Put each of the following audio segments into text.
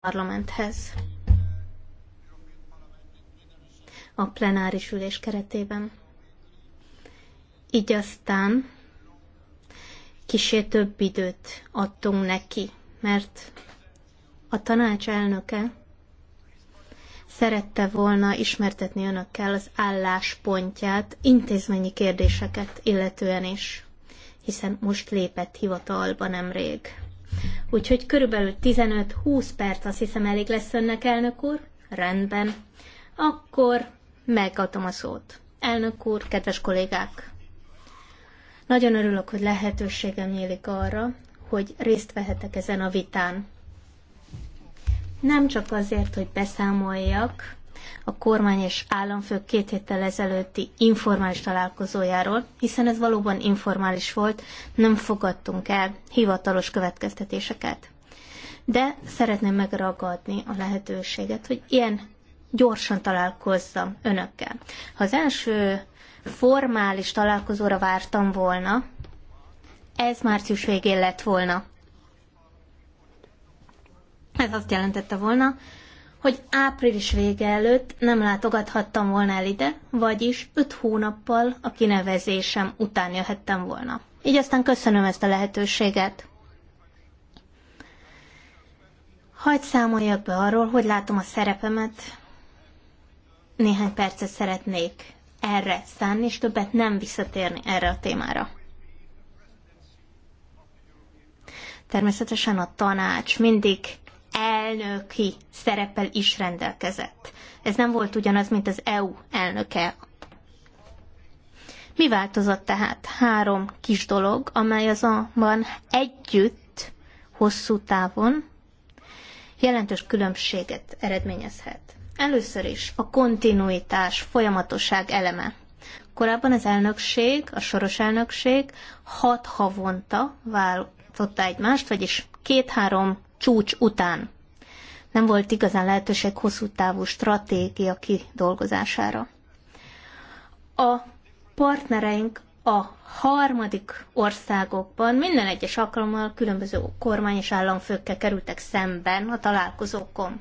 parlamenthez a plenáris ülés keretében. Így aztán kisé több időt adtunk neki, mert a tanács elnöke szerette volna ismertetni önökkel az álláspontját intézményi kérdéseket illetően is, hiszen most lépett hivatalba nemrég. Úgyhogy körülbelül 15-20 perc azt hiszem elég lesz önnek, elnök úr. Rendben. Akkor megadom a szót. Elnök úr, kedves kollégák! Nagyon örülök, hogy lehetőségem nyílik arra, hogy részt vehetek ezen a vitán. Nem csak azért, hogy beszámoljak a kormány és államfők két héttel ezelőtti informális találkozójáról, hiszen ez valóban informális volt, nem fogadtunk el hivatalos következtetéseket. De szeretném megragadni a lehetőséget, hogy ilyen gyorsan találkozzam önökkel. Ha az első formális találkozóra vártam volna, ez március végén lett volna. Ez azt jelentette volna, hogy április vége előtt nem látogathattam volna el ide, vagyis öt hónappal a kinevezésem után jöhettem volna. Így aztán köszönöm ezt a lehetőséget. Hagy számoljak be arról, hogy látom a szerepemet. Néhány percet szeretnék erre szánni, és többet nem visszatérni erre a témára. Természetesen a tanács mindig elnöki szereppel is rendelkezett. Ez nem volt ugyanaz, mint az EU elnöke. Mi változott tehát? Három kis dolog, amely azonban együtt, hosszú távon jelentős különbséget eredményezhet. Először is a kontinuitás, folyamatosság eleme. Korábban az elnökség, a soros elnökség hat havonta váltotta egymást, vagyis két-három csúcs után. Nem volt igazán lehetőség hosszú távú stratégia kidolgozására. A partnereink a harmadik országokban minden egyes alkalommal különböző kormány és államfőkkel kerültek szemben a találkozókon.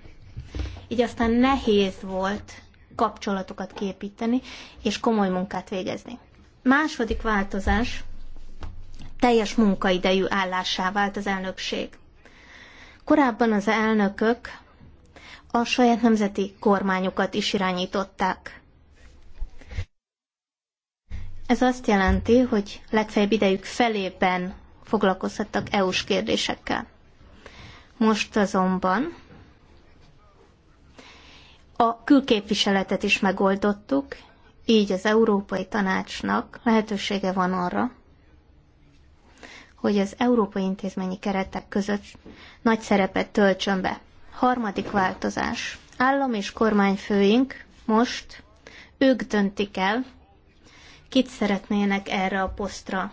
Így aztán nehéz volt kapcsolatokat képíteni és komoly munkát végezni. Második változás, teljes munkaidejű állásá vált az elnökség. Korábban az elnökök a saját nemzeti kormányukat is irányították. Ez azt jelenti, hogy legfeljebb idejük felében foglalkozhattak EU-s kérdésekkel. Most azonban a külképviseletet is megoldottuk, így az Európai Tanácsnak lehetősége van arra, hogy az európai intézményi keretek között nagy szerepet töltsön be. Harmadik változás. Állam és kormányfőink most ők döntik el, kit szeretnének erre a posztra.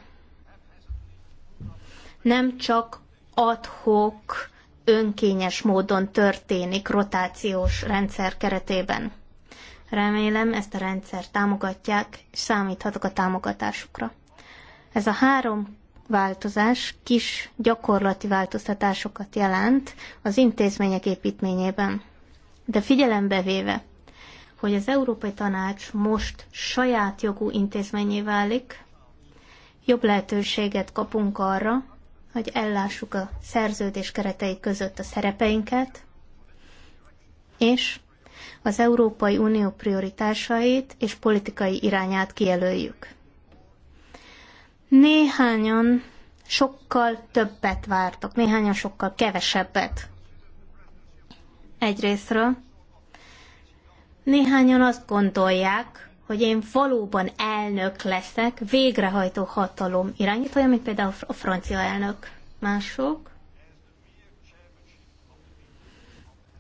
Nem csak adhok, önkényes módon történik rotációs rendszer keretében. Remélem ezt a rendszer támogatják, és számíthatok a támogatásukra. Ez a három változás kis gyakorlati változtatásokat jelent az intézmények építményében. De figyelembe véve, hogy az Európai Tanács most saját jogú intézményé válik, jobb lehetőséget kapunk arra, hogy ellássuk a szerződés keretei között a szerepeinket, és az Európai Unió prioritásait és politikai irányát kijelöljük. Néhányan sokkal többet vártak, néhányan sokkal kevesebbet. Egyrésztről. Néhányan azt gondolják, hogy én valóban elnök leszek, végrehajtó hatalom irányítója, mint például a francia elnök. Mások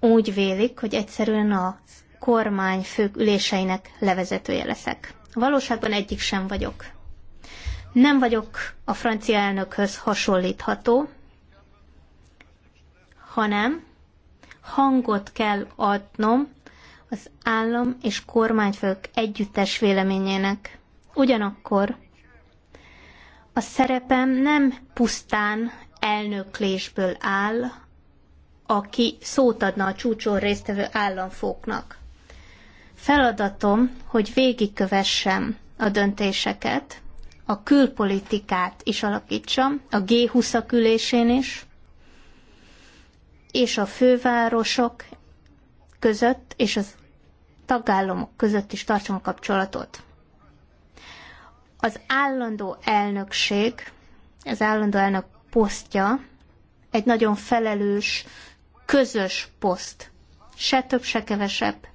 úgy vélik, hogy egyszerűen a kormány fők üléseinek levezetője leszek. Valóságban egyik sem vagyok. Nem vagyok a francia elnökhöz hasonlítható, hanem hangot kell adnom az állam és kormányfők együttes véleményének. Ugyanakkor a szerepem nem pusztán elnöklésből áll, aki szót adna a csúcson résztvevő államfóknak. Feladatom, hogy végigkövessem a döntéseket, a külpolitikát is alakítsa, a g 20 ülésén is, és a fővárosok között, és az tagállamok között is tartson kapcsolatot. Az állandó elnökség, az állandó elnök posztja egy nagyon felelős, közös poszt. Se több, se kevesebb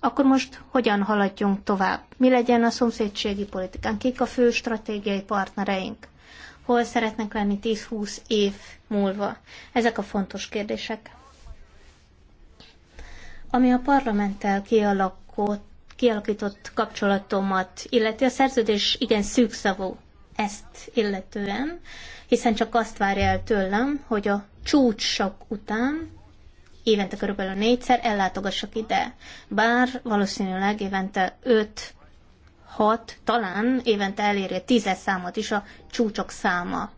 akkor most hogyan haladjunk tovább? Mi legyen a szomszédségi politikán? Kik a fő stratégiai partnereink? Hol szeretnek lenni 10-20 év múlva? Ezek a fontos kérdések. Ami a parlamenttel kialakult, kialakított kapcsolatomat illeti, a szerződés igen szűkszavú ezt illetően, hiszen csak azt várja el tőlem, hogy a csúcsok után évente körülbelül négyszer ellátogassak ide. Bár valószínűleg évente 5 hat, talán évente eléri a tízes számot is a csúcsok száma.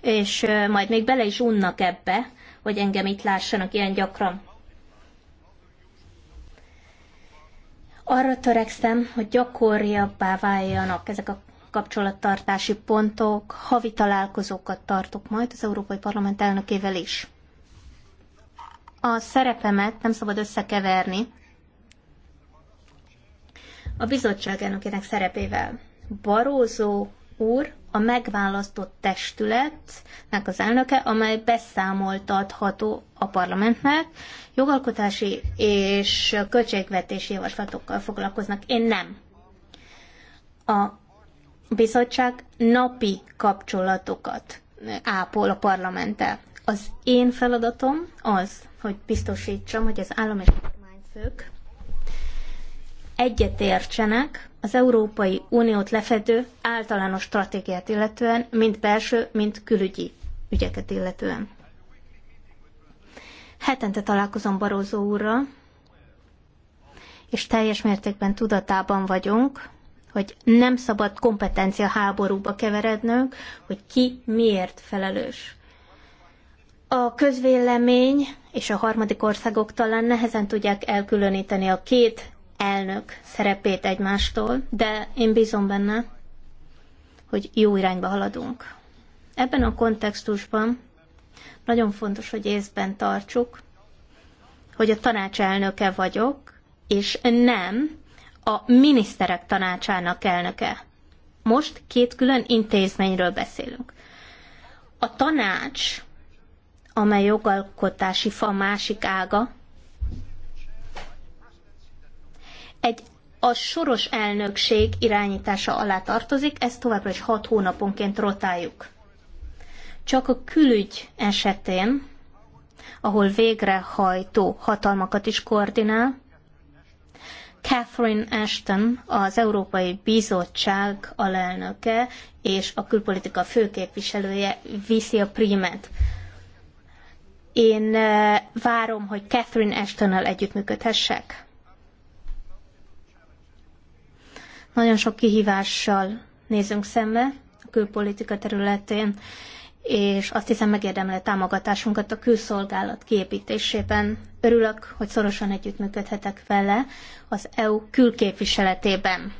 És majd még bele is unnak ebbe, hogy engem itt lássanak ilyen gyakran. Arra törekszem, hogy gyakoriabbá váljanak ezek a kapcsolattartási pontok, havi találkozókat tartok majd az Európai Parlament elnökével is a szerepemet nem szabad összekeverni a bizottság elnökének szerepével. Barózó úr a megválasztott testületnek az elnöke, amely beszámoltatható a parlamentnek, jogalkotási és költségvetési javaslatokkal foglalkoznak. Én nem. A bizottság napi kapcsolatokat ápol a parlamenttel. Az én feladatom az, hogy biztosítsam, hogy az állam és kormányfők egyetértsenek az Európai Uniót lefedő általános stratégiát illetően, mind belső, mind külügyi ügyeket illetően. Hetente találkozom Barózó úrral, és teljes mértékben tudatában vagyunk, hogy nem szabad kompetencia háborúba keverednünk, hogy ki miért felelős. A közvélemény és a harmadik országok talán nehezen tudják elkülöníteni a két elnök szerepét egymástól, de én bízom benne, hogy jó irányba haladunk. Ebben a kontextusban nagyon fontos, hogy észben tartsuk, hogy a tanácselnöke vagyok, és nem a miniszterek tanácsának elnöke. Most két külön intézményről beszélünk. A tanács amely jogalkotási fa másik ága, egy a soros elnökség irányítása alá tartozik, ezt továbbra is hat hónaponként rotáljuk. Csak a külügy esetén, ahol végrehajtó hatalmakat is koordinál, Catherine Ashton, az Európai Bizottság alelnöke és a külpolitika főképviselője viszi a primet. Én várom, hogy Catherine Ashton-nal együttműködhessek. Nagyon sok kihívással nézünk szembe a külpolitika területén, és azt hiszem megérdemli a támogatásunkat a külszolgálat kiépítésében. Örülök, hogy szorosan együttműködhetek vele az EU külképviseletében.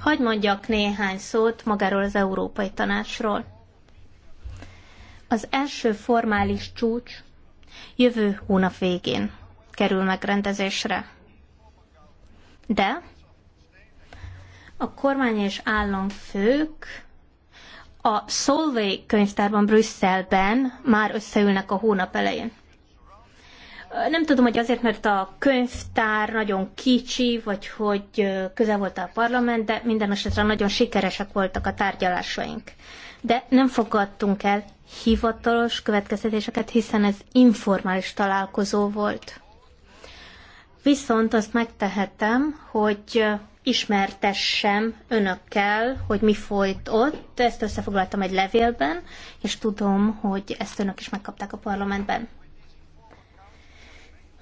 Hagy mondjak néhány szót magáról az Európai Tanácsról. Az első formális csúcs jövő hónap végén kerül megrendezésre. De a kormány és államfők a Solvay könyvtárban Brüsszelben már összeülnek a hónap elején. Nem tudom, hogy azért, mert a könyvtár nagyon kicsi, vagy hogy közel volt a parlament, de minden esetre nagyon sikeresek voltak a tárgyalásaink. De nem fogadtunk el hivatalos következtetéseket, hiszen ez informális találkozó volt. Viszont azt megtehetem, hogy ismertessem önökkel, hogy mi folyt ott. Ezt összefoglaltam egy levélben, és tudom, hogy ezt önök is megkapták a parlamentben.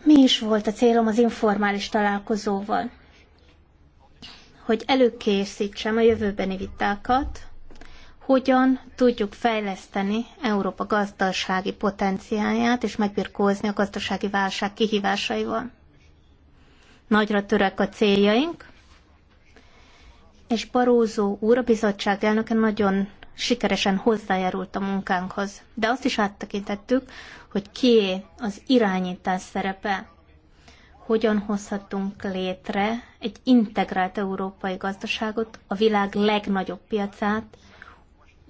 Mi is volt a célom az informális találkozóval? Hogy előkészítsem a jövőbeni vitákat, hogyan tudjuk fejleszteni Európa gazdasági potenciáját és megbirkózni a gazdasági válság kihívásaival. Nagyra törek a céljaink, és Barózó úr, a bizottság elnöke nagyon sikeresen hozzájárult a munkánkhoz. De azt is áttekintettük, hogy kié az irányítás szerepe, hogyan hozhatunk létre egy integrált európai gazdaságot, a világ legnagyobb piacát,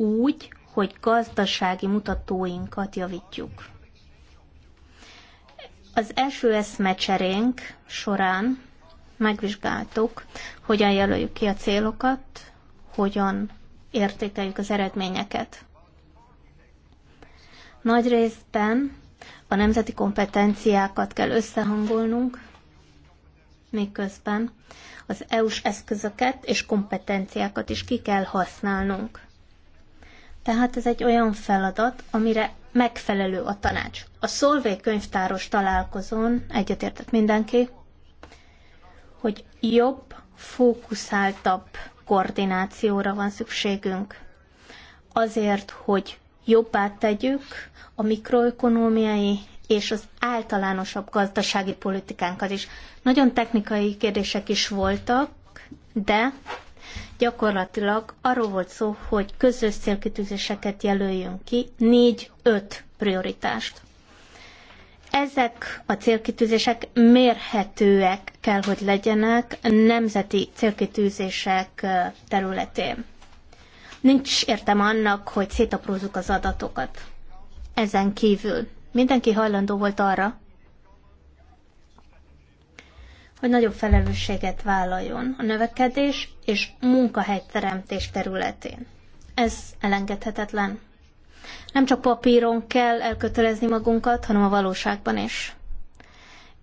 úgy, hogy gazdasági mutatóinkat javítjuk. Az első eszmecserénk során megvizsgáltuk, hogyan jelöljük ki a célokat, hogyan értékeljük az eredményeket. Nagy részben a nemzeti kompetenciákat kell összehangolnunk, miközben az EU-s eszközöket és kompetenciákat is ki kell használnunk. Tehát ez egy olyan feladat, amire megfelelő a tanács. A Szolvé könyvtáros találkozón egyetértett mindenki, hogy jobb, fókuszáltabb koordinációra van szükségünk. Azért, hogy jobbá tegyük a mikroökonómiai és az általánosabb gazdasági politikánkat is. Nagyon technikai kérdések is voltak, de gyakorlatilag arról volt szó, hogy közös célkitűzéseket jelöljünk ki, négy-öt prioritást. Ezek a célkitűzések mérhetőek kell, hogy legyenek nemzeti célkitűzések területén. Nincs értem annak, hogy szétaprózzuk az adatokat. Ezen kívül mindenki hajlandó volt arra, hogy nagyobb felelősséget vállaljon a növekedés és munkahelyteremtés területén. Ez elengedhetetlen. Nem csak papíron kell elkötelezni magunkat, hanem a valóságban is.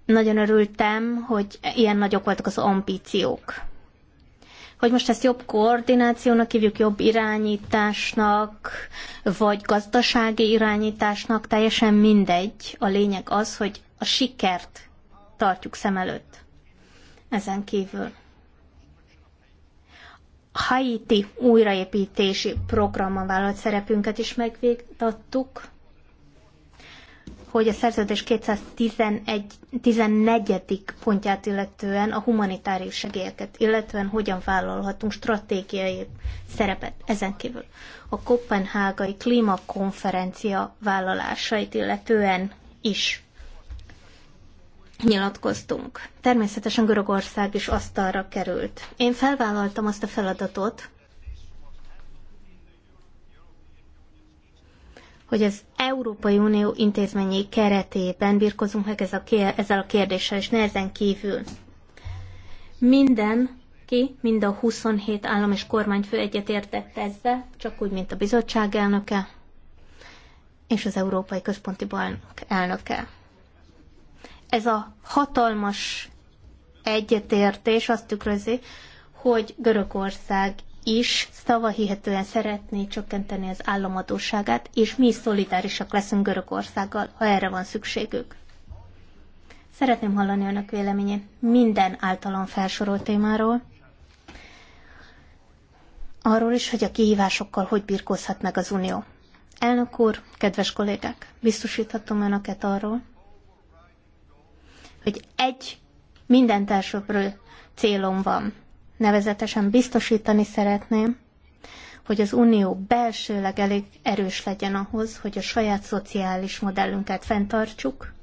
Nagyon örültem, hogy ilyen nagyok voltak az ambíciók. Hogy most ezt jobb koordinációnak hívjuk, jobb irányításnak, vagy gazdasági irányításnak, teljesen mindegy. A lényeg az, hogy a sikert tartjuk szem előtt. Ezen kívül Haiti újraépítési programon vállalt szerepünket is megvégtattuk, hogy a szerződés 14. pontját illetően a humanitárius segélyeket, illetően hogyan vállalhatunk stratégiai szerepet ezen kívül. A Kopenhágai klímakonferencia vállalásait illetően is nyilatkoztunk. Természetesen Görögország is asztalra került. Én felvállaltam azt a feladatot, hogy az Európai Unió intézményi keretében birkozunk meg ez a, ezzel a kérdéssel, és nehezen ezen kívül. Minden ki, mind a 27 állam és kormányfő egyetértett ezzel, csak úgy, mint a bizottság elnöke és az Európai Központi Bank elnöke ez a hatalmas egyetértés azt tükrözi, hogy Görögország is szavahihetően szeretné csökkenteni az államadóságát, és mi is szolidárisak leszünk Görögországgal, ha erre van szükségük. Szeretném hallani önök véleményét minden általam felsorolt témáról, arról is, hogy a kihívásokkal hogy birkózhat meg az Unió. Elnök úr, kedves kollégák, biztosíthatom önöket arról, hogy egy minden társakról célom van. Nevezetesen biztosítani szeretném, hogy az unió belsőleg elég erős legyen ahhoz, hogy a saját szociális modellünket fenntartsuk,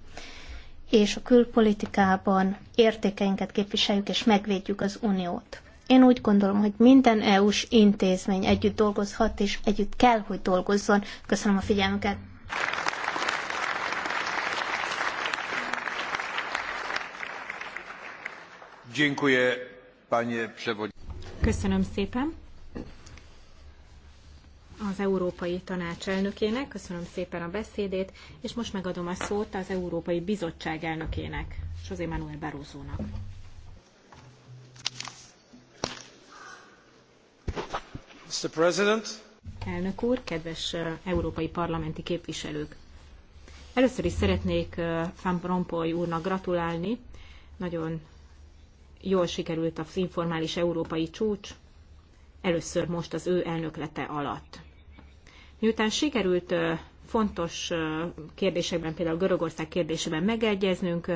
és a külpolitikában értékeinket képviseljük és megvédjük az uniót. Én úgy gondolom, hogy minden EU-s intézmény együtt dolgozhat, és együtt kell, hogy dolgozzon. Köszönöm a figyelmüket! Köszönöm szépen az Európai Tanács elnökének, köszönöm szépen a beszédét, és most megadom a szót az Európai Bizottság elnökének, José Manuel Barroso-nak. Mr. President. Elnök úr, kedves európai parlamenti képviselők! Először is szeretnék Van Rompuy úrnak gratulálni, nagyon jól sikerült az informális európai csúcs, először most az ő elnöklete alatt. Miután sikerült fontos kérdésekben, például Görögország kérdésében megegyeznünk,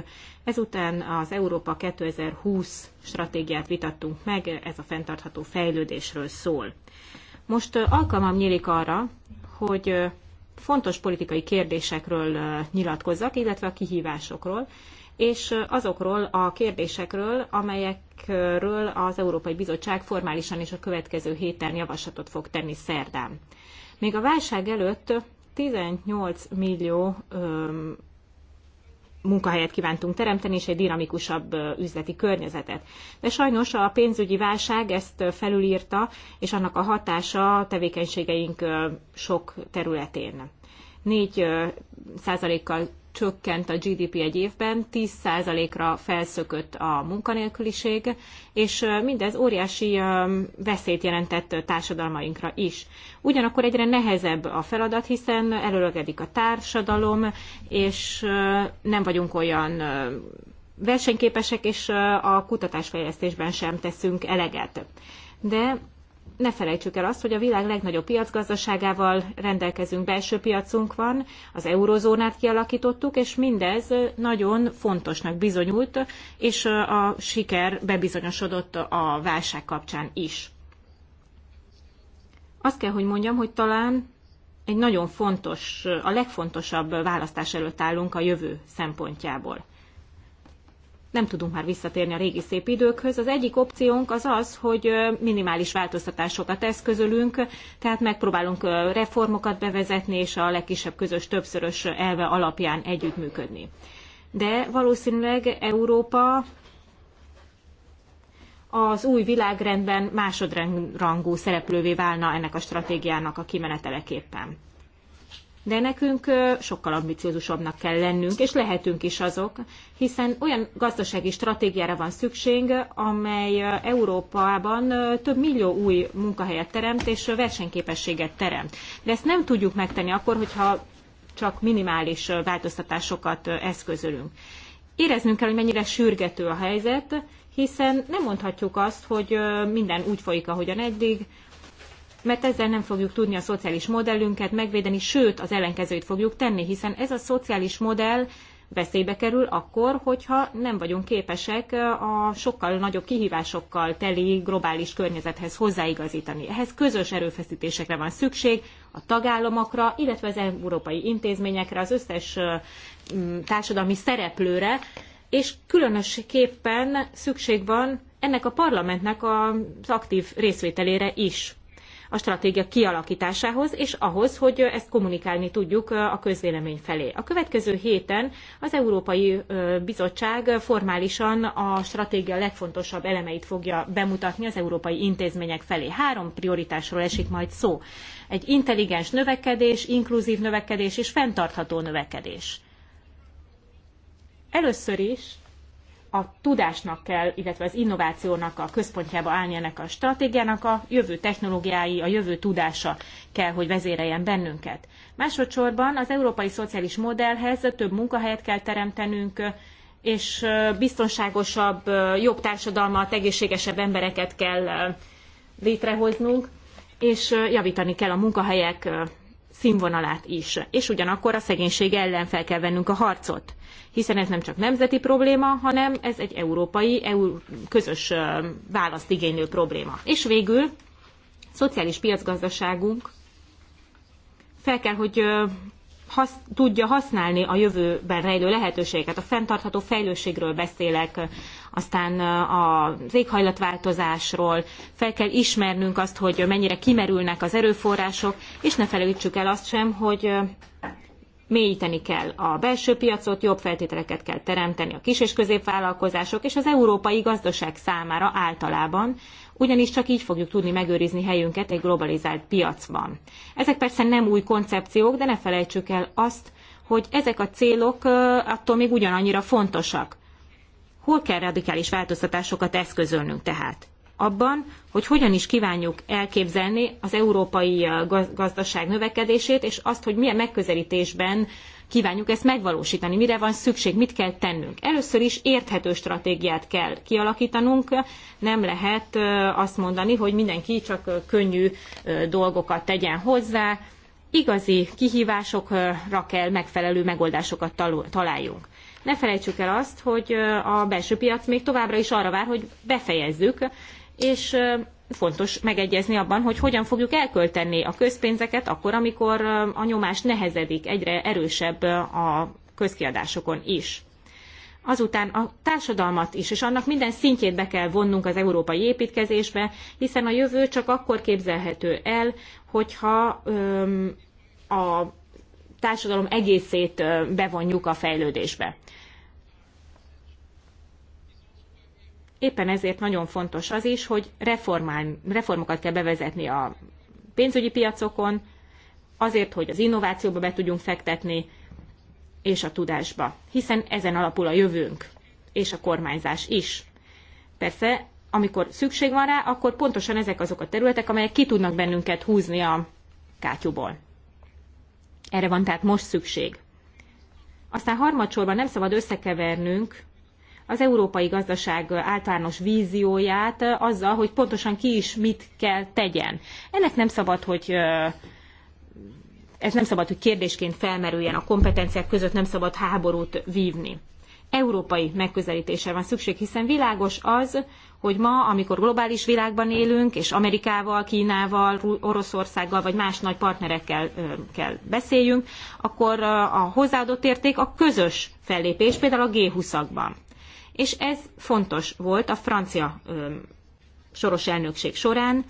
ezután az Európa 2020 stratégiát vitattunk meg, ez a fenntartható fejlődésről szól. Most alkalmam nyílik arra, hogy fontos politikai kérdésekről nyilatkozzak, illetve a kihívásokról, és azokról a kérdésekről, amelyekről az Európai Bizottság formálisan is a következő héten javaslatot fog tenni szerdán. Még a válság előtt 18 millió öm, munkahelyet kívántunk teremteni, és egy dinamikusabb üzleti környezetet. De sajnos a pénzügyi válság ezt felülírta, és annak a hatása a tevékenységeink sok területén. 4 százalékkal csökkent a GDP egy évben, 10%-ra felszökött a munkanélküliség, és mindez óriási veszélyt jelentett társadalmainkra is. Ugyanakkor egyre nehezebb a feladat, hiszen előlegedik a társadalom, és nem vagyunk olyan versenyképesek, és a kutatásfejlesztésben sem teszünk eleget. De ne felejtsük el azt, hogy a világ legnagyobb piacgazdaságával rendelkezünk, belső piacunk van, az eurozónát kialakítottuk, és mindez nagyon fontosnak bizonyult, és a siker bebizonyosodott a válság kapcsán is. Azt kell, hogy mondjam, hogy talán egy nagyon fontos, a legfontosabb választás előtt állunk a jövő szempontjából nem tudunk már visszatérni a régi szép időkhöz. Az egyik opciónk az az, hogy minimális változtatásokat eszközölünk, tehát megpróbálunk reformokat bevezetni, és a legkisebb közös többszörös elve alapján együttműködni. De valószínűleg Európa az új világrendben másodrangú szereplővé válna ennek a stratégiának a kimeneteleképpen de nekünk sokkal ambiciózusabbnak kell lennünk, és lehetünk is azok, hiszen olyan gazdasági stratégiára van szükség, amely Európában több millió új munkahelyet teremt, és versenyképességet teremt. De ezt nem tudjuk megtenni akkor, hogyha csak minimális változtatásokat eszközölünk. Éreznünk kell, hogy mennyire sürgető a helyzet, hiszen nem mondhatjuk azt, hogy minden úgy folyik, ahogyan eddig, mert ezzel nem fogjuk tudni a szociális modellünket megvédeni, sőt az ellenkezőt fogjuk tenni, hiszen ez a szociális modell veszélybe kerül akkor, hogyha nem vagyunk képesek a sokkal nagyobb kihívásokkal teli globális környezethez hozzáigazítani. Ehhez közös erőfeszítésekre van szükség, a tagállamokra, illetve az európai intézményekre, az összes társadalmi szereplőre, és különösképpen szükség van ennek a parlamentnek az aktív részvételére is a stratégia kialakításához, és ahhoz, hogy ezt kommunikálni tudjuk a közvélemény felé. A következő héten az Európai Bizottság formálisan a stratégia legfontosabb elemeit fogja bemutatni az európai intézmények felé. Három prioritásról esik majd szó. Egy intelligens növekedés, inkluzív növekedés és fenntartható növekedés. Először is a tudásnak kell, illetve az innovációnak a központjába állni ennek a stratégiának, a jövő technológiái, a jövő tudása kell, hogy vezéreljen bennünket. Másodszorban az európai szociális modellhez több munkahelyet kell teremtenünk, és biztonságosabb, jobb társadalmat, egészségesebb embereket kell létrehoznunk, és javítani kell a munkahelyek színvonalát is. És ugyanakkor a szegénység ellen fel kell vennünk a harcot, hiszen ez nem csak nemzeti probléma, hanem ez egy európai, EU közös választ igénylő probléma. És végül szociális piacgazdaságunk fel kell, hogy hasz, tudja használni a jövőben rejlő lehetőséget. A fenntartható fejlőségről beszélek, aztán az éghajlatváltozásról, fel kell ismernünk azt, hogy mennyire kimerülnek az erőforrások, és ne felejtsük el azt sem, hogy mélyíteni kell a belső piacot, jobb feltételeket kell teremteni a kis- és középvállalkozások és az európai gazdaság számára általában, ugyanis csak így fogjuk tudni megőrizni helyünket egy globalizált piacban. Ezek persze nem új koncepciók, de ne felejtsük el azt, hogy ezek a célok attól még ugyanannyira fontosak. Hol kell radikális változtatásokat eszközölnünk tehát? Abban, hogy hogyan is kívánjuk elképzelni az európai gazdaság növekedését, és azt, hogy milyen megközelítésben kívánjuk ezt megvalósítani, mire van szükség, mit kell tennünk. Először is érthető stratégiát kell kialakítanunk, nem lehet azt mondani, hogy mindenki csak könnyű dolgokat tegyen hozzá, igazi kihívásokra kell megfelelő megoldásokat találjunk. Ne felejtsük el azt, hogy a belső piac még továbbra is arra vár, hogy befejezzük, és fontos megegyezni abban, hogy hogyan fogjuk elkölteni a közpénzeket akkor, amikor a nyomás nehezedik, egyre erősebb a közkiadásokon is. Azután a társadalmat is, és annak minden szintjét be kell vonnunk az európai építkezésbe, hiszen a jövő csak akkor képzelhető el, hogyha öm, a társadalom egészét bevonjuk a fejlődésbe. Éppen ezért nagyon fontos az is, hogy reformál, reformokat kell bevezetni a pénzügyi piacokon, azért, hogy az innovációba be tudjunk fektetni, és a tudásba, hiszen ezen alapul a jövőnk, és a kormányzás is. Persze, amikor szükség van rá, akkor pontosan ezek azok a területek, amelyek ki tudnak bennünket húzni a kátyúból. Erre van tehát most szükség. Aztán harmadsorban nem szabad összekevernünk az európai gazdaság általános vízióját azzal, hogy pontosan ki is mit kell tegyen. Ennek nem szabad, hogy ez nem szabad, hogy kérdésként felmerüljen a kompetenciák között, nem szabad háborút vívni európai megközelítésre van szükség, hiszen világos az, hogy ma, amikor globális világban élünk, és Amerikával, Kínával, Oroszországgal vagy más nagy partnerekkel kell beszéljünk, akkor a hozzáadott érték a közös fellépés, például a G20-akban. És ez fontos volt a francia soros elnökség során,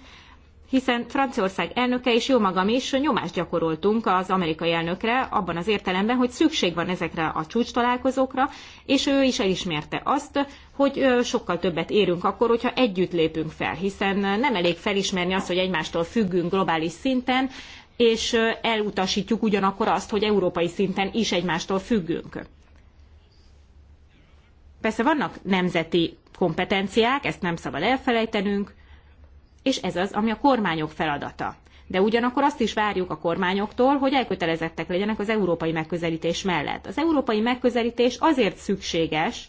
hiszen Franciaország elnöke és jó magam is nyomást gyakoroltunk az amerikai elnökre abban az értelemben, hogy szükség van ezekre a csúcstalálkozókra, és ő is elismerte azt, hogy sokkal többet érünk akkor, hogyha együtt lépünk fel, hiszen nem elég felismerni azt, hogy egymástól függünk globális szinten, és elutasítjuk ugyanakkor azt, hogy európai szinten is egymástól függünk. Persze vannak nemzeti kompetenciák, ezt nem szabad elfelejtenünk, és ez az, ami a kormányok feladata. De ugyanakkor azt is várjuk a kormányoktól, hogy elkötelezettek legyenek az európai megközelítés mellett. Az európai megközelítés azért szükséges,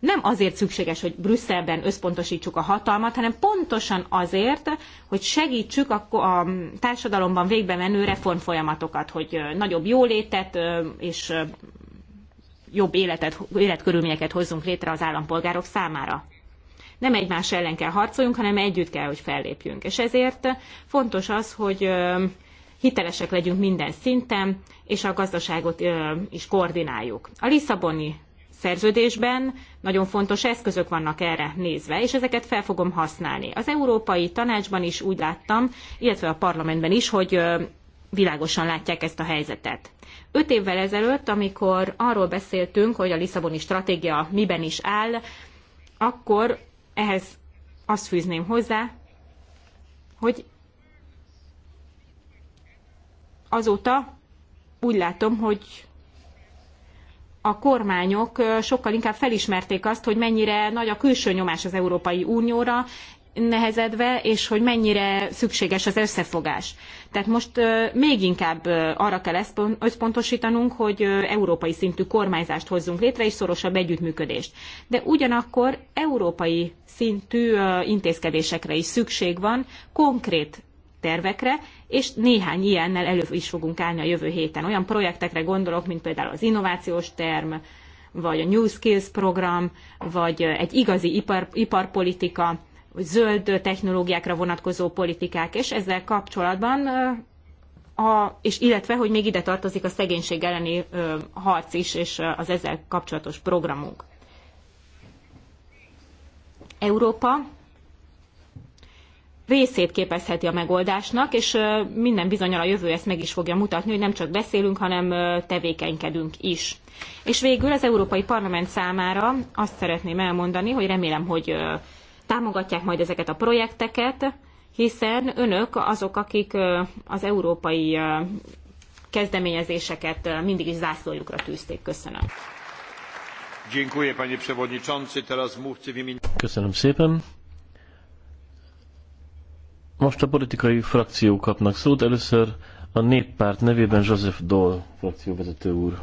nem azért szükséges, hogy Brüsszelben összpontosítsuk a hatalmat, hanem pontosan azért, hogy segítsük a, a társadalomban végbe menő reformfolyamatokat, hogy nagyobb jólétet és jobb életet, életkörülményeket hozzunk létre az állampolgárok számára nem egymás ellen kell harcoljunk, hanem együtt kell, hogy fellépjünk. És ezért fontos az, hogy hitelesek legyünk minden szinten, és a gazdaságot is koordináljuk. A Lisszaboni szerződésben nagyon fontos eszközök vannak erre nézve, és ezeket fel fogom használni. Az Európai Tanácsban is úgy láttam, illetve a parlamentben is, hogy világosan látják ezt a helyzetet. Öt évvel ezelőtt, amikor arról beszéltünk, hogy a Lisszaboni stratégia miben is áll, akkor ehhez azt fűzném hozzá, hogy azóta úgy látom, hogy a kormányok sokkal inkább felismerték azt, hogy mennyire nagy a külső nyomás az Európai Unióra nehezedve, és hogy mennyire szükséges az összefogás. Tehát most még inkább arra kell összpontosítanunk, hogy európai szintű kormányzást hozzunk létre, és szorosabb együttműködést. De ugyanakkor európai szintű intézkedésekre is szükség van, konkrét tervekre, és néhány ilyennel elő is fogunk állni a jövő héten. Olyan projektekre gondolok, mint például az innovációs term, vagy a New Skills program, vagy egy igazi ipar, iparpolitika, vagy zöld technológiákra vonatkozó politikák, és ezzel kapcsolatban a, és illetve, hogy még ide tartozik a szegénység elleni ö, harc is, és az ezzel kapcsolatos programunk. Európa részét képezheti a megoldásnak, és minden bizonyal a jövő ezt meg is fogja mutatni, hogy nem csak beszélünk, hanem tevékenykedünk is. És végül az Európai Parlament számára azt szeretném elmondani, hogy remélem, hogy támogatják majd ezeket a projekteket, hiszen önök azok, akik az európai kezdeményezéseket mindig is zászlójukra tűzték. Köszönöm. Köszönöm szépen. Most a politikai frakciók kapnak szót. Először a néppárt nevében József Dol frakcióvezető úr.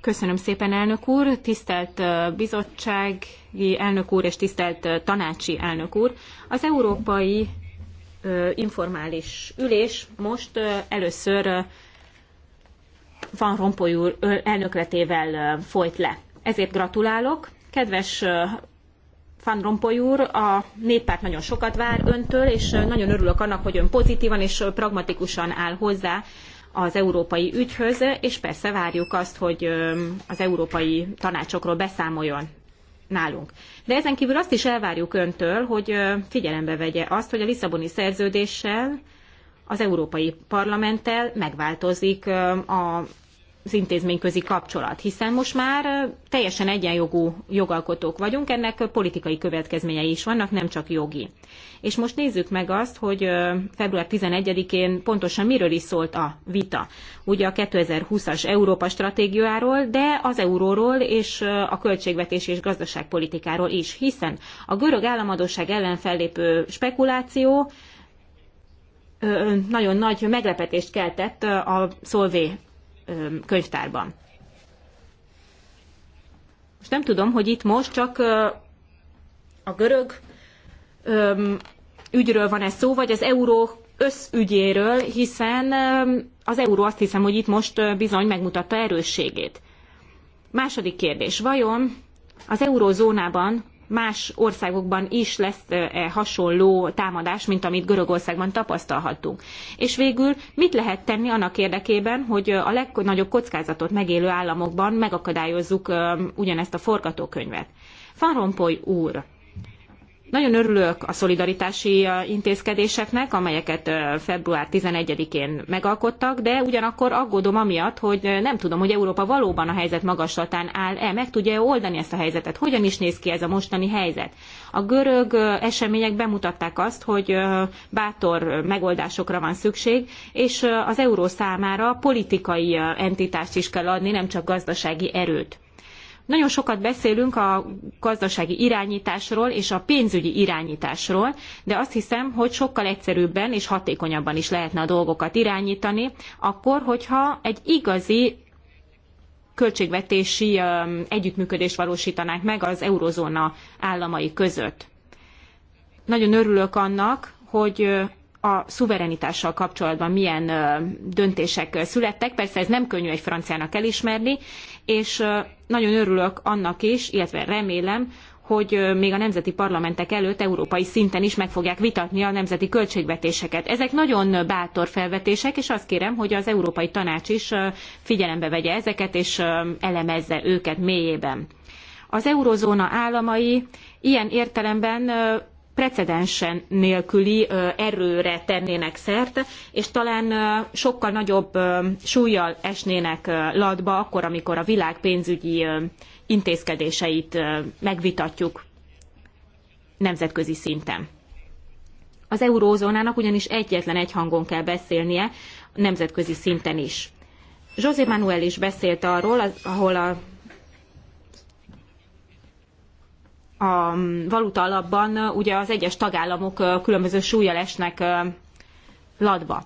Köszönöm szépen, elnök úr, tisztelt bizottsági elnök úr és tisztelt tanácsi elnök úr. Az európai informális ülés most először Van Rompuy úr elnökletével folyt le ezért gratulálok. Kedves Van Rompuy úr, a néppárt nagyon sokat vár öntől, és nagyon örülök annak, hogy ön pozitívan és pragmatikusan áll hozzá az európai ügyhöz, és persze várjuk azt, hogy az európai tanácsokról beszámoljon nálunk. De ezen kívül azt is elvárjuk öntől, hogy figyelembe vegye azt, hogy a Lisszaboni szerződéssel az Európai Parlamenttel megváltozik a az intézményközi kapcsolat, hiszen most már teljesen egyenjogú jogalkotók vagyunk, ennek politikai következményei is vannak, nem csak jogi. És most nézzük meg azt, hogy február 11-én pontosan miről is szólt a vita. Ugye a 2020-as Európa stratégiáról, de az euróról és a költségvetési és gazdaságpolitikáról is, hiszen a görög államadóság ellen fellépő spekuláció nagyon nagy meglepetést keltett a Szolvé könyvtárban. Most nem tudom, hogy itt most csak a görög ügyről van ez szó, vagy az euró összügyéről, hiszen az euró azt hiszem, hogy itt most bizony megmutatta erősségét. Második kérdés. Vajon az eurózónában más országokban is lesz -e hasonló támadás, mint amit Görögországban tapasztalhattunk. És végül mit lehet tenni annak érdekében, hogy a legnagyobb kockázatot megélő államokban megakadályozzuk ugyanezt a forgatókönyvet? Van Rompuy úr nagyon örülök a szolidaritási intézkedéseknek, amelyeket február 11-én megalkottak, de ugyanakkor aggódom amiatt, hogy nem tudom, hogy Európa valóban a helyzet magaslatán áll-e, meg tudja-e oldani ezt a helyzetet. Hogyan is néz ki ez a mostani helyzet? A görög események bemutatták azt, hogy bátor megoldásokra van szükség, és az euró számára politikai entitást is kell adni, nem csak gazdasági erőt. Nagyon sokat beszélünk a gazdasági irányításról és a pénzügyi irányításról, de azt hiszem, hogy sokkal egyszerűbben és hatékonyabban is lehetne a dolgokat irányítani, akkor, hogyha egy igazi költségvetési együttműködést valósítanánk meg az eurozóna államai között. Nagyon örülök annak, hogy a szuverenitással kapcsolatban milyen döntések születtek. Persze ez nem könnyű egy franciának elismerni, és nagyon örülök annak is, illetve remélem, hogy még a nemzeti parlamentek előtt európai szinten is meg fogják vitatni a nemzeti költségvetéseket. Ezek nagyon bátor felvetések, és azt kérem, hogy az Európai Tanács is figyelembe vegye ezeket, és elemezze őket mélyében. Az eurózóna államai ilyen értelemben precedensen nélküli erőre tennének szert, és talán sokkal nagyobb súlyjal esnének latba akkor, amikor a világ pénzügyi intézkedéseit megvitatjuk nemzetközi szinten. Az eurózónának ugyanis egyetlen egy hangon kell beszélnie nemzetközi szinten is. José Manuel is beszélt arról, ahol a a valuta alapban ugye az egyes tagállamok különböző súlyjal esnek latba.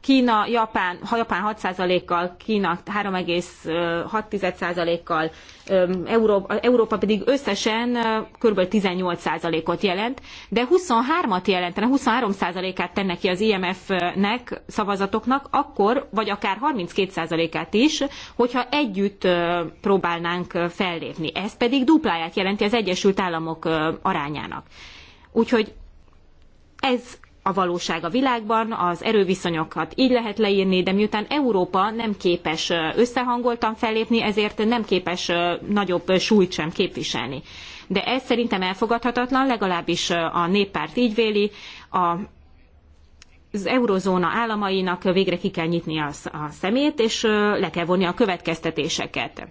Kína, Japán, ha Japán 6%-kal, Kína 3,6%-kal, Európa, Európa pedig összesen kb. 18%-ot jelent, de 23-at jelentene, 23%-át tenne ki az IMF-nek szavazatoknak, akkor, vagy akár 32%-át is, hogyha együtt próbálnánk fellépni. Ez pedig dupláját jelenti az Egyesült Államok arányának. Úgyhogy ez a valóság a világban, az erőviszonyokat így lehet leírni, de miután Európa nem képes összehangoltan fellépni, ezért nem képes nagyobb súlyt sem képviselni. De ez szerintem elfogadhatatlan, legalábbis a néppárt így véli, a az eurozóna államainak végre ki kell nyitni a, a szemét, és le kell vonni a következtetéseket.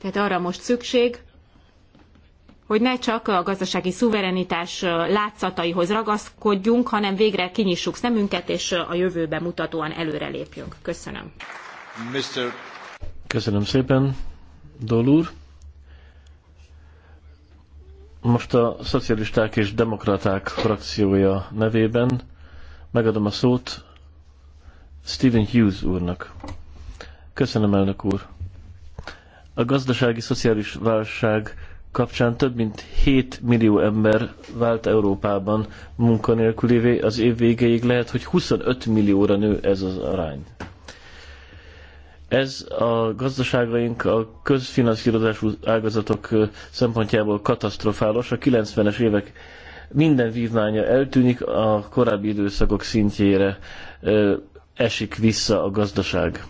Tehát arra most szükség, hogy ne csak a gazdasági szuverenitás látszataihoz ragaszkodjunk, hanem végre kinyissuk szemünket, és a jövőbe mutatóan előrelépjünk. Köszönöm. Mr. Köszönöm szépen, Dolur. Most a szocialisták és demokraták frakciója nevében megadom a szót Stephen Hughes úrnak. Köszönöm, elnök úr. A gazdasági szociális válság kapcsán több mint 7 millió ember vált Európában munkanélkülévé, az év végéig lehet, hogy 25 millióra nő ez az arány. Ez a gazdaságaink a közfinanszírozású ágazatok szempontjából katasztrofálos. A 90-es évek minden vívmánya eltűnik, a korábbi időszakok szintjére esik vissza a gazdaság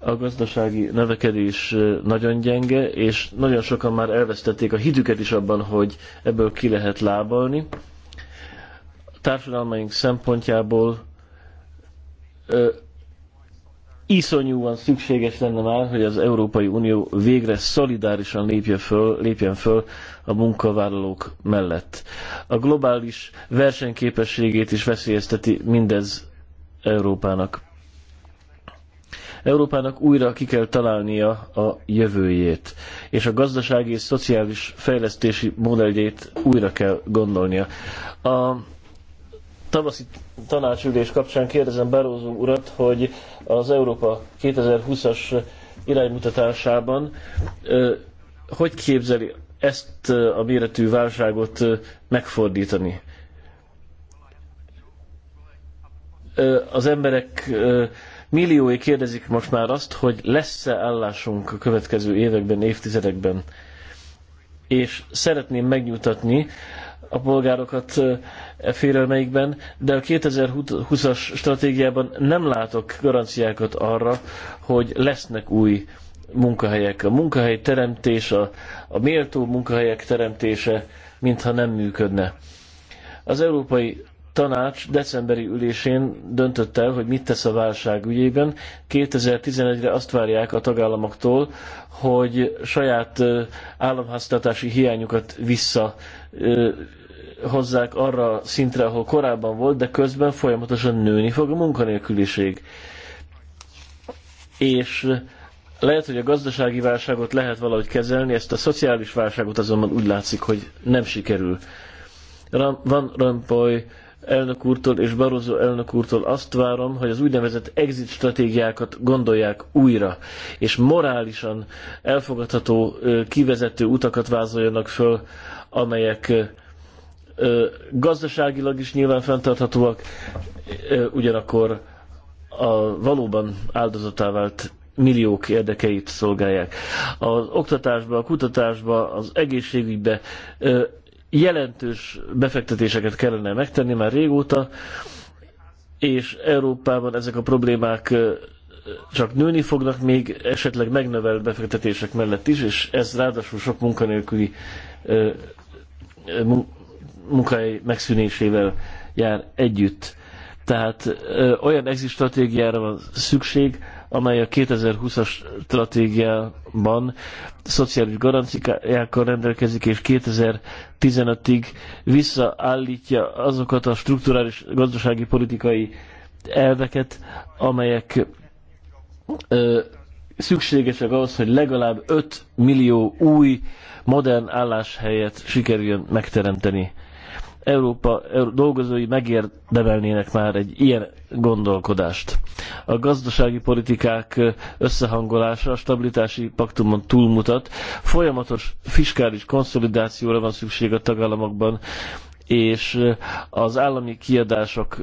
a gazdasági növekedés nagyon gyenge, és nagyon sokan már elvesztették a hitüket is abban, hogy ebből ki lehet lábalni. A társadalmaink szempontjából ö, iszonyúan szükséges lenne már, hogy az Európai Unió végre szolidárisan lépje föl, lépjen föl a munkavállalók mellett. A globális versenyképességét is veszélyezteti mindez Európának. Európának újra ki kell találnia a jövőjét, és a gazdasági és szociális fejlesztési modelljét újra kell gondolnia. A tavaszi tanácsülés kapcsán kérdezem Barózó urat, hogy az Európa 2020-as iránymutatásában hogy képzeli ezt a méretű válságot megfordítani? Az emberek Milliói kérdezik most már azt, hogy lesz-e állásunk a következő években, évtizedekben. És szeretném megnyugtatni a polgárokat e félelmeikben, de a 2020-as stratégiában nem látok garanciákat arra, hogy lesznek új munkahelyek. A munkahely teremtés, a, a méltó munkahelyek teremtése mintha nem működne. Az európai tanács decemberi ülésén döntött el, hogy mit tesz a válság ügyében. 2011-re azt várják a tagállamoktól, hogy saját államháztartási hiányukat vissza hozzák arra a szintre, ahol korábban volt, de közben folyamatosan nőni fog a munkanélküliség. És lehet, hogy a gazdasági válságot lehet valahogy kezelni, ezt a szociális válságot azonban úgy látszik, hogy nem sikerül. Van Rampoy elnök úrtól és Barroso elnök úrtól azt várom, hogy az úgynevezett exit stratégiákat gondolják újra, és morálisan elfogadható kivezető utakat vázoljanak föl, amelyek gazdaságilag is nyilván fenntarthatóak, ugyanakkor a valóban áldozatá vált milliók érdekeit szolgálják. Az oktatásba, a kutatásba, az egészségügybe jelentős befektetéseket kellene megtenni már régóta, és Európában ezek a problémák csak nőni fognak, még esetleg megnövelt befektetések mellett is, és ez ráadásul sok munkanélküli munkahely megszűnésével jár együtt. Tehát olyan exit stratégiára van szükség, amely a 2020-as stratégiában szociális garanciákkal rendelkezik, és 2015-ig visszaállítja azokat a strukturális gazdasági politikai elveket, amelyek ö, szükségesek ahhoz, hogy legalább 5 millió új modern álláshelyet sikerüljön megteremteni Európa dolgozói megérdemelnének már egy ilyen gondolkodást. A gazdasági politikák összehangolása a stabilitási paktumon túlmutat. Folyamatos fiskális konszolidációra van szükség a tagállamokban, és az állami kiadások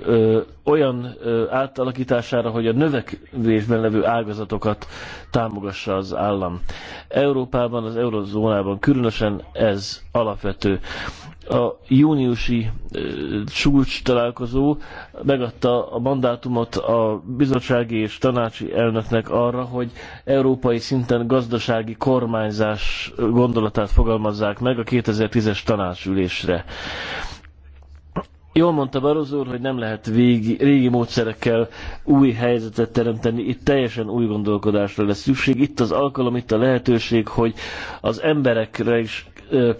olyan átalakítására, hogy a növekvésben levő ágazatokat támogassa az állam. Európában, az eurozónában különösen ez alapvető a júniusi csúcs találkozó megadta a mandátumot a bizottsági és tanácsi elnöknek arra, hogy európai szinten gazdasági kormányzás gondolatát fogalmazzák meg a 2010-es tanácsülésre. Jól mondta Barozó úr, hogy nem lehet végi, régi módszerekkel új helyzetet teremteni, itt teljesen új gondolkodásra lesz szükség. Itt az alkalom, itt a lehetőség, hogy az emberekre is ö,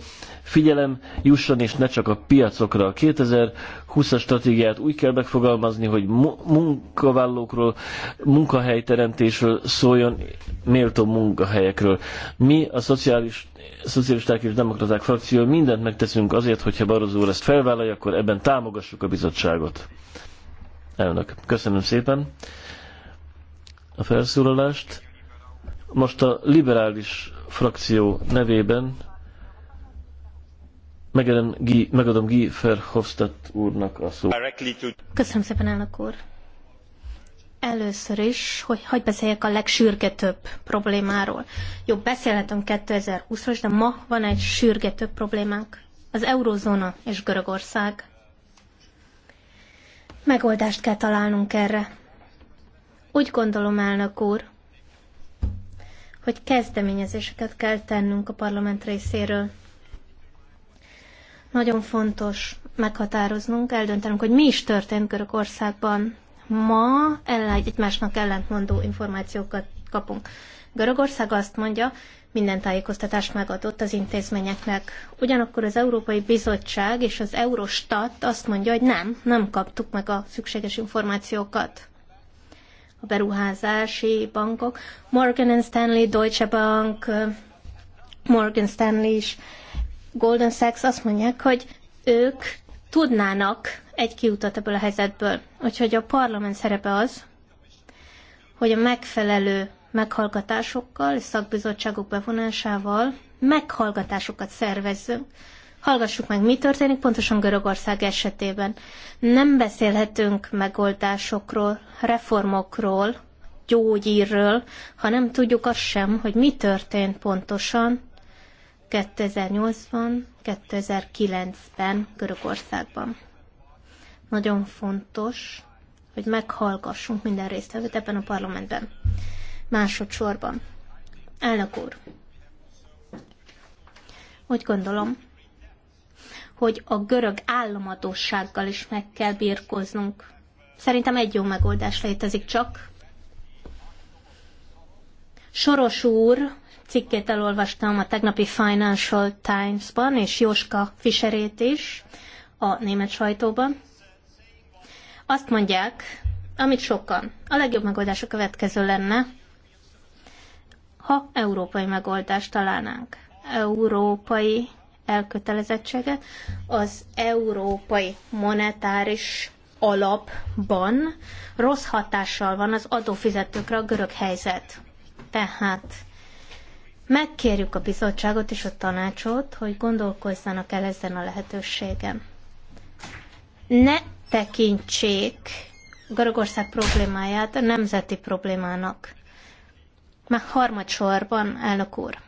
figyelem jusson, és ne csak a piacokra. A 2020-as stratégiát úgy kell megfogalmazni, hogy munkavállalókról, munkahelyteremtésről szóljon, méltó munkahelyekről. Mi a szociális szocialisták és demokraták frakció mindent megteszünk azért, hogyha Barozó úr ezt felvállalja, akkor ebben támogassuk a bizottságot. Elnök, köszönöm szépen a felszólalást. Most a liberális frakció nevében Megadom Guy, megadom Verhofstadt úrnak a szót. Köszönöm szépen, elnök úr. Először is, hogy hagyj beszéljek a legsürgetőbb problémáról. Jó, beszélhetünk 2020-ról, de ma van egy sürgetőbb problémánk. Az eurozóna és Görögország. Megoldást kell találnunk erre. Úgy gondolom, elnök úr, hogy kezdeményezéseket kell tennünk a parlament részéről nagyon fontos meghatároznunk, eldöntenünk, hogy mi is történt Görögországban. Ma egy egymásnak ellentmondó információkat kapunk. Görögország azt mondja, minden tájékoztatást megadott az intézményeknek. Ugyanakkor az Európai Bizottság és az Eurostat azt mondja, hogy nem, nem kaptuk meg a szükséges információkat. A beruházási bankok, Morgan Stanley, Deutsche Bank, Morgan Stanley is Golden Sachs azt mondják, hogy ők tudnának egy kiutat ebből a helyzetből. Úgyhogy a parlament szerepe az, hogy a megfelelő meghallgatásokkal és szakbizottságok bevonásával meghallgatásokat szervezzünk. Hallgassuk meg, mi történik pontosan Görögország esetében. Nem beszélhetünk megoldásokról, reformokról, gyógyírről, ha nem tudjuk azt sem, hogy mi történt pontosan 2080, 2009-ben Görögországban. Nagyon fontos, hogy meghallgassunk minden résztvevőt ebben a parlamentben. Másodszorban. Elnök úr, úgy gondolom, hogy a görög államadósággal is meg kell bírkoznunk. Szerintem egy jó megoldás létezik csak. Soros úr cikkét elolvastam a tegnapi Financial Times-ban, és Joska Fischerét is a német sajtóban. Azt mondják, amit sokan, a legjobb megoldás a következő lenne, ha európai megoldást találnánk. Európai elkötelezettséget az európai monetáris alapban rossz hatással van az adófizetőkre a görög helyzet. Tehát Megkérjük a bizottságot és a tanácsot, hogy gondolkozzanak el ezen a lehetőségen. Ne tekintsék Görögország problémáját a nemzeti problémának. Már harmadsorban, elnök úr.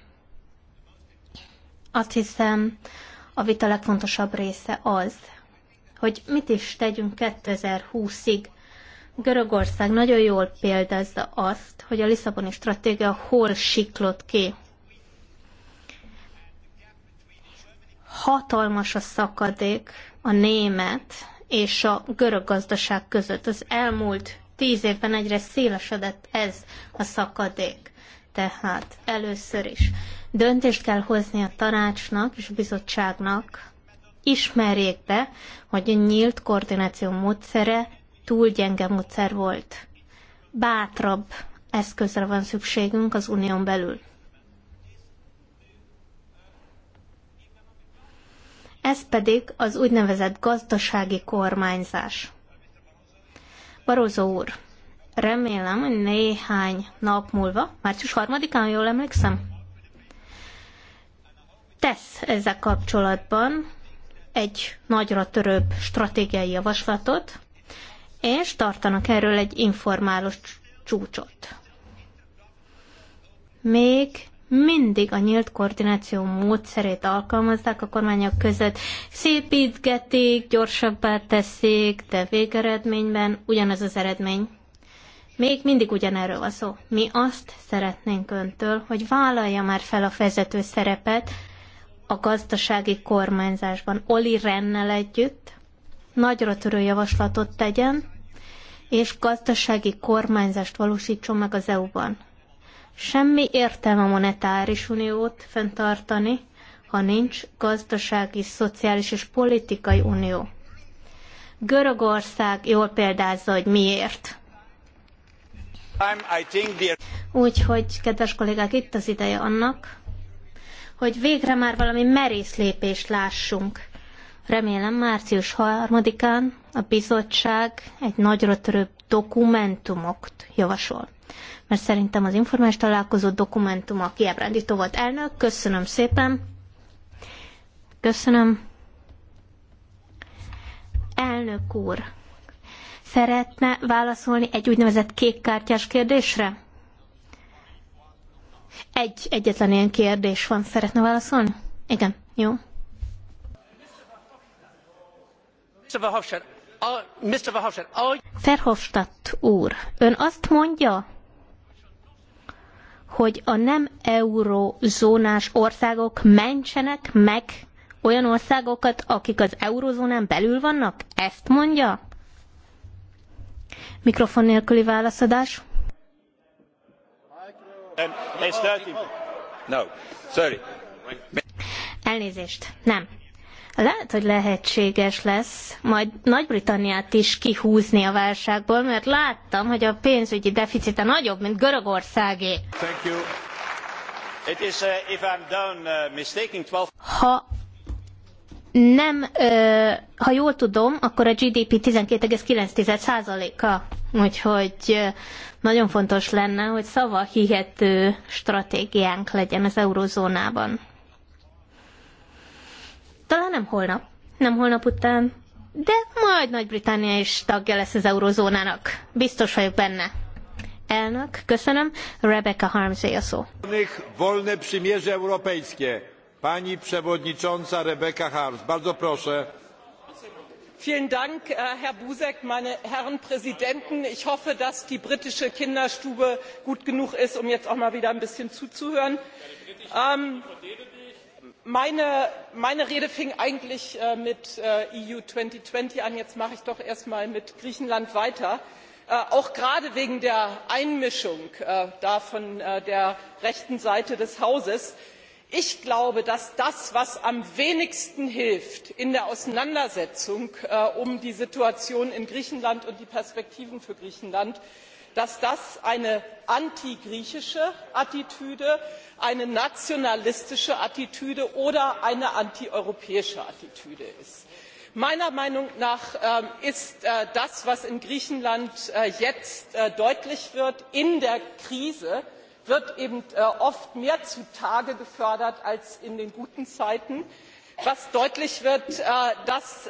Azt hiszem, a vita legfontosabb része az, hogy mit is tegyünk 2020-ig. Görögország nagyon jól példázza azt, hogy a Lisszaboni stratégia hol siklott ki. hatalmas a szakadék a német és a görög gazdaság között. Az elmúlt tíz évben egyre szélesedett ez a szakadék. Tehát először is döntést kell hozni a tanácsnak és a bizottságnak, ismerjék be, hogy a nyílt koordináció módszere túl gyenge módszer volt. Bátrabb eszközre van szükségünk az unión belül. ez pedig az úgynevezett gazdasági kormányzás. Barózó úr, remélem, hogy néhány nap múlva, március harmadikán, jól emlékszem, tesz ezzel kapcsolatban egy nagyra törőbb stratégiai javaslatot, és tartanak erről egy informálós csúcsot. Még mindig a nyílt koordináció módszerét alkalmazzák a kormányok között. Szépítgetik, gyorsabbá teszik, de végeredményben ugyanaz az eredmény. Még mindig ugyanerről van szó. Mi azt szeretnénk öntől, hogy vállalja már fel a vezető szerepet a gazdasági kormányzásban. Oli Rennel együtt nagyra törő javaslatot tegyen, és gazdasági kormányzást valósítson meg az EU-ban. Semmi értelme a monetáris uniót fenntartani, ha nincs gazdasági, szociális és politikai unió. Görögország jól példázza, hogy miért. Úgyhogy, kedves kollégák, itt az ideje annak, hogy végre már valami merész lépést lássunk. Remélem március 3-án a bizottság egy nagyra törőbb dokumentumot javasol mert szerintem az informális találkozó dokumentuma kiábrándító volt. Elnök, köszönöm szépen. Köszönöm. Elnök úr, szeretne válaszolni egy úgynevezett kékkártyás kérdésre? Egy egyetlen ilyen kérdés van. Szeretne válaszolni? Igen. Jó. Verhofstadt úr, ön azt mondja, hogy a nem eurozónás országok mentsenek meg olyan országokat, akik az eurozónán belül vannak? Ezt mondja? Mikrofon nélküli válaszadás. Elnézést, nem. Lehet, hogy lehetséges lesz majd Nagy-Britanniát is kihúzni a válságból, mert láttam, hogy a pénzügyi deficite nagyobb, mint Görögországé. Is, uh, done, uh, 12... Ha nem, ha jól tudom, akkor a GDP 12,9%-a. Úgyhogy nagyon fontos lenne, hogy szava hihető stratégiánk legyen az eurozónában. Talán nem holnap, nem holnap után, de majd Nagy-Britannia is tagja lesz az eurozónának. Biztos vagyok benne. Elnök, köszönöm. Rebecca Harmsé a szó. Volne przymierze europejskie. Pani przewodnicząca Rebecca Harms, bardzo proszę. Vielen Dank, äh, Herr Buzek, meine Herren Präsidenten. Ich hoffe, dass die britische Kinderstube gut genug ist, um jetzt auch mal wieder ein bisschen zuzuhören. Ja, Ähm, meine rede fing eigentlich äh, mit äh, eu zweitausendzwanzig an jetzt mache ich doch erst mal mit griechenland weiter äh, auch gerade wegen der einmischung von der rechten seite des hauses. ich glaube dass das was am wenigsten hilft in der auseinandersetzung um die situation in griechenland und die perspektiven für griechenland dass das eine antigriechische attitüde eine nationalistische attitüde oder eine antieuropäische attitüde ist. meiner meinung nach ähm, ist äh, das was in griechenland äh, jetzt äh, deutlich wird in der krise wird eben oft mehr zutage gefördert als in den guten zeiten was deutlich wird dass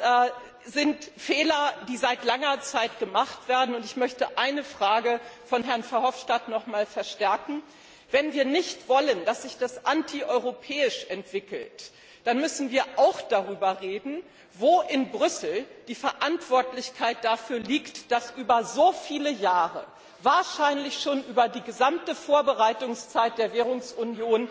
sind fehler die seit langer zeit gemacht werden und ich möchte eine frage von herrn verhofstadt noch einmal verstärken wenn wir nicht wollen dass sich das antieuropäisch entwickelt dann müssen wir auch darüber reden wo in brüssel die verantwortlichkeit dafür liegt dass über so viele jahre wahrscheinlich schon über die gesamte vorbereitungszeit der währungsunion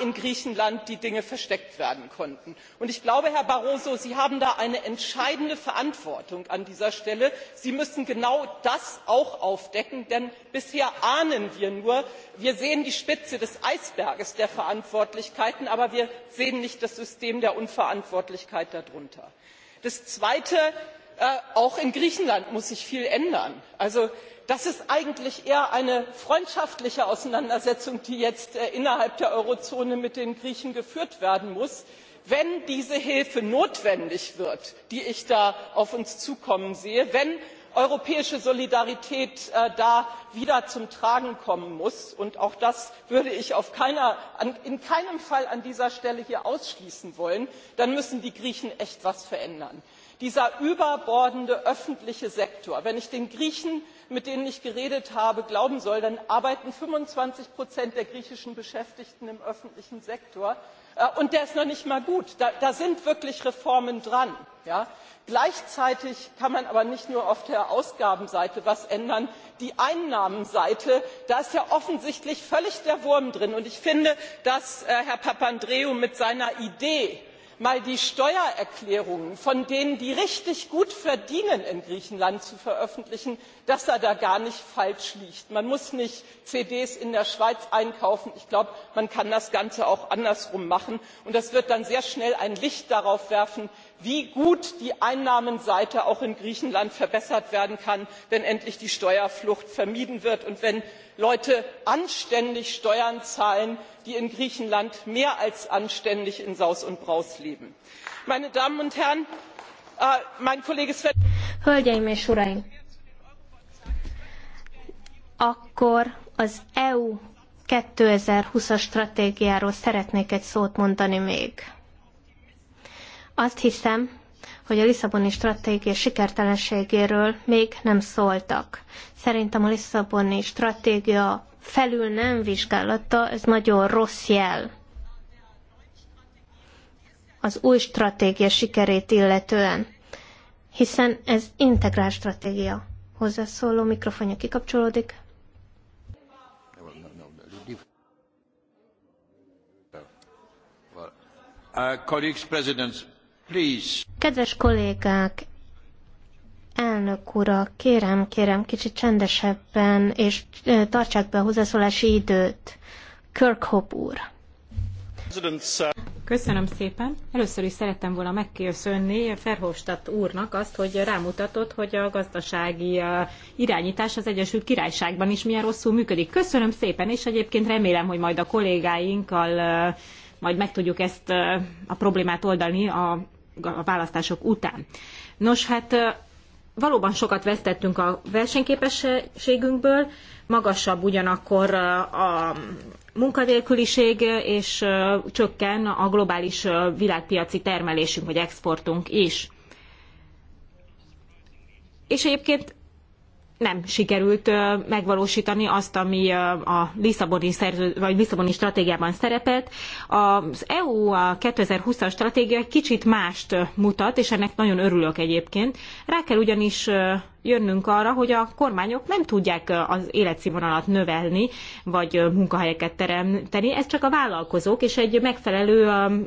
in griechenland die dinge versteckt werden konnten. ich glaube herr barroso sie haben da eine entscheidende verantwortung an dieser stelle. sie müssen genau das auch aufdecken denn bisher ahnen wir nur wir sehen die spitze des eisbergs der verantwortlichkeiten aber wir sehen nicht das system der unverantwortlichkeit darunter. das zweite äh, auch in griechenland muss sich viel ändern das ist eigentlich eher eine freundschaftliche auseinandersetzung die jetzt äh, innerhalb der eurozone mit den griechen geführt werden muss wenn diese hilfe notwendig wird die ich da auf uns zukommen sehe wenn europäische solidarität äh, da wieder zum tragen kommen muss und auch das würde ich in keinem fall an dieser stelle hier ausschließen wollen dann müssen die griechen echt etwas verändern. dieser überbordende öffentliche sektor wenn ich den griechen mit denen ich geredet habe glauben soll dann arbeiten fünfundzwanzig der griechischen beschäftigten im öffentlichen sektor äh, und der ist noch nicht einmal gut da sind wirklich reformen dran. gleichzeitig kann man aber nicht nur auf der ausgabenseite etwas ändern die einnahmenseite da ist ja offensichtlich völlig der wurm drin und ich finde dass äh, herr papandreou mit seiner idee mal die steuererklärungen von denen die richtig gut verdienen in griechenland zu veröffentlichen dass er da gar nicht falsch liegt. man muss nicht CDs in der schweiz einkaufen ich glaube man kann das ganze auch andersrum machen und das wird dann sehr schnell ein licht darauf werfen wie gut die einnahmenseite auch in griechenland verbessert werden kann wenn endlich die steuerflucht vermieden wird und wenn leute anständig steuern zahlen die in griechenland mehr als anständig in saus und braus leben. meine damen und herren äh, mein kollege sven hölgyeim és uraim! akkor az eu 2020-as stratégiáról szeretnék egy szót mondani még. Azt hiszem, hogy a Lisszaboni stratégia sikertelenségéről még nem szóltak. Szerintem a Lisszaboni stratégia felül nem vizsgálata, ez nagyon rossz jel az új stratégia sikerét illetően, hiszen ez integrál stratégia. Hozzászóló mikrofonja kikapcsolódik. Uh, colleagues, presidents, Please. Kedves kollégák, elnök ura, kérem, kérem, kicsit csendesebben, és tartsák be a hozzászólási időt. Kirkhope úr. Köszönöm szépen. Először is szerettem volna megköszönni Ferhofstadt úrnak azt, hogy rámutatott, hogy a gazdasági irányítás az Egyesült Királyságban is milyen rosszul működik. Köszönöm szépen, és egyébként remélem, hogy majd a kollégáinkkal majd meg tudjuk ezt a problémát oldani a a választások után. Nos, hát valóban sokat vesztettünk a versenyképességünkből, magasabb ugyanakkor a munkanélküliség, és csökken a globális világpiaci termelésünk vagy exportunk is. És egyébként nem sikerült megvalósítani azt, ami a Lisszaboni, szerző, vagy Lisszaboni stratégiában szerepelt. Az EU a 2020-as stratégia kicsit mást mutat, és ennek nagyon örülök egyébként. Rá kell ugyanis jönnünk arra, hogy a kormányok nem tudják az életszínvonalat növelni, vagy munkahelyeket teremteni, ez csak a vállalkozók és egy megfelelő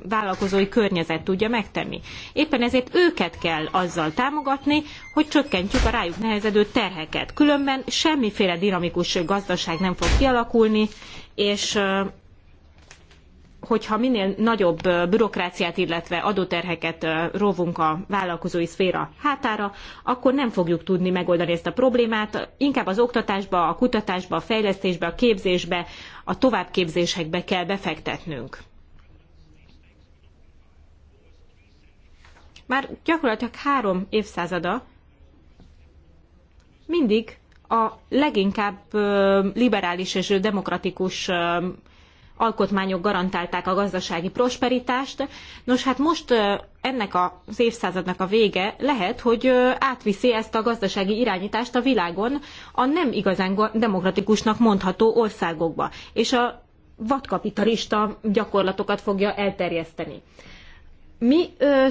vállalkozói környezet tudja megtenni. Éppen ezért őket kell azzal támogatni, hogy csökkentjük a rájuk nehezedő terheket. Különben semmiféle dinamikus gazdaság nem fog kialakulni, és hogyha minél nagyobb bürokráciát, illetve adóterheket rovunk a vállalkozói szféra hátára, akkor nem fogjuk tudni megoldani ezt a problémát. Inkább az oktatásba, a kutatásba, a fejlesztésbe, a képzésbe, a továbbképzésekbe kell befektetnünk. Már gyakorlatilag három évszázada mindig a leginkább liberális és demokratikus alkotmányok garantálták a gazdasági prosperitást. Nos, hát most ennek az évszázadnak a vége lehet, hogy átviszi ezt a gazdasági irányítást a világon a nem igazán demokratikusnak mondható országokba, és a vadkapitalista gyakorlatokat fogja elterjeszteni. Mi ö,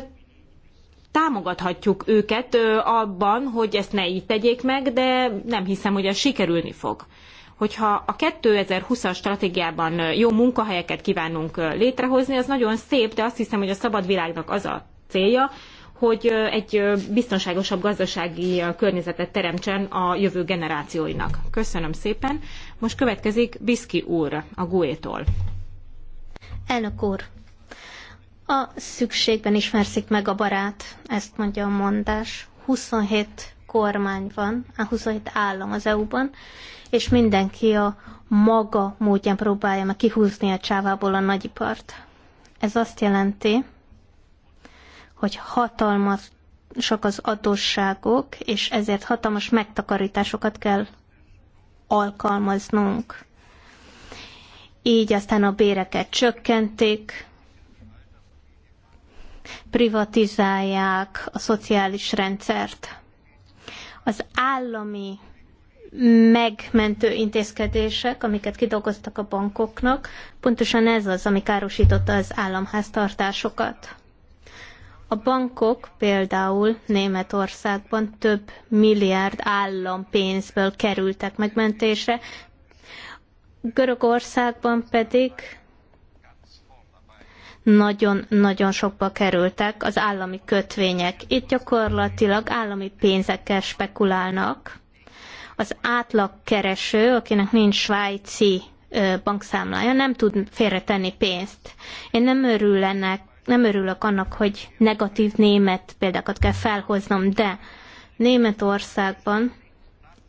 támogathatjuk őket ö, abban, hogy ezt ne így tegyék meg, de nem hiszem, hogy ez sikerülni fog hogyha a 2020-as stratégiában jó munkahelyeket kívánunk létrehozni, az nagyon szép, de azt hiszem, hogy a szabad világnak az a célja, hogy egy biztonságosabb gazdasági környezetet teremtsen a jövő generációinak. Köszönöm szépen. Most következik Biszki úr a GUE-tól. Elnök úr, a szükségben ismerszik meg a barát, ezt mondja a mondás. 27 kormány van, a 27 állam az EU-ban, és mindenki a maga módján próbálja meg kihúzni a csávából a nagyipart. Ez azt jelenti, hogy hatalmasak az adósságok, és ezért hatalmas megtakarításokat kell alkalmaznunk. Így aztán a béreket csökkentik, privatizálják a szociális rendszert. Az állami megmentő intézkedések, amiket kidolgoztak a bankoknak, pontosan ez az, ami károsította az államháztartásokat. A bankok például Németországban több milliárd állampénzből kerültek megmentésre, Görögországban pedig nagyon-nagyon sokba kerültek az állami kötvények. Itt gyakorlatilag állami pénzekkel spekulálnak. Az átlagkereső, akinek nincs svájci bankszámlája, nem tud félretenni pénzt. Én nem örül ennek, nem örülök annak, hogy negatív német példákat kell felhoznom, de Németországban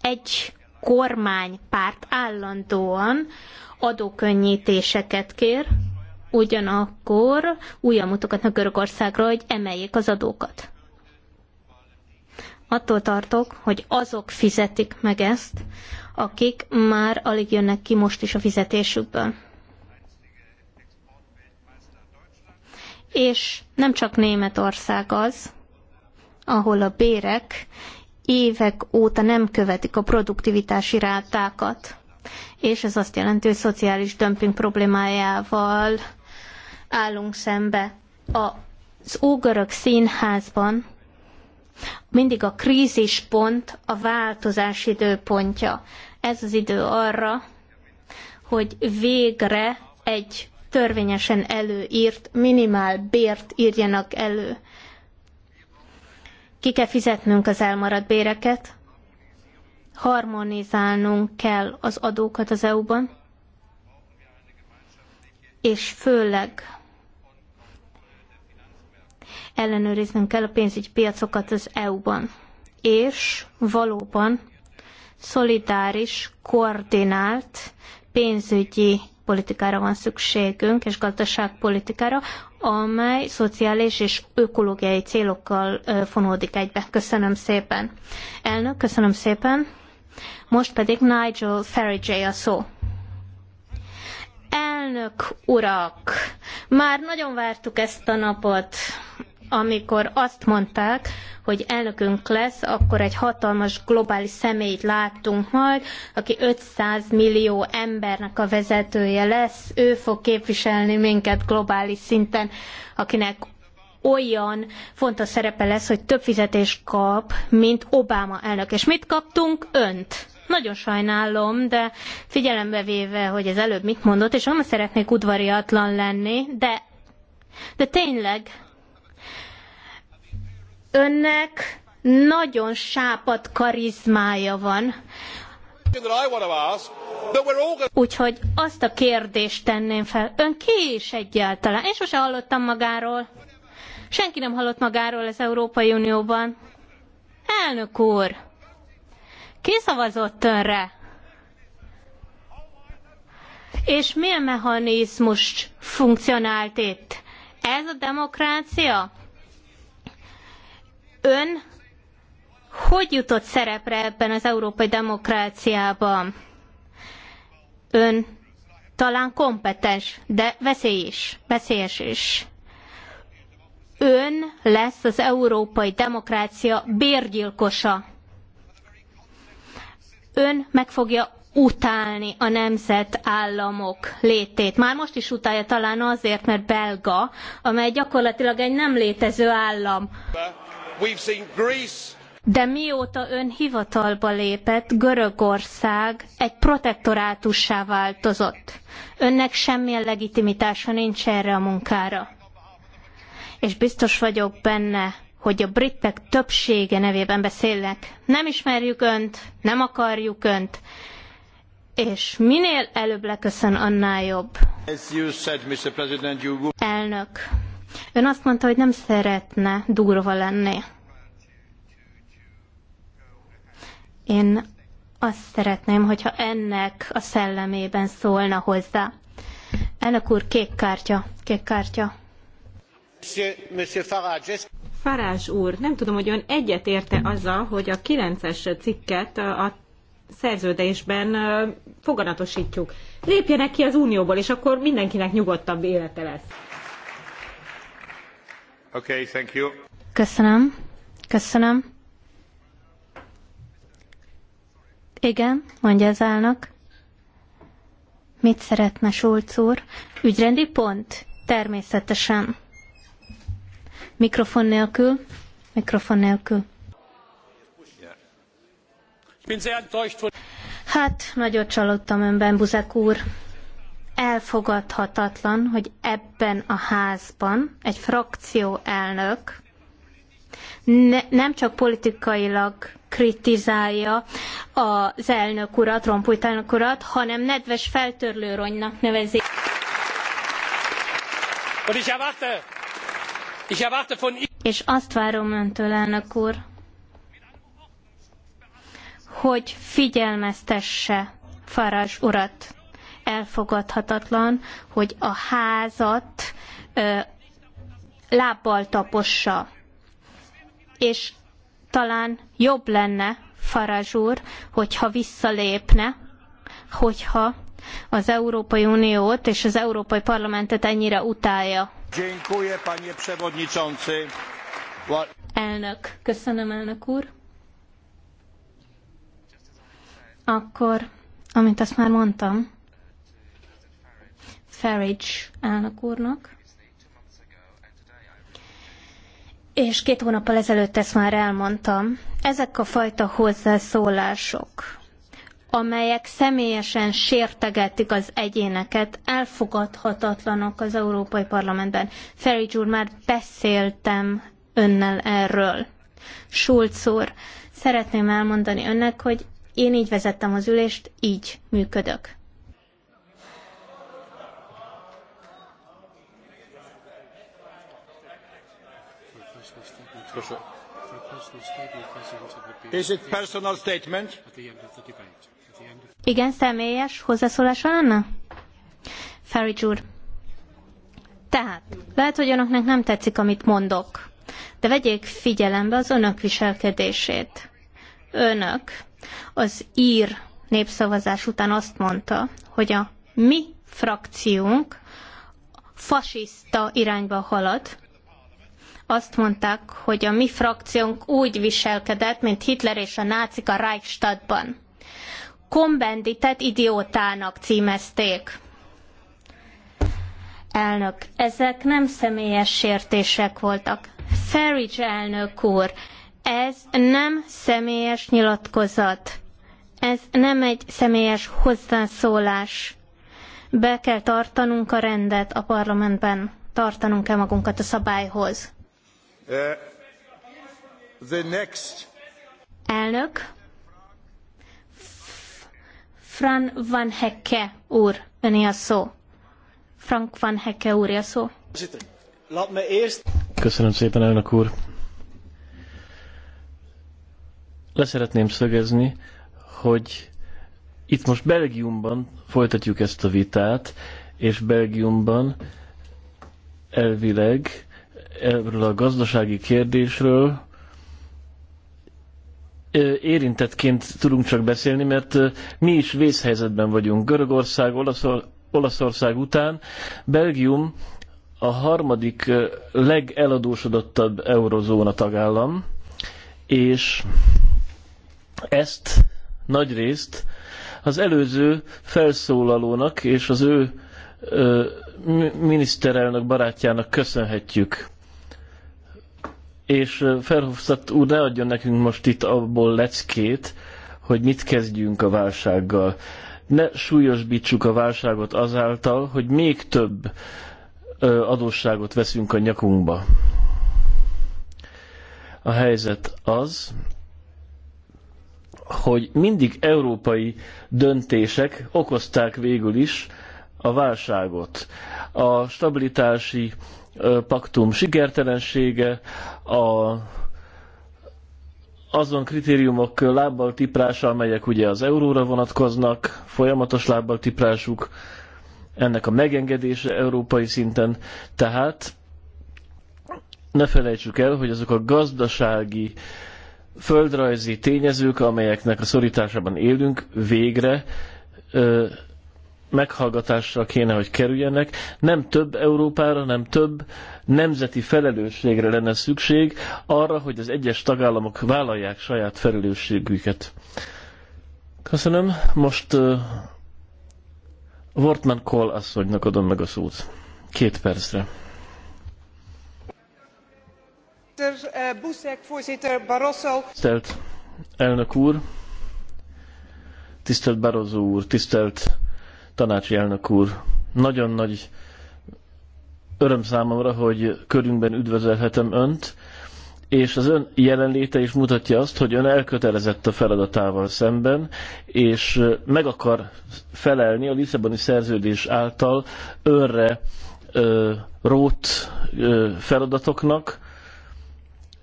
egy kormánypárt állandóan adókönnyítéseket kér, ugyanakkor újra mutogatnak Görögországra, hogy emeljék az adókat. Attól tartok, hogy azok fizetik meg ezt, akik már alig jönnek ki most is a fizetésükből. És nem csak Németország az, ahol a bérek évek óta nem követik a produktivitási rátákat. És ez azt jelenti, hogy szociális dömping problémájával állunk szembe. Az Ógörög Színházban mindig a krízispont a változás időpontja. Ez az idő arra, hogy végre egy törvényesen előírt minimál bért írjanak elő. Ki kell fizetnünk az elmaradt béreket, harmonizálnunk kell az adókat az EU-ban, és főleg ellenőriznünk kell a pénzügyi piacokat az EU-ban. És valóban szolidáris, koordinált pénzügyi politikára van szükségünk, és gazdaságpolitikára, amely szociális és ökológiai célokkal fonódik egybe. Köszönöm szépen. Elnök, köszönöm szépen. Most pedig Nigel Farage a szó. Elnök urak, már nagyon vártuk ezt a napot, amikor azt mondták, hogy elnökünk lesz, akkor egy hatalmas globális személyt láttunk majd, aki 500 millió embernek a vezetője lesz, ő fog képviselni minket globális szinten, akinek olyan fontos szerepe lesz, hogy több fizetést kap, mint Obama elnök. És mit kaptunk? Önt. Nagyon sajnálom, de figyelembe véve, hogy ez előbb mit mondott, és nem szeretnék udvariatlan lenni, de, de tényleg önnek nagyon sápat karizmája van. Úgyhogy azt a kérdést tenném fel, ön ki is egyáltalán? Én sose hallottam magáról. Senki nem hallott magáról az Európai Unióban. Elnök úr! Ki szavazott önre? És milyen mechanizmus funkcionált itt? Ez a demokrácia? Ön hogy jutott szerepre ebben az európai demokráciában? Ön talán kompetens, de veszélyes, is, veszélyes is. Ön lesz az európai demokrácia bérgyilkosa ön meg fogja utálni a nemzetállamok létét. Már most is utálja talán azért, mert belga, amely gyakorlatilag egy nem létező állam. De mióta ön hivatalba lépett, Görögország egy protektorátussá változott. Önnek semmilyen legitimitása nincs erre a munkára. És biztos vagyok benne, hogy a britek többsége nevében beszélnek. Nem ismerjük önt, nem akarjuk önt, és minél előbb leköszön, annál jobb. Said, you... Elnök, ön azt mondta, hogy nem szeretne durva lenni. Én azt szeretném, hogyha ennek a szellemében szólna hozzá. Elnök úr, kék kártya, kék kártya. Monsieur, Monsieur Farage, Farázs úr, nem tudom, hogy ön egyet érte azzal, hogy a 9-es cikket a szerződésben foganatosítjuk. Lépjenek ki az unióból, és akkor mindenkinek nyugodtabb élete lesz. Okay, thank you. Köszönöm. Köszönöm. Igen, mondja az állnak. Mit szeretne Schulz úr? Ügyrendi pont? Természetesen. Mikrofon nélkül. Mikrofon nélkül. Hát, nagyon csalódtam önben, Buzek úr. Elfogadhatatlan, hogy ebben a házban egy frakcióelnök ne, nem csak politikailag kritizálja az elnök urat, Rompuy elnök urat, hanem nedves feltörlőronynak nevezi. Und ich és azt várom öntől, elnök úr, hogy figyelmeztesse Farás urat. Elfogadhatatlan, hogy a házat ö, lábbal tapossa. És talán jobb lenne, Farázs úr, hogyha visszalépne, hogyha az Európai Uniót és az Európai Parlamentet ennyire utálja. Elnök, köszönöm, elnök úr. Akkor, amit azt már mondtam, Farage elnök úrnak, és két hónappal ezelőtt ezt már elmondtam, ezek a fajta hozzászólások, amelyek személyesen sértegetik az egyéneket, elfogadhatatlanok az Európai Parlamentben. Ferics úr, már beszéltem önnel erről. Schulz úr, szeretném elmondani önnek, hogy én így vezettem az ülést, így működök. Is it personal statement? Igen, személyes hozzászólása lenne? Ferry úr. Tehát, lehet, hogy önöknek nem tetszik, amit mondok, de vegyék figyelembe az önök viselkedését. Önök az ír népszavazás után azt mondta, hogy a mi frakciónk fasiszta irányba halad. Azt mondták, hogy a mi frakciónk úgy viselkedett, mint Hitler és a nácik a Reichstadtban kombenditet idiótának címezték. Elnök, ezek nem személyes sértések voltak. Farage elnök úr, ez nem személyes nyilatkozat. Ez nem egy személyes hozzászólás. Be kell tartanunk a rendet a parlamentben. Tartanunk kell magunkat a szabályhoz. Uh, the next. Elnök, Fran van Hecke úr, öné a szó. Frank van Hecke úr, a szó. Köszönöm szépen, elnök úr. Leszeretném szögezni, hogy itt most Belgiumban folytatjuk ezt a vitát, és Belgiumban elvileg erről a gazdasági kérdésről érintettként tudunk csak beszélni, mert mi is vészhelyzetben vagyunk. Görögország, Olaszország után Belgium a harmadik legeladósodottabb eurozóna tagállam, és ezt nagy részt az előző felszólalónak és az ő miniszterelnök barátjának köszönhetjük és Ferhofstadt úr ne adjon nekünk most itt abból leckét, hogy mit kezdjünk a válsággal. Ne súlyosbítsuk a válságot azáltal, hogy még több adósságot veszünk a nyakunkba. A helyzet az, hogy mindig európai döntések okozták végül is a válságot. A stabilitási paktum sikertelensége, a azon kritériumok lábbal tiprása, amelyek ugye az euróra vonatkoznak, folyamatos lábbal tiprásuk, ennek a megengedése európai szinten. Tehát ne felejtsük el, hogy azok a gazdasági, földrajzi tényezők, amelyeknek a szorításában élünk, végre meghallgatásra kéne, hogy kerüljenek. Nem több Európára, nem több nemzeti felelősségre lenne szükség arra, hogy az egyes tagállamok vállalják saját felelősségüket. Köszönöm. Most uh, Wortmann Kohl asszonynak adom meg a szót. Két percre. Tisztelt elnök úr, tisztelt Barozó úr, tisztelt tanácsi elnök úr. Nagyon nagy öröm számomra, hogy körünkben üdvözölhetem önt, és az ön jelenléte is mutatja azt, hogy ön elkötelezett a feladatával szemben, és meg akar felelni a Lisszaboni szerződés által önre ö, rót ö, feladatoknak,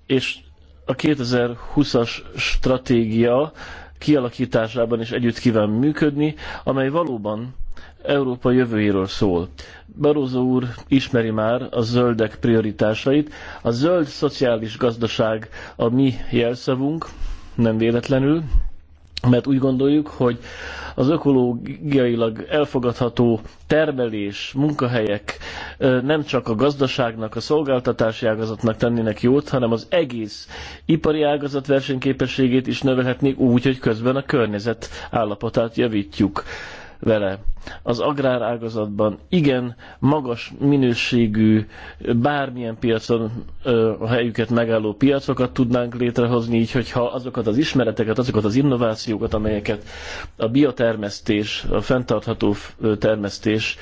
és a 2020-as stratégia kialakításában is együtt kíván működni, amely valóban Európa jövőjéről szól. Barózó úr ismeri már a zöldek prioritásait. A zöld szociális gazdaság a mi jelszavunk, nem véletlenül, mert úgy gondoljuk, hogy az ökológiailag elfogadható termelés, munkahelyek nem csak a gazdaságnak, a szolgáltatási ágazatnak tennének jót, hanem az egész ipari ágazat versenyképességét is növelhetnék úgy, hogy közben a környezet állapotát javítjuk vele. Az agrárágazatban igen magas minőségű, bármilyen piacon a helyüket megálló piacokat tudnánk létrehozni, így hogyha azokat az ismereteket, azokat az innovációkat, amelyeket a biotermesztés, a fenntartható termesztés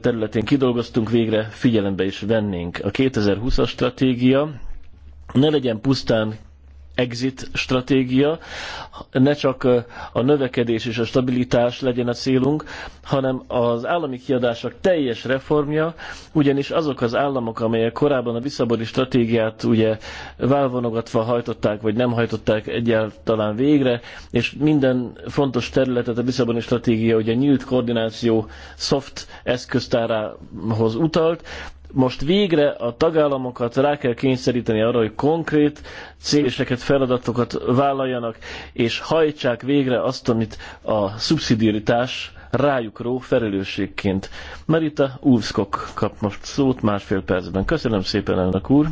területén kidolgoztunk, végre figyelembe is vennénk. A 2020-as stratégia ne legyen pusztán exit stratégia, ne csak a növekedés és a stabilitás legyen a célunk, hanem az állami kiadások teljes reformja, ugyanis azok az államok, amelyek korábban a visszabori stratégiát ugye válvonogatva hajtották, vagy nem hajtották egyáltalán végre, és minden fontos területet a visszabori stratégia ugye nyílt koordináció soft eszköztárához utalt, most végre a tagállamokat rá kell kényszeríteni arra, hogy konkrét céléseket, feladatokat vállaljanak, és hajtsák végre azt, amit a szubszidiaritás rájuk ró felelősségként. Marita Úvszkok kap most szót másfél percben. Köszönöm szépen, elnök úr!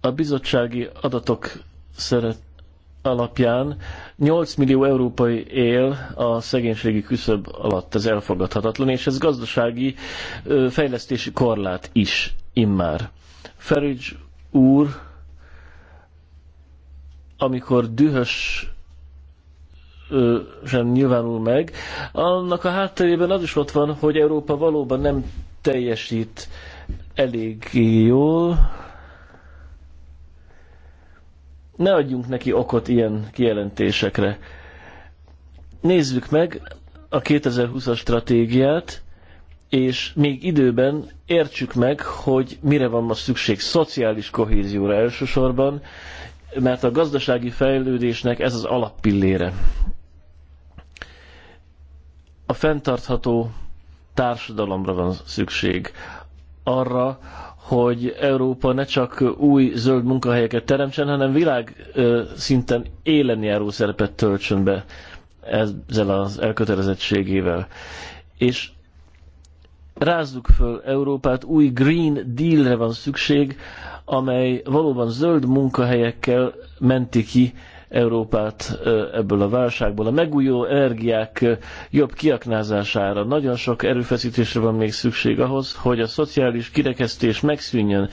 A bizottsági adatok szeret alapján 8 millió európai él a szegénységi küszöb alatt, ez elfogadhatatlan, és ez gazdasági fejlesztési korlát is immár. Feridzs úr, amikor dühös sem nyilvánul meg, annak a hátterében az is ott van, hogy Európa valóban nem teljesít elég jól, ne adjunk neki okot ilyen kijelentésekre. Nézzük meg a 2020-as stratégiát, és még időben értsük meg, hogy mire van ma szükség szociális kohézióra elsősorban, mert a gazdasági fejlődésnek ez az alappillére. A fenntartható társadalomra van szükség, arra, hogy Európa ne csak új zöld munkahelyeket teremtsen, hanem világ szinten járó szerepet töltsön be ezzel az elkötelezettségével. És rázzuk föl Európát, új Green Dealre van szükség, amely valóban zöld munkahelyekkel menti ki Európát ebből a válságból. A megújuló energiák jobb kiaknázására nagyon sok erőfeszítésre van még szükség ahhoz, hogy a szociális kirekesztés megszűnjön,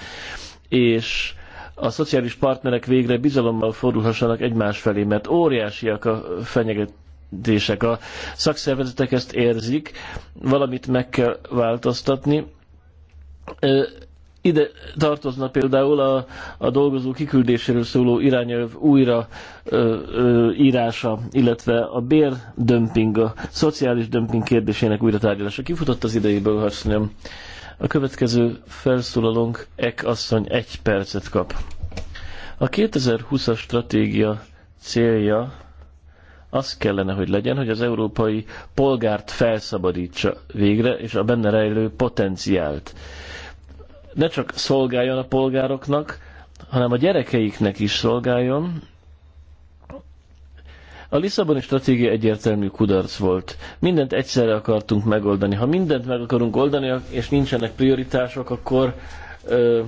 és a szociális partnerek végre bizalommal fordulhassanak egymás felé, mert óriásiak a fenyegetések. A szakszervezetek ezt érzik, valamit meg kell változtatni ide tartozna például a, a dolgozó kiküldéséről szóló irányelv újra ö, ö, írása, illetve a bérdömping, a szociális dömping kérdésének újra tárgyalása. Kifutott az idejéből, ha nem. A következő felszólalónk Ek asszony egy percet kap. A 2020-as stratégia célja az kellene, hogy legyen, hogy az európai polgárt felszabadítsa végre, és a benne rejlő potenciált ne csak szolgáljon a polgároknak, hanem a gyerekeiknek is szolgáljon. A Lisszaboni stratégia egyértelmű kudarc volt. Mindent egyszerre akartunk megoldani. Ha mindent meg akarunk oldani, és nincsenek prioritások, akkor ö,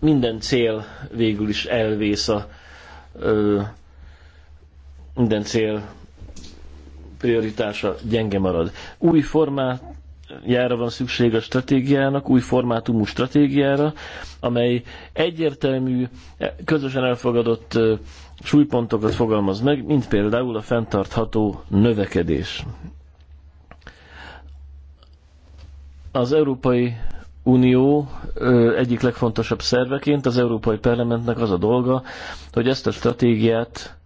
minden cél végül is elvész a ö, minden cél prioritása gyenge marad. Új formát jára van szükség a stratégiának, új formátumú stratégiára, amely egyértelmű, közösen elfogadott súlypontokat fogalmaz meg, mint például a fenntartható növekedés. Az Európai Unió egyik legfontosabb szerveként az Európai Parlamentnek az a dolga, hogy ezt a stratégiát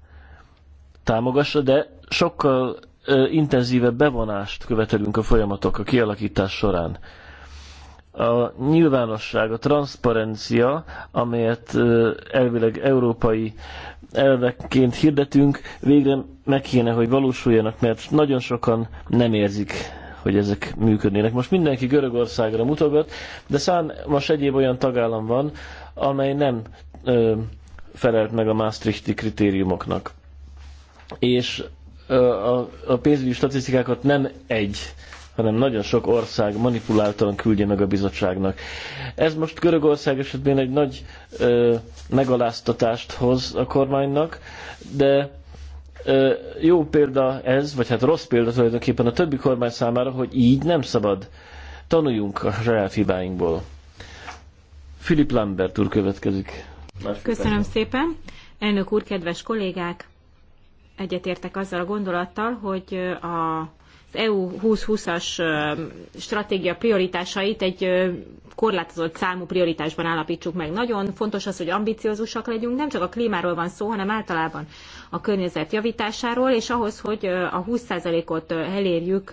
támogassa, de sokkal intenzívebb bevonást követelünk a folyamatok a kialakítás során. A nyilvánosság, a transzparencia, amelyet elvileg európai elvekként hirdetünk, végre meg kéne, hogy valósuljanak, mert nagyon sokan nem érzik hogy ezek működnének. Most mindenki Görögországra mutogat, de szán most egyéb olyan tagállam van, amely nem ö, felelt meg a Maastrichti kritériumoknak. És a pénzügyi statisztikákat nem egy, hanem nagyon sok ország manipuláltan küldje meg a bizottságnak. Ez most Görögország esetben egy nagy ö, megaláztatást hoz a kormánynak, de ö, jó példa ez, vagy hát rossz példa tulajdonképpen a többi kormány számára, hogy így nem szabad. Tanuljunk a saját hibáinkból. Filip Lambert úr következik. Köszönöm szépen. Elnök úr, kedves kollégák! egyetértek azzal a gondolattal, hogy a az EU 2020-as stratégia prioritásait egy korlátozott számú prioritásban állapítsuk meg. Nagyon fontos az, hogy ambiciózusak legyünk, nem csak a klímáról van szó, hanem általában a környezet javításáról, és ahhoz, hogy a 20%-ot elérjük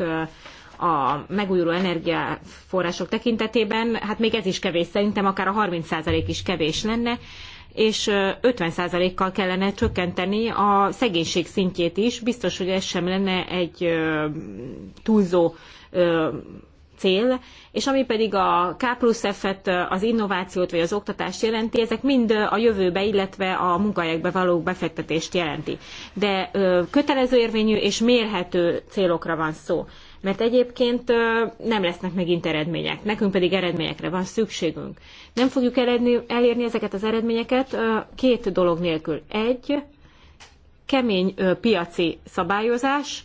a megújuló energiaforrások tekintetében, hát még ez is kevés, szerintem akár a 30% is kevés lenne és 50%-kal kellene csökkenteni a szegénység szintjét is. Biztos, hogy ez sem lenne egy túlzó cél, és ami pedig a K plusz F-et, az innovációt vagy az oktatást jelenti, ezek mind a jövőbe, illetve a munkahelyekbe való befektetést jelenti. De kötelező érvényű és mérhető célokra van szó mert egyébként nem lesznek megint eredmények. Nekünk pedig eredményekre van szükségünk. Nem fogjuk eledni, elérni ezeket az eredményeket két dolog nélkül. Egy, kemény piaci szabályozás,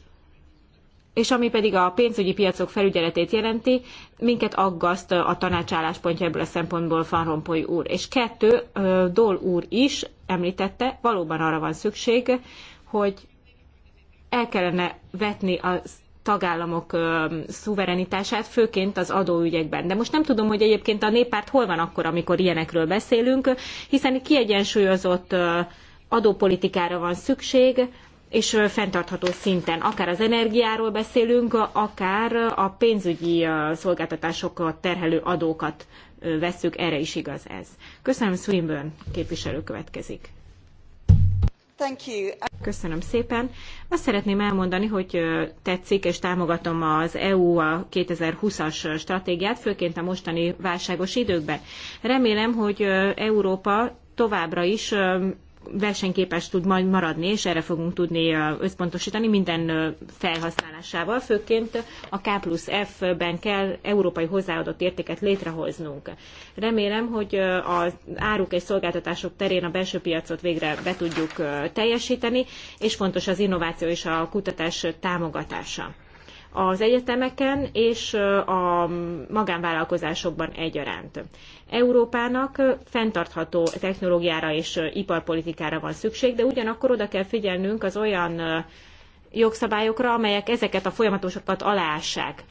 és ami pedig a pénzügyi piacok felügyeletét jelenti, minket aggaszt a tanácsálláspontja ebből a szempontból Van Rompuy úr. És kettő, Dol úr is említette, valóban arra van szükség, hogy el kellene vetni az tagállamok szuverenitását, főként az adóügyekben. De most nem tudom, hogy egyébként a néppárt hol van akkor, amikor ilyenekről beszélünk, hiszen kiegyensúlyozott adópolitikára van szükség, és fenntartható szinten. Akár az energiáról beszélünk, akár a pénzügyi szolgáltatásokat terhelő adókat vesszük, erre is igaz ez. Köszönöm, Swinburne képviselő következik. Köszönöm szépen. Azt szeretném elmondani, hogy tetszik és támogatom az EU a 2020-as stratégiát, főként a mostani válságos időkben. Remélem, hogy Európa továbbra is versenyképes tud majd maradni, és erre fogunk tudni összpontosítani minden felhasználásával. Főként a K plusz F-ben kell európai hozzáadott értéket létrehoznunk. Remélem, hogy az áruk és szolgáltatások terén a belső piacot végre be tudjuk teljesíteni, és fontos az innováció és a kutatás támogatása az egyetemeken és a magánvállalkozásokban egyaránt. Európának fenntartható technológiára és iparpolitikára van szükség, de ugyanakkor oda kell figyelnünk az olyan jogszabályokra, amelyek ezeket a folyamatosokat aláássák.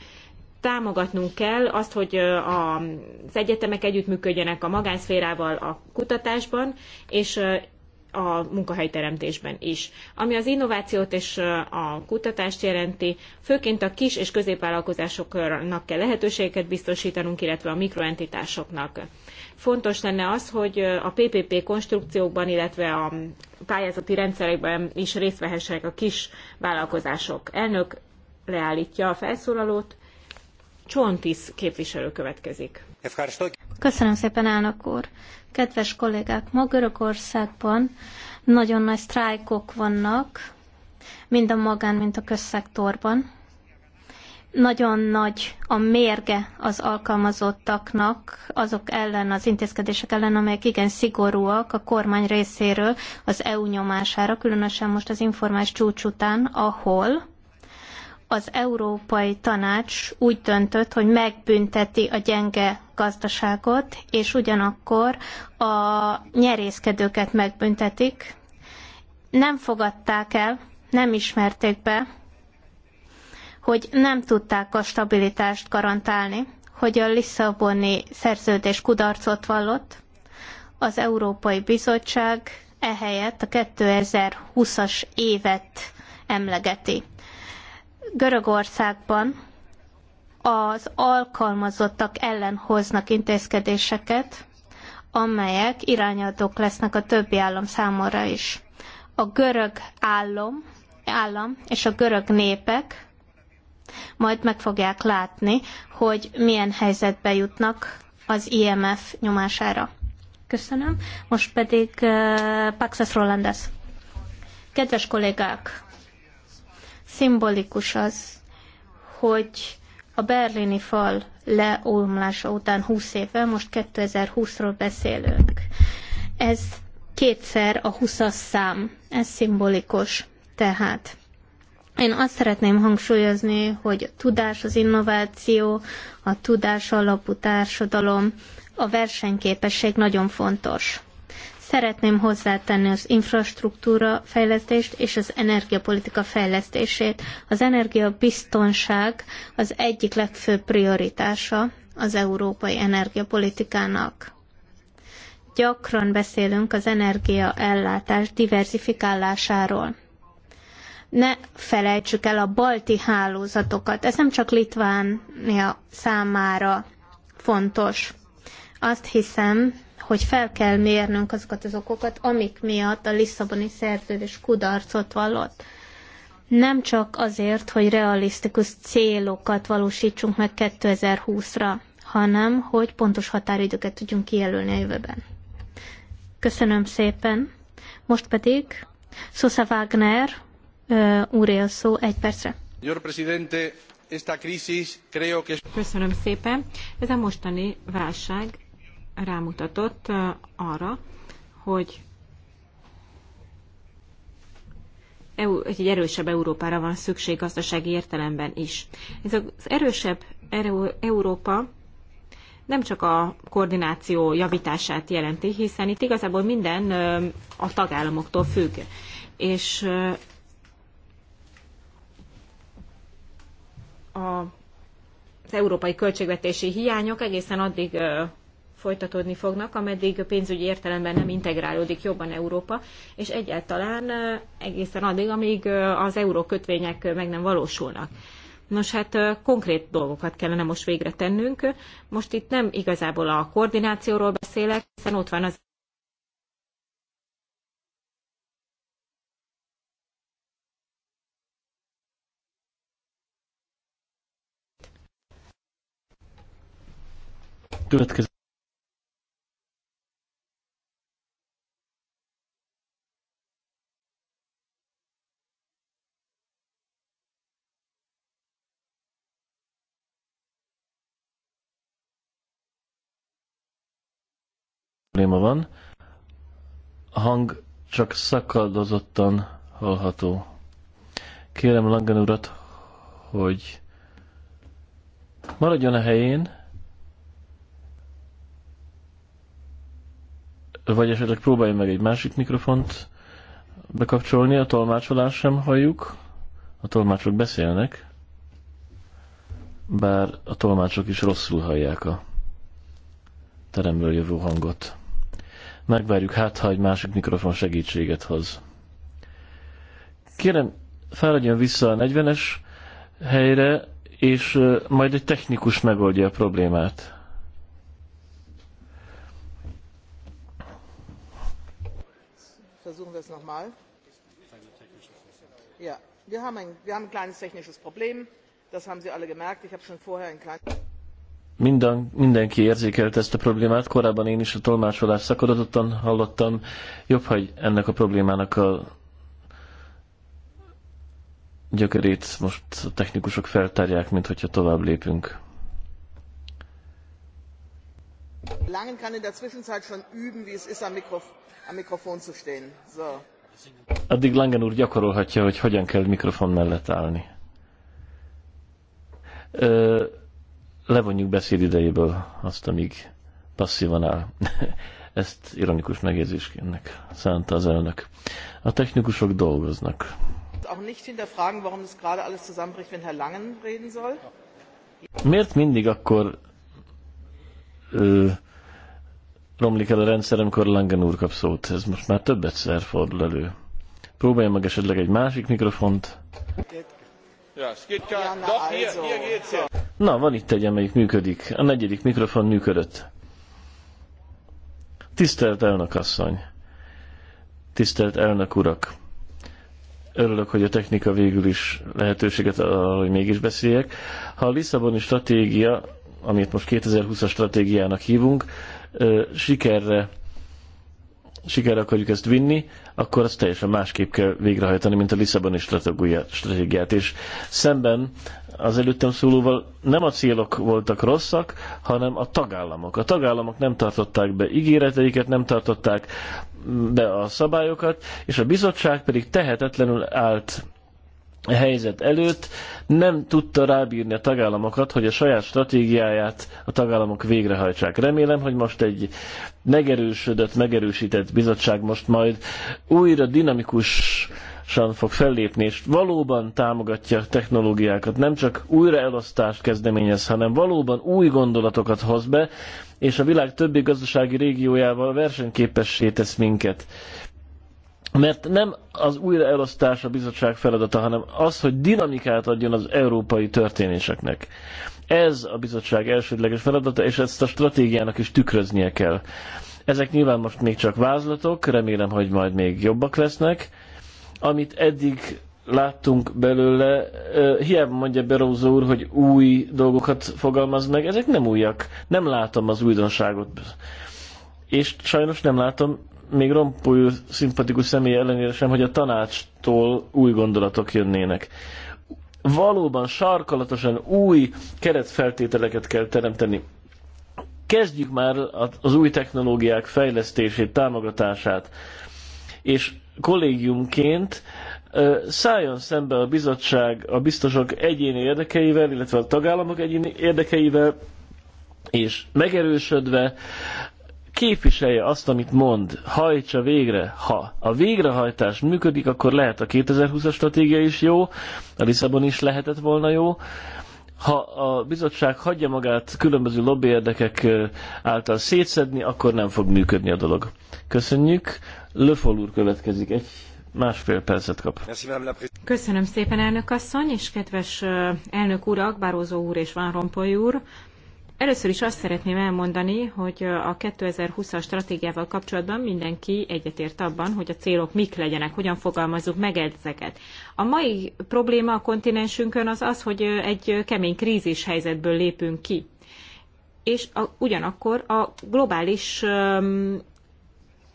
Támogatnunk kell azt, hogy az egyetemek együttműködjenek a magánszférával a kutatásban, és a munkahelyteremtésben is. Ami az innovációt és a kutatást jelenti, főként a kis és középvállalkozásoknak kell lehetőségeket biztosítanunk, illetve a mikroentitásoknak. Fontos lenne az, hogy a PPP konstrukciókban, illetve a pályázati rendszerekben is részt vehessenek a kis vállalkozások. Elnök leállítja a felszólalót. Csontis képviselő következik. Köszönöm szépen, elnök úr. Kedves kollégák, ma Görögországban nagyon nagy sztrájkok vannak, mind a magán, mind a közszektorban. Nagyon nagy a mérge az alkalmazottaknak azok ellen, az intézkedések ellen, amelyek igen szigorúak a kormány részéről az EU nyomására, különösen most az informális csúcs után, ahol az Európai Tanács úgy döntött, hogy megbünteti a gyenge gazdaságot, és ugyanakkor a nyerészkedőket megbüntetik. Nem fogadták el, nem ismerték be, hogy nem tudták a stabilitást garantálni, hogy a Lisszaboni szerződés kudarcot vallott, az Európai Bizottság ehelyett a 2020-as évet emlegeti. Görögországban az alkalmazottak ellen hoznak intézkedéseket, amelyek irányadók lesznek a többi állam számára is. A görög állam, állam és a görög népek majd meg fogják látni, hogy milyen helyzetbe jutnak az IMF nyomására. Köszönöm. Most pedig uh, Paxas Rolandes. Kedves kollégák, Szimbolikus az, hogy a berlini fal leomlása után 20 évvel, most 2020-ról beszélünk. Ez kétszer a 20-as szám, ez szimbolikus. Tehát én azt szeretném hangsúlyozni, hogy a tudás, az innováció, a tudás alapú társadalom, a versenyképesség nagyon fontos. Szeretném hozzátenni az infrastruktúra fejlesztést és az energiapolitika fejlesztését. Az energiabiztonság az egyik legfőbb prioritása az európai energiapolitikának. Gyakran beszélünk az energiaellátás diversifikálásáról ne felejtsük el a balti hálózatokat. Ez nem csak Litvánia számára fontos. Azt hiszem, hogy fel kell mérnünk azokat az okokat, amik miatt a Lisszaboni szerződés kudarcot vallott. Nem csak azért, hogy realisztikus célokat valósítsunk meg 2020-ra, hanem hogy pontos határidőket tudjunk kijelölni a jövőben. Köszönöm szépen. Most pedig Sosa Wagner úré a szó egy percre. presidente, esta crisis creo que... Köszönöm szépen. Ez a mostani válság rámutatott arra, hogy egy erősebb Európára van szükség gazdasági értelemben is. Ez az erősebb Európa nem csak a koordináció javítását jelenti, hiszen itt igazából minden a tagállamoktól függ. És az európai költségvetési hiányok egészen addig folytatódni fognak, ameddig a pénzügyi értelemben nem integrálódik jobban Európa, és egyáltalán egészen addig, amíg az euró kötvények meg nem valósulnak. Nos, hát konkrét dolgokat kellene most végre tennünk. Most itt nem igazából a koordinációról beszélek, hiszen ott van az következő probléma van. A hang csak szakadozottan hallható. Kérem Langen urat, hogy maradjon a helyén, vagy esetleg próbálj meg egy másik mikrofont bekapcsolni, a tolmácsolás sem halljuk, a tolmácsok beszélnek, bár a tolmácsok is rosszul hallják a teremből jövő hangot. Megvárjuk hát, ha egy másik mikrofon segítséget hoz. Kérem, fáradjon vissza a 40-es helyre, és majd egy technikus megoldja a problémát. Versuchen wir es nochmal. Ja, wir haben ein, wir haben ein kleines technisches Problem. Das haben Sie alle gemerkt. Ich habe schon vorher ein kleines... Minden, mindenki érzékelt ezt a problémát, korábban én is a tolmácsolás szakadatottan hallottam. Jobb, hogy ennek a problémának a gyökerét most a technikusok feltárják, mint hogyha tovább lépünk. Langen kann in der Zwischenzeit schon üben, wie es ist, am, Mikrof am Mikrofon zu stehen. So. Addig Langen úr gyakorolhatja, hogy hogyan kell mikrofon mellett állni. Ö, levonjuk beszéd idejéből azt, amíg passzívan áll. Ezt ironikus megjegyzésként szánta az elnök. A technikusok dolgoznak. Miért mindig akkor ö, romlik el a rendszer, amikor Langen úr kap szót? Ez most már több egyszer fordul elő. Próbálj meg esetleg egy másik mikrofont. Ja, es geht gar, doch, hier, hier geht's ja. Na, van itt egy, amelyik működik. A negyedik mikrofon működött. Tisztelt elnök asszony! Tisztelt elnök urak! Örülök, hogy a technika végül is lehetőséget arra, hogy mégis beszéljek. Ha a Lisszaboni stratégia, amit most 2020-as stratégiának hívunk, sikerre sikerre akarjuk ezt vinni, akkor azt teljesen másképp kell végrehajtani, mint a Lisszaboni stratégiát. És szemben az előttem szólóval nem a célok voltak rosszak, hanem a tagállamok. A tagállamok nem tartották be ígéreteiket, nem tartották be a szabályokat, és a bizottság pedig tehetetlenül állt helyzet előtt nem tudta rábírni a tagállamokat, hogy a saját stratégiáját a tagállamok végrehajtsák. Remélem, hogy most egy megerősödött, megerősített bizottság most majd újra dinamikusan fog fellépni, és valóban támogatja a technológiákat, nem csak újra elosztást kezdeményez, hanem valóban új gondolatokat hoz be, és a világ többi gazdasági régiójával versenyképessé tesz minket mert nem az újraelosztás a bizottság feladata, hanem az, hogy dinamikát adjon az európai történéseknek. Ez a bizottság elsődleges feladata, és ezt a stratégiának is tükröznie kell. Ezek nyilván most még csak vázlatok, remélem, hogy majd még jobbak lesznek. Amit eddig láttunk belőle, hiába mondja Berózó úr, hogy új dolgokat fogalmaz meg, ezek nem újak. Nem látom az újdonságot. És sajnos nem látom még rompújú szimpatikus személy ellenére sem, hogy a tanácstól új gondolatok jönnének. Valóban sarkalatosan új keretfeltételeket kell teremteni. Kezdjük már az új technológiák fejlesztését, támogatását, és kollégiumként szálljon szembe a bizottság a biztosok egyéni érdekeivel, illetve a tagállamok egyéni érdekeivel, és megerősödve képviselje azt, amit mond, hajtsa végre. Ha a végrehajtás működik, akkor lehet a 2020-as stratégia is jó, a Lisszabon is lehetett volna jó. Ha a bizottság hagyja magát különböző lobbyérdekek által szétszedni, akkor nem fog működni a dolog. Köszönjük. Löfol úr következik. Egy másfél percet kap. Köszönöm szépen, elnök asszony, és kedves elnök úr, Akbározó úr és Van Rompoly úr. Először is azt szeretném elmondani, hogy a 2020-as stratégiával kapcsolatban mindenki egyetért abban, hogy a célok mik legyenek, hogyan fogalmazzuk meg ezeket. A mai probléma a kontinensünkön az az, hogy egy kemény krízis helyzetből lépünk ki. És a, ugyanakkor a globális um,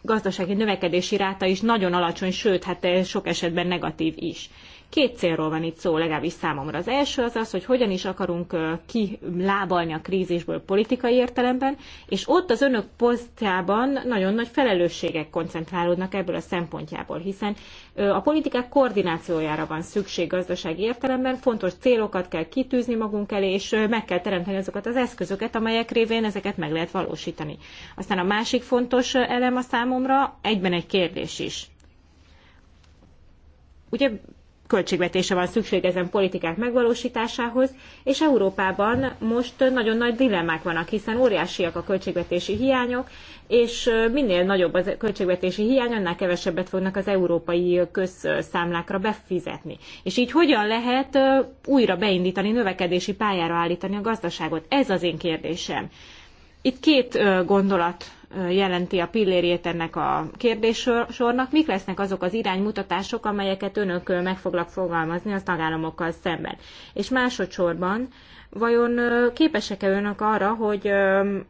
gazdasági növekedési ráta is nagyon alacsony, sőt, hát sok esetben negatív is. Két célról van itt szó, legalábbis számomra. Az első az az, hogy hogyan is akarunk kilábalni a krízisből politikai értelemben, és ott az önök posztjában nagyon nagy felelősségek koncentrálódnak ebből a szempontjából, hiszen a politikák koordinációjára van szükség gazdasági értelemben, fontos célokat kell kitűzni magunk elé, és meg kell teremteni azokat az eszközöket, amelyek révén ezeket meg lehet valósítani. Aztán a másik fontos elem a számomra egyben egy kérdés is. Ugye költségvetése van szükség ezen politikák megvalósításához, és Európában most nagyon nagy dilemmák vannak, hiszen óriásiak a költségvetési hiányok, és minél nagyobb a költségvetési hiány, annál kevesebbet fognak az európai közszámlákra befizetni. És így hogyan lehet újra beindítani, növekedési pályára állítani a gazdaságot? Ez az én kérdésem. Itt két gondolat jelenti a pillérjét ennek a kérdéssornak. Mik lesznek azok az iránymutatások, amelyeket önök meg foglak fogalmazni a tagállamokkal szemben? És másodszorban, vajon képesek-e önök arra, hogy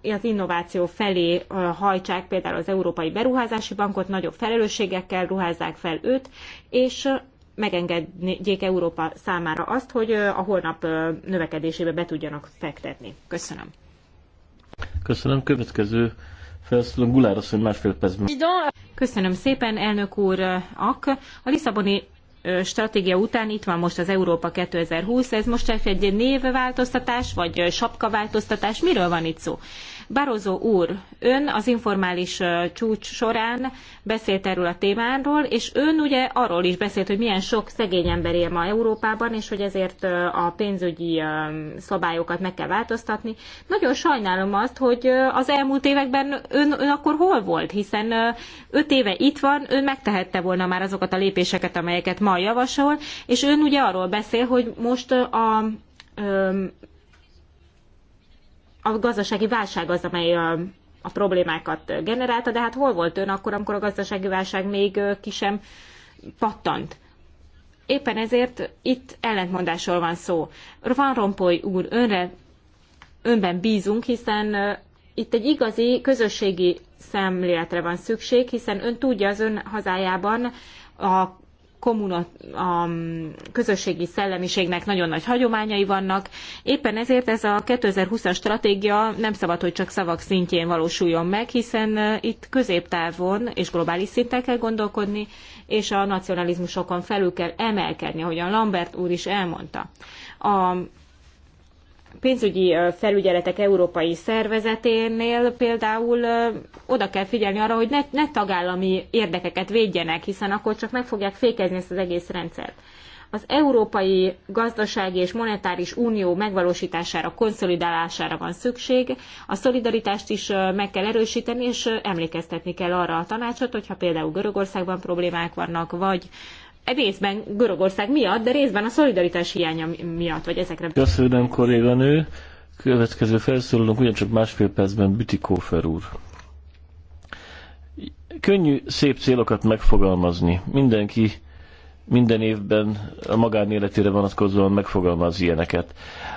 az innováció felé hajtsák például az Európai Beruházási Bankot, nagyobb felelősségekkel ruházzák fel őt, és megengedjék Európa számára azt, hogy a holnap növekedésébe be tudjanak fektetni. Köszönöm. Köszönöm. Következő másfél percben. Köszönöm szépen, elnök úr Ak. A Lisszaboni stratégia után itt van most az Európa 2020, ez most egy névváltoztatás, vagy sapkaváltoztatás, miről van itt szó? Barozó úr, ön az informális csúcs során beszélt erről a témáról, és ön ugye arról is beszélt, hogy milyen sok szegény ember él ma Európában, és hogy ezért a pénzügyi szabályokat meg kell változtatni. Nagyon sajnálom azt, hogy az elmúlt években ön, ön akkor hol volt, hiszen öt éve itt van, ön megtehette volna már azokat a lépéseket, amelyeket ma javasol, és ön ugye arról beszél, hogy most a a gazdasági válság az, amely a, a problémákat generálta, de hát hol volt ön akkor, amikor a gazdasági válság még ki sem pattant? Éppen ezért itt ellentmondásról van szó. Van Rompoy úr, önre, önben bízunk, hiszen itt egy igazi közösségi szemléletre van szükség, hiszen ön tudja az ön hazájában a kommuna, a közösségi szellemiségnek nagyon nagy hagyományai vannak. Éppen ezért ez a 2020-as stratégia nem szabad, hogy csak szavak szintjén valósuljon meg, hiszen itt középtávon és globális szinten kell gondolkodni, és a nacionalizmusokon felül kell emelkedni, ahogyan Lambert úr is elmondta. A pénzügyi felügyeletek európai szervezeténél például oda kell figyelni arra, hogy ne, ne tagállami érdekeket védjenek, hiszen akkor csak meg fogják fékezni ezt az egész rendszert. Az Európai Gazdasági és Monetáris Unió megvalósítására, konszolidálására van szükség, a szolidaritást is meg kell erősíteni, és emlékeztetni kell arra a tanácsot, hogyha például Görögországban problémák vannak, vagy részben Görögország miatt, de részben a szolidaritás hiánya miatt, vagy ezekre. Köszönöm, kolléganő. Következő felszólalunk ugyancsak másfél percben Bütikófer úr. Könnyű szép célokat megfogalmazni. Mindenki minden évben a magánéletére vonatkozóan megfogalmaz ilyeneket.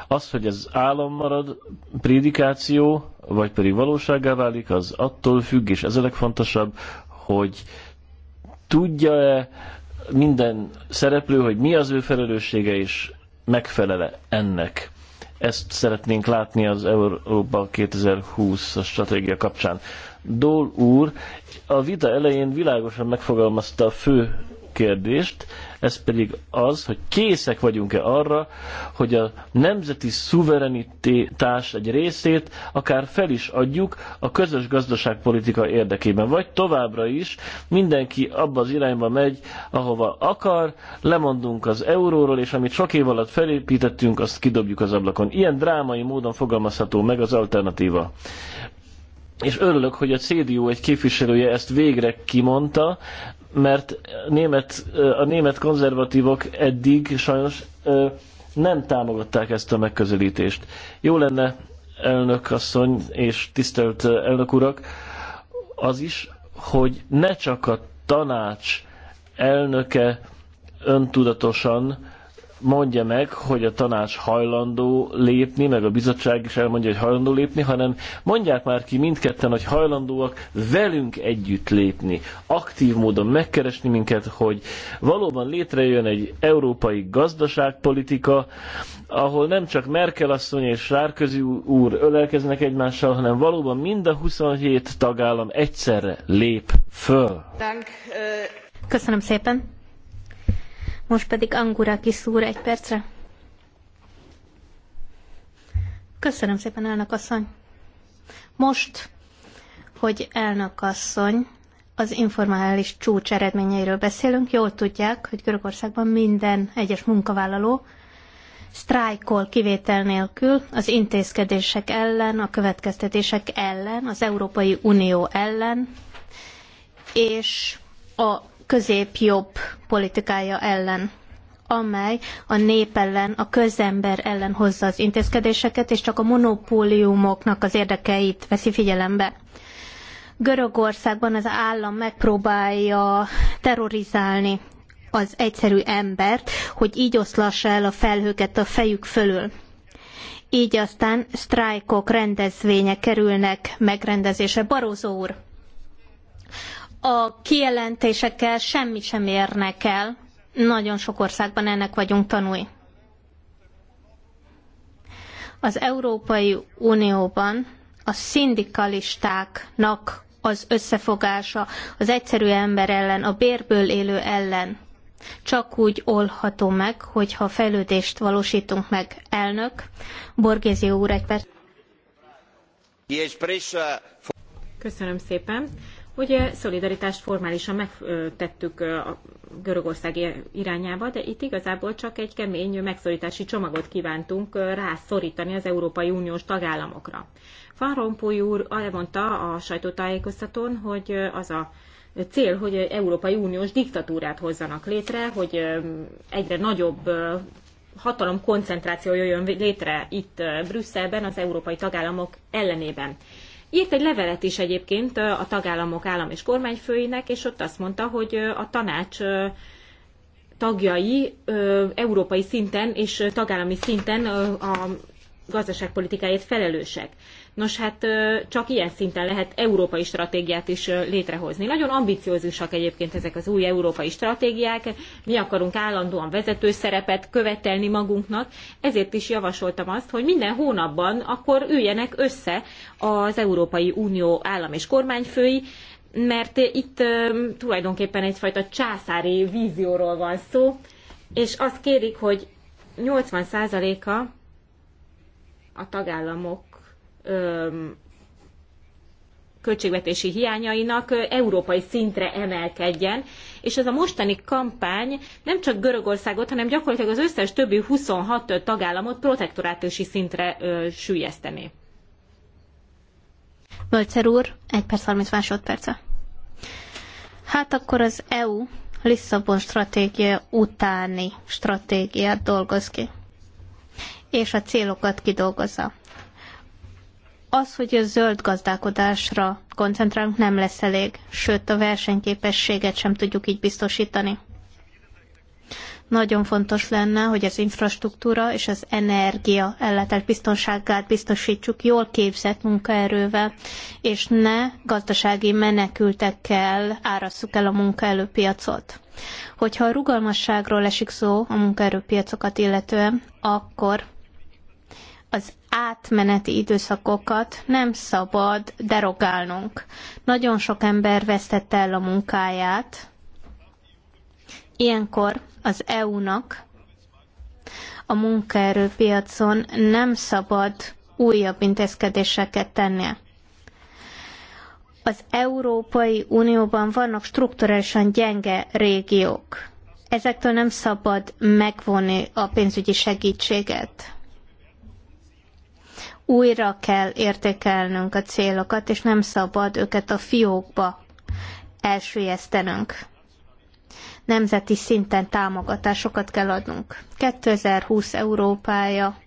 Az, hogy ez álom marad, prédikáció, vagy pedig valóságá válik, az attól függ, és ez a legfontosabb, hogy tudja-e minden szereplő, hogy mi az ő felelőssége, és megfelele ennek. Ezt szeretnénk látni az Európa 2020 stratégia kapcsán. Dól úr a vita elején világosan megfogalmazta a fő kérdést, ez pedig az, hogy készek vagyunk-e arra, hogy a nemzeti szuverenitás egy részét akár fel is adjuk a közös gazdaságpolitika érdekében, vagy továbbra is mindenki abba az irányba megy, ahova akar, lemondunk az euróról, és amit sok év alatt felépítettünk, azt kidobjuk az ablakon. Ilyen drámai módon fogalmazható meg az alternatíva és örülök, hogy a CDU egy képviselője ezt végre kimondta, mert a német, a német konzervatívok eddig sajnos nem támogatták ezt a megközelítést. Jó lenne, elnök asszony és tisztelt elnök urak, az is, hogy ne csak a tanács elnöke öntudatosan mondja meg, hogy a tanács hajlandó lépni, meg a bizottság is elmondja, hogy hajlandó lépni, hanem mondják már ki mindketten, hogy hajlandóak velünk együtt lépni, aktív módon megkeresni minket, hogy valóban létrejön egy európai gazdaságpolitika, ahol nem csak Merkel asszony és Sárközi úr ölelkeznek egymással, hanem valóban mind a 27 tagállam egyszerre lép föl. Köszönöm szépen! Most pedig Angura kiszúr egy percre. Köszönöm szépen, elnök asszony. Most, hogy elnök asszony, az informális csúcs eredményeiről beszélünk. Jól tudják, hogy Görögországban minden egyes munkavállaló sztrájkol kivétel nélkül az intézkedések ellen, a következtetések ellen, az Európai Unió ellen, és a jobb politikája ellen amely a nép ellen, a közember ellen hozza az intézkedéseket, és csak a monopóliumoknak az érdekeit veszi figyelembe. Görögországban az állam megpróbálja terrorizálni az egyszerű embert, hogy így oszlassa el a felhőket a fejük fölül. Így aztán sztrájkok, rendezvények kerülnek megrendezésre. Barózó úr, a kijelentésekkel semmit sem érnek el. Nagyon sok országban ennek vagyunk tanulni. Az Európai Unióban a szindikalistáknak az összefogása az egyszerű ember ellen, a bérből élő ellen csak úgy olható meg, hogyha fejlődést valósítunk meg. Elnök, Borgézi úr, egy perc. Köszönöm szépen. Ugye szolidaritást formálisan megtettük a Görögország irányába, de itt igazából csak egy kemény megszorítási csomagot kívántunk rászorítani az Európai Uniós tagállamokra. Van Rompuy úr elmondta a sajtótájékoztatón, hogy az a cél, hogy Európai Uniós diktatúrát hozzanak létre, hogy egyre nagyobb hatalom koncentráció jöjjön létre itt Brüsszelben az európai tagállamok ellenében. Írt egy levelet is egyébként a tagállamok állam és kormányfőinek, és ott azt mondta, hogy a tanács tagjai európai szinten és tagállami szinten a gazdaságpolitikáért felelősek. Nos hát csak ilyen szinten lehet európai stratégiát is létrehozni. Nagyon ambiciózusak egyébként ezek az új európai stratégiák, mi akarunk állandóan vezető szerepet követelni magunknak, ezért is javasoltam azt, hogy minden hónapban akkor üljenek össze az Európai Unió állam és kormányfői, mert itt tulajdonképpen egyfajta császári vízióról van szó, és azt kérik, hogy 80%-a a tagállamok költségvetési hiányainak európai szintre emelkedjen, és ez a mostani kampány nem csak Görögországot, hanem gyakorlatilag az összes többi 26 tagállamot protektorátusi szintre ö, sűjesztené. Bölcer úr, 1 perc 30 másodperce. Hát akkor az EU Lisszabon stratégia utáni stratégiát dolgoz ki, és a célokat kidolgozza az, hogy a zöld gazdálkodásra koncentrálunk, nem lesz elég, sőt a versenyképességet sem tudjuk így biztosítani. Nagyon fontos lenne, hogy az infrastruktúra és az energia ellátás biztonságát biztosítsuk jól képzett munkaerővel, és ne gazdasági menekültekkel árasszuk el a munkaerőpiacot. Hogyha a rugalmasságról esik szó a munkaerőpiacokat illetően, akkor az átmeneti időszakokat nem szabad derogálnunk. Nagyon sok ember vesztette el a munkáját. Ilyenkor az EU-nak a munkaerőpiacon nem szabad újabb intézkedéseket tennie. Az Európai Unióban vannak strukturálisan gyenge régiók. Ezektől nem szabad megvonni a pénzügyi segítséget újra kell értékelnünk a célokat, és nem szabad őket a fiókba elsüllyesztenünk. Nemzeti szinten támogatásokat kell adnunk. 2020 Európája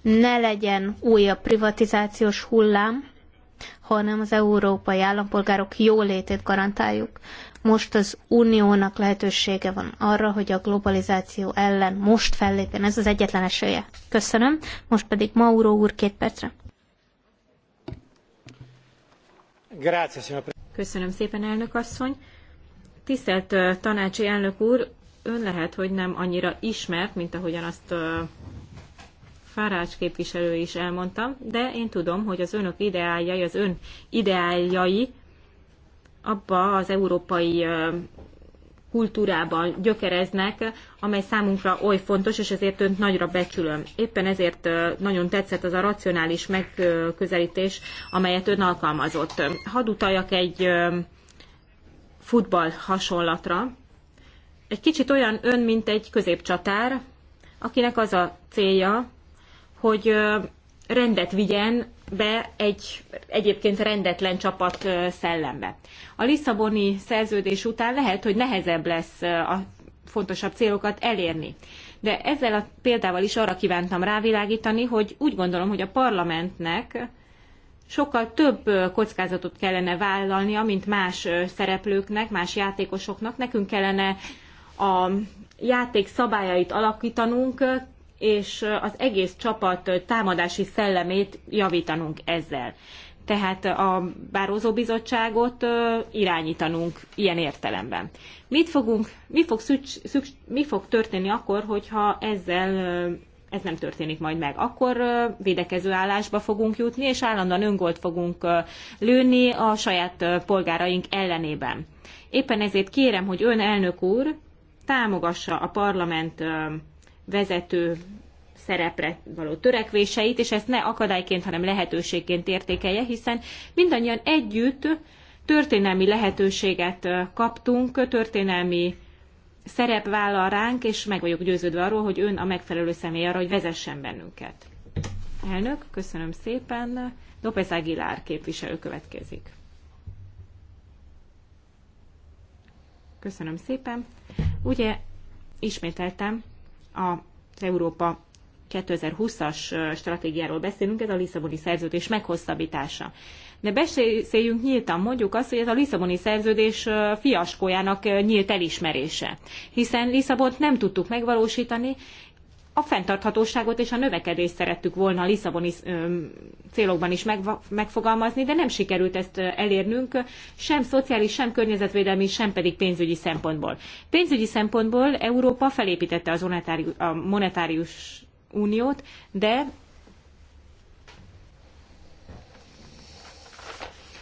ne legyen újabb privatizációs hullám, hanem az európai állampolgárok jólétét garantáljuk. Most az uniónak lehetősége van arra, hogy a globalizáció ellen most fellépjen. Ez az egyetlen esélye. Köszönöm. Most pedig Mauro úr két percre. Köszönöm szépen, elnök asszony. Tisztelt tanácsi elnök úr, ön lehet, hogy nem annyira ismert, mint ahogyan azt Fárács képviselő is elmondta, de én tudom, hogy az önök ideájai, az ön ideáljai abba az európai kultúrában gyökereznek, amely számunkra oly fontos, és ezért önt nagyra becsülöm. Éppen ezért nagyon tetszett az a racionális megközelítés, amelyet ön alkalmazott. Hadd utaljak egy futball hasonlatra. Egy kicsit olyan ön, mint egy középcsatár, akinek az a célja, hogy rendet vigyen be egy egyébként rendetlen csapat szellembe. A Lisszaboni szerződés után lehet, hogy nehezebb lesz a fontosabb célokat elérni. De ezzel a példával is arra kívántam rávilágítani, hogy úgy gondolom, hogy a parlamentnek sokkal több kockázatot kellene vállalni, amint más szereplőknek, más játékosoknak. Nekünk kellene a játék szabályait alakítanunk, és az egész csapat támadási szellemét javítanunk ezzel. Tehát a bározóbizottságot irányítanunk ilyen értelemben. Mit, fogunk, mi, fog szüks, szüks, mi fog történni akkor, hogyha ezzel ez nem történik majd meg, akkor védekező állásba fogunk jutni, és állandóan öngolt fogunk lőni a saját polgáraink ellenében. Éppen ezért kérem, hogy ön elnök úr támogassa a parlament vezető szerepre való törekvéseit, és ezt ne akadályként, hanem lehetőségként értékelje, hiszen mindannyian együtt történelmi lehetőséget kaptunk, történelmi szerep vállal ránk, és meg vagyok győződve arról, hogy ön a megfelelő személy arra, hogy vezessen bennünket. Elnök, köszönöm szépen. López Aguilar képviselő következik. Köszönöm szépen. Ugye ismételtem, az Európa 2020-as stratégiáról beszélünk, ez a Lisszaboni szerződés meghosszabbítása. De beszéljünk nyíltan, mondjuk azt, hogy ez a Lisszaboni szerződés fiaskójának nyílt elismerése. Hiszen Lisszabont nem tudtuk megvalósítani, a fenntarthatóságot és a növekedést szerettük volna a Lisszaboni célokban is megfogalmazni, de nem sikerült ezt elérnünk sem szociális, sem környezetvédelmi, sem pedig pénzügyi szempontból. Pénzügyi szempontból Európa felépítette az a monetárius uniót, de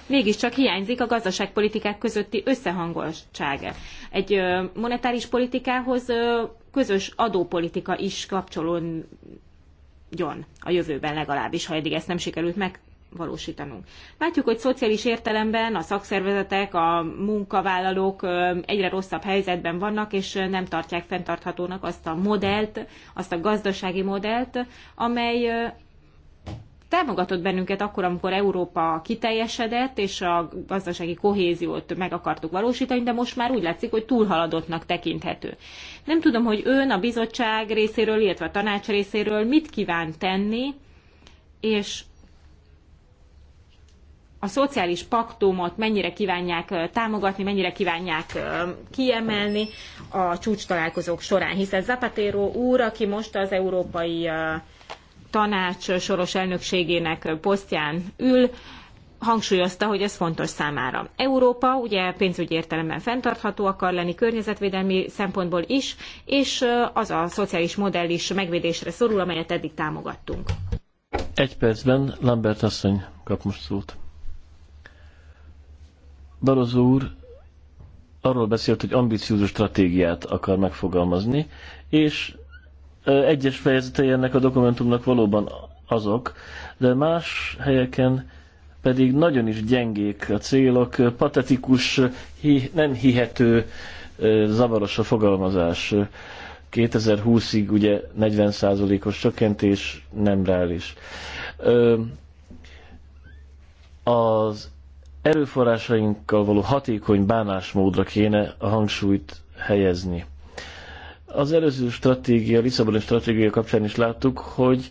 mégiscsak hiányzik a gazdaságpolitikák közötti összehangoltság. Egy monetáris politikához közös adópolitika is kapcsolódjon a jövőben legalábbis, ha eddig ezt nem sikerült meg valósítanunk. Látjuk, hogy szociális értelemben a szakszervezetek, a munkavállalók egyre rosszabb helyzetben vannak, és nem tartják fenntarthatónak azt a modellt, azt a gazdasági modellt, amely támogatott bennünket akkor, amikor Európa kiteljesedett, és a gazdasági kohéziót meg akartuk valósítani, de most már úgy látszik, hogy túlhaladottnak tekinthető. Nem tudom, hogy ön a bizottság részéről, illetve a tanács részéről mit kíván tenni, és a szociális paktumot mennyire kívánják támogatni, mennyire kívánják kiemelni a csúcs találkozók során, hiszen Zapatero úr, aki most az európai tanács soros elnökségének posztján ül, hangsúlyozta, hogy ez fontos számára. Európa ugye pénzügyi értelemben fenntartható akar lenni, környezetvédelmi szempontból is, és az a szociális modell is megvédésre szorul, amelyet eddig támogattunk. Egy percben Lambert asszony kap most szót. Barozó úr arról beszélt, hogy ambiciózus stratégiát akar megfogalmazni, és egyes fejezetei ennek a dokumentumnak valóban azok, de más helyeken pedig nagyon is gyengék a célok, patetikus, hi, nem hihető, zavaros a fogalmazás. 2020-ig ugye 40%-os csökkentés nem reális. Az erőforrásainkkal való hatékony bánásmódra kéne a hangsúlyt helyezni az előző stratégia, Lisszaboni stratégia kapcsán is láttuk, hogy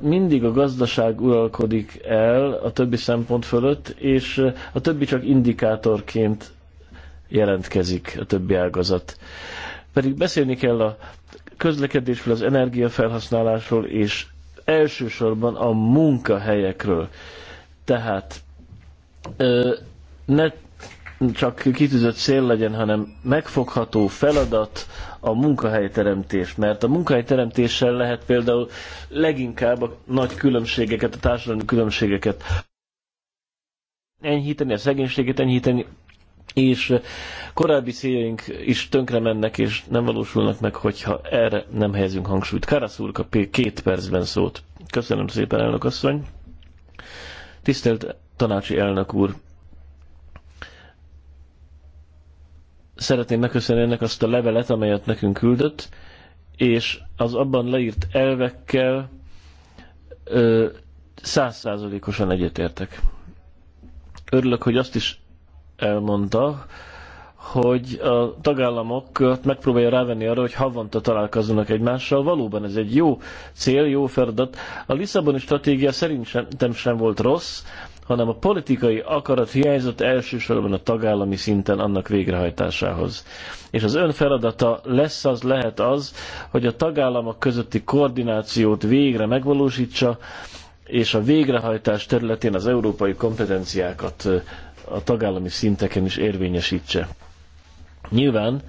mindig a gazdaság uralkodik el a többi szempont fölött, és a többi csak indikátorként jelentkezik a többi ágazat. Pedig beszélni kell a közlekedésről, az energiafelhasználásról, és elsősorban a munkahelyekről. Tehát ne csak kitűzött cél legyen, hanem megfogható feladat a munkahelyteremtés. Mert a munkahelyteremtéssel lehet például leginkább a nagy különbségeket, a társadalmi különbségeket enyhíteni, a szegénységet enyhíteni, és korábbi céljaink is tönkre mennek, és nem valósulnak meg, hogyha erre nem helyezünk hangsúlyt. Karasz úr két percben szót. Köszönöm szépen, elnök asszony. Tisztelt tanácsi elnök úr, szeretném megköszönni ennek azt a levelet, amelyet nekünk küldött, és az abban leírt elvekkel százszázalékosan egyetértek. Örülök, hogy azt is elmondta, hogy a tagállamok megpróbálja rávenni arra, hogy havonta találkozzanak egymással. Valóban ez egy jó cél, jó feladat. A Lisszaboni stratégia szerintem sem volt rossz, hanem a politikai akarat hiányzott elsősorban a tagállami szinten annak végrehajtásához. És az ön feladata lesz az, lehet az, hogy a tagállamok közötti koordinációt végre megvalósítsa, és a végrehajtás területén az európai kompetenciákat a tagállami szinteken is érvényesítse. Nyilván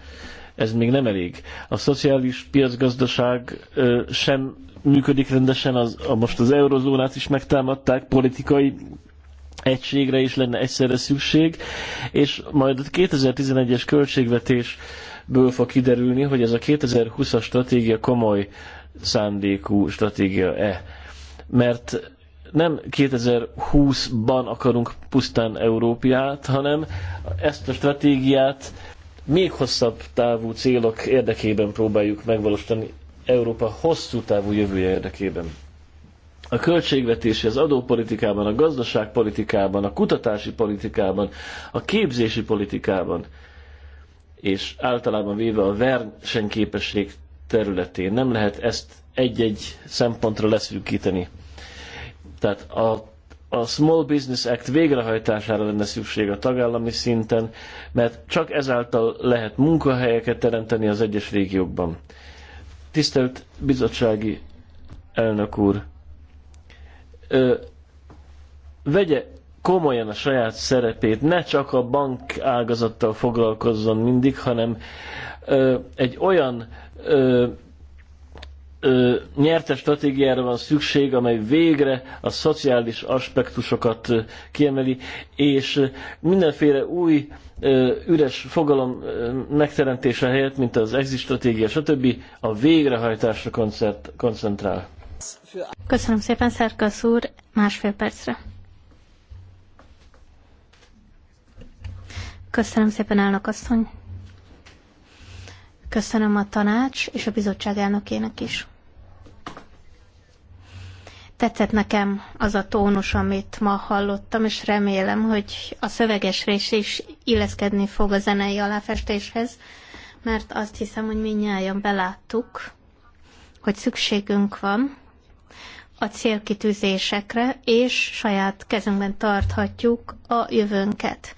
ez még nem elég. A szociális piacgazdaság sem működik rendesen, az, a, most az eurozónát is megtámadták politikai egységre is lenne egyszerre szükség, és majd a 2011-es költségvetésből fog kiderülni, hogy ez a 2020-as stratégia komoly szándékú stratégia-e. Mert nem 2020-ban akarunk pusztán Európiát, hanem ezt a stratégiát még hosszabb távú célok érdekében próbáljuk megvalósítani Európa hosszú távú jövője érdekében a költségvetési, az adópolitikában, a gazdaságpolitikában, a kutatási politikában, a képzési politikában, és általában véve a versenyképesség területén. Nem lehet ezt egy-egy szempontra leszűkíteni. Tehát a, a Small Business Act végrehajtására lenne szükség a tagállami szinten, mert csak ezáltal lehet munkahelyeket teremteni az egyes régiókban. Tisztelt bizottsági elnök úr! ö, vegye komolyan a saját szerepét, ne csak a bank ágazattal foglalkozzon mindig, hanem ö, egy olyan ö, ö, nyertes stratégiára van szükség, amely végre a szociális aspektusokat kiemeli, és mindenféle új ö, üres fogalom megteremtése helyett, mint az exit stratégia, stb. a végrehajtásra koncentrál. Köszönöm szépen, Szerkasz úr, másfél percre. Köszönöm szépen, elnök asszony. Köszönöm a tanács és a bizottság elnökének is. Tetszett nekem az a tónus, amit ma hallottam, és remélem, hogy a szöveges rész is illeszkedni fog a zenei aláfestéshez, mert azt hiszem, hogy minnyáján beláttuk, hogy szükségünk van a célkitűzésekre, és saját kezünkben tarthatjuk a jövőnket.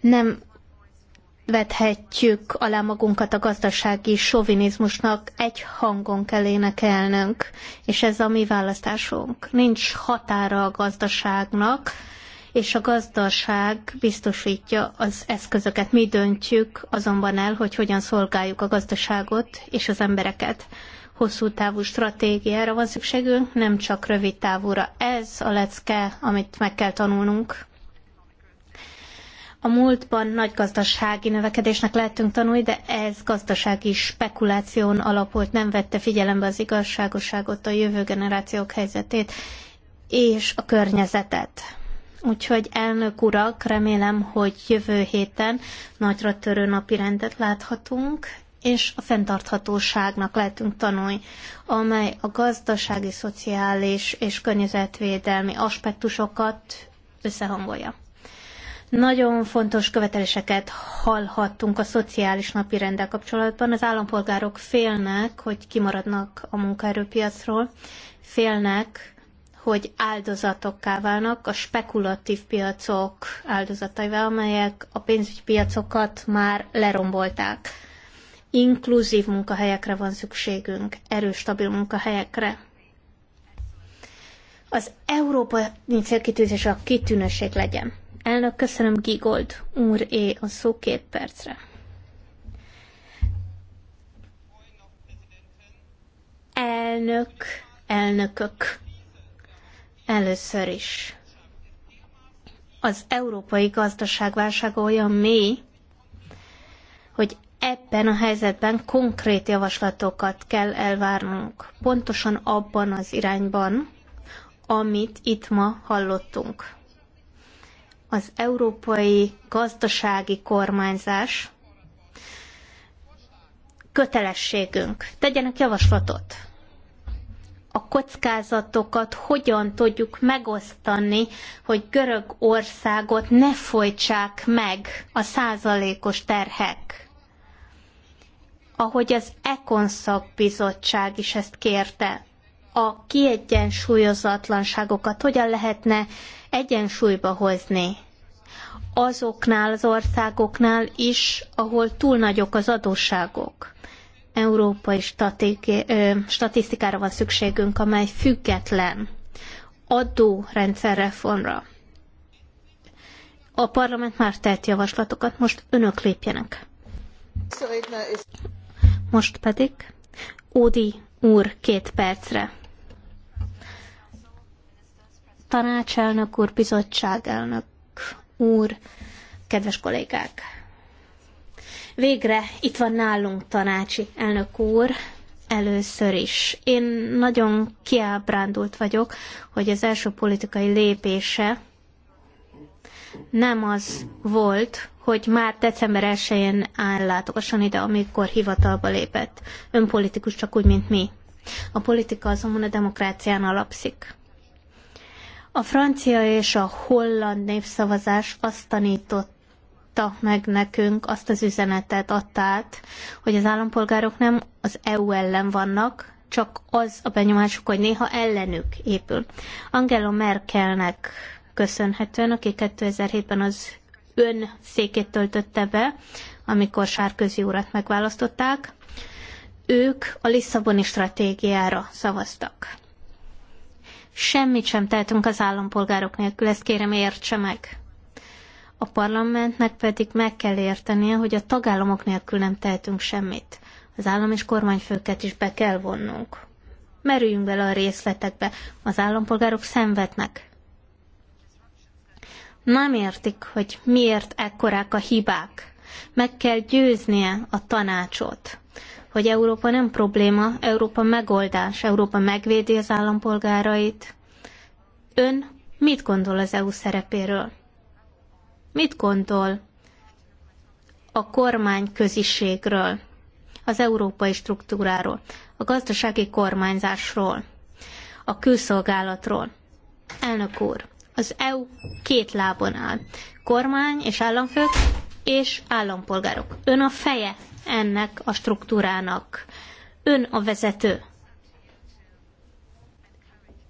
Nem vethetjük alá magunkat a gazdasági sovinizmusnak, egy hangon kell énekelnünk, és ez a mi választásunk. Nincs határa a gazdaságnak, és a gazdaság biztosítja az eszközöket. Mi döntjük azonban el, hogy hogyan szolgáljuk a gazdaságot és az embereket hosszú távú stratégiára van szükségünk, nem csak rövid távúra. Ez a lecke, amit meg kell tanulnunk. A múltban nagy gazdasági növekedésnek lehetünk tanulni, de ez gazdasági spekuláción alapult, nem vette figyelembe az igazságosságot, a jövő generációk helyzetét és a környezetet. Úgyhogy elnök urak, remélem, hogy jövő héten nagyra törő rendet láthatunk, és a fenntarthatóságnak lehetünk tanulni, amely a gazdasági, szociális és környezetvédelmi aspektusokat összehangolja. Nagyon fontos követeléseket hallhattunk a szociális napi rendel kapcsolatban. Az állampolgárok félnek, hogy kimaradnak a munkaerőpiacról, félnek, hogy áldozatokká válnak a spekulatív piacok áldozataival, amelyek a pénzügyi piacokat már lerombolták inkluzív munkahelyekre van szükségünk, erős, stabil munkahelyekre. Az európai célkitűzés a kitűnőség legyen. Elnök, köszönöm Gigold úr é a szó két percre. Elnök, elnökök, először is. Az európai gazdaságválság olyan mély, hogy Ebben a helyzetben konkrét javaslatokat kell elvárnunk, pontosan abban az irányban, amit itt ma hallottunk. Az európai gazdasági kormányzás kötelességünk. Tegyenek javaslatot. A kockázatokat hogyan tudjuk megosztani, hogy Görögországot ne folytsák meg a százalékos terhek ahogy az Ekon szakbizottság is ezt kérte. A kiegyensúlyozatlanságokat hogyan lehetne egyensúlyba hozni? Azoknál az országoknál is, ahol túl nagyok az adósságok. Európai statisztikára van szükségünk, amely független adórendszerreformra. A parlament már tett javaslatokat, most önök lépjenek. Most pedig Ódi úr két percre. Tanácselnök úr, bizottságelnök úr, kedves kollégák! Végre itt van nálunk tanácsi elnök úr, először is. Én nagyon kiábrándult vagyok, hogy az első politikai lépése nem az volt, hogy már december 1-én látogasson ide, amikor hivatalba lépett. Ön politikus csak úgy, mint mi. A politika azonban a demokrácián alapszik. A francia és a holland népszavazás azt tanított meg nekünk, azt az üzenetet adta át, hogy az állampolgárok nem az EU ellen vannak, csak az a benyomásuk, hogy néha ellenük épül. Angela Merkelnek köszönhetően, aki 2007-ben az ön székét töltötte be, amikor Sárközi urat megválasztották. Ők a Lisszaboni stratégiára szavaztak. Semmit sem tehetünk az állampolgárok nélkül, ezt kérem értse meg. A parlamentnek pedig meg kell értenie, hogy a tagállamok nélkül nem tehetünk semmit. Az állam és kormányfőket is be kell vonnunk. Merüljünk bele a részletekbe. Az állampolgárok szenvednek nem értik, hogy miért ekkorák a hibák. Meg kell győznie a tanácsot, hogy Európa nem probléma, Európa megoldás, Európa megvédi az állampolgárait. Ön mit gondol az EU szerepéről? Mit gondol a kormány köziségről, az európai struktúráról, a gazdasági kormányzásról, a külszolgálatról? Elnök úr, az EU két lábon áll. Kormány és államfők és állampolgárok. Ön a feje ennek a struktúrának. Ön a vezető.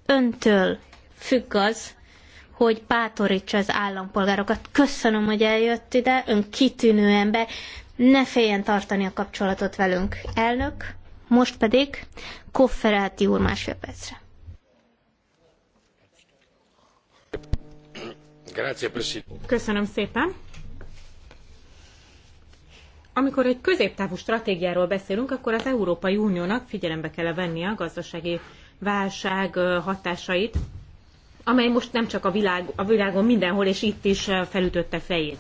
Öntől függ az, hogy bátorítsa az állampolgárokat. Köszönöm, hogy eljött ide, ön kitűnő ember, ne féljen tartani a kapcsolatot velünk. Elnök, most pedig Kofferáti úr másfél percre. Köszönöm szépen. Amikor egy középtávú stratégiáról beszélünk, akkor az Európai Uniónak figyelembe kell vennie a gazdasági válság hatásait, amely most nem csak a, világ, a világon mindenhol, és itt is felütötte fejét.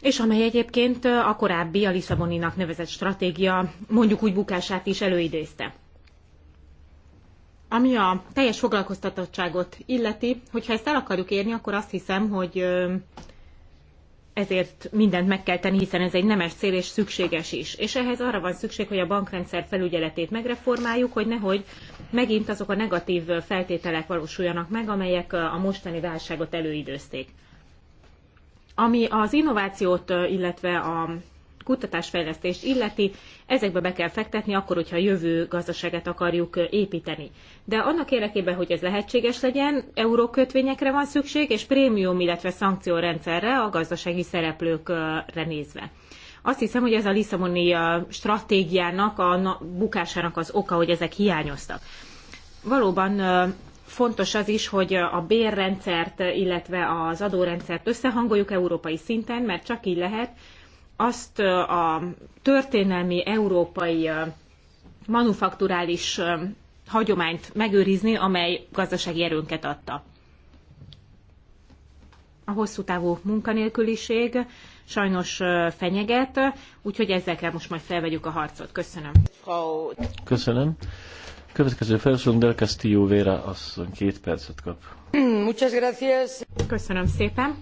És amely egyébként a korábbi, a Lisszaboninak nevezett stratégia mondjuk úgy bukását is előidézte. Ami a teljes foglalkoztatottságot illeti, hogyha ezt el akarjuk érni, akkor azt hiszem, hogy ezért mindent meg kell tenni, hiszen ez egy nemes cél és szükséges is. És ehhez arra van szükség, hogy a bankrendszer felügyeletét megreformáljuk, hogy nehogy megint azok a negatív feltételek valósuljanak meg, amelyek a mostani válságot előidőzték. Ami az innovációt, illetve a kutatásfejlesztést illeti, ezekbe be kell fektetni akkor, hogyha a jövő gazdaságet akarjuk építeni. De annak érdekében, hogy ez lehetséges legyen, eurókötvényekre van szükség, és prémium, illetve szankciórendszerre a gazdasági szereplőkre nézve. Azt hiszem, hogy ez a Lisszaboni stratégiának, a bukásának az oka, hogy ezek hiányoztak. Valóban fontos az is, hogy a bérrendszert, illetve az adórendszert összehangoljuk európai szinten, mert csak így lehet azt a történelmi európai manufakturális hagyományt megőrizni, amely gazdasági erőnket adta. A hosszú távú munkanélküliség sajnos fenyeget, úgyhogy ezzel kell most majd felvegyük a harcot. Köszönöm. Köszönöm. Következő felszólunk Del Castillo Vera asszony két percet kap. Köszönöm szépen.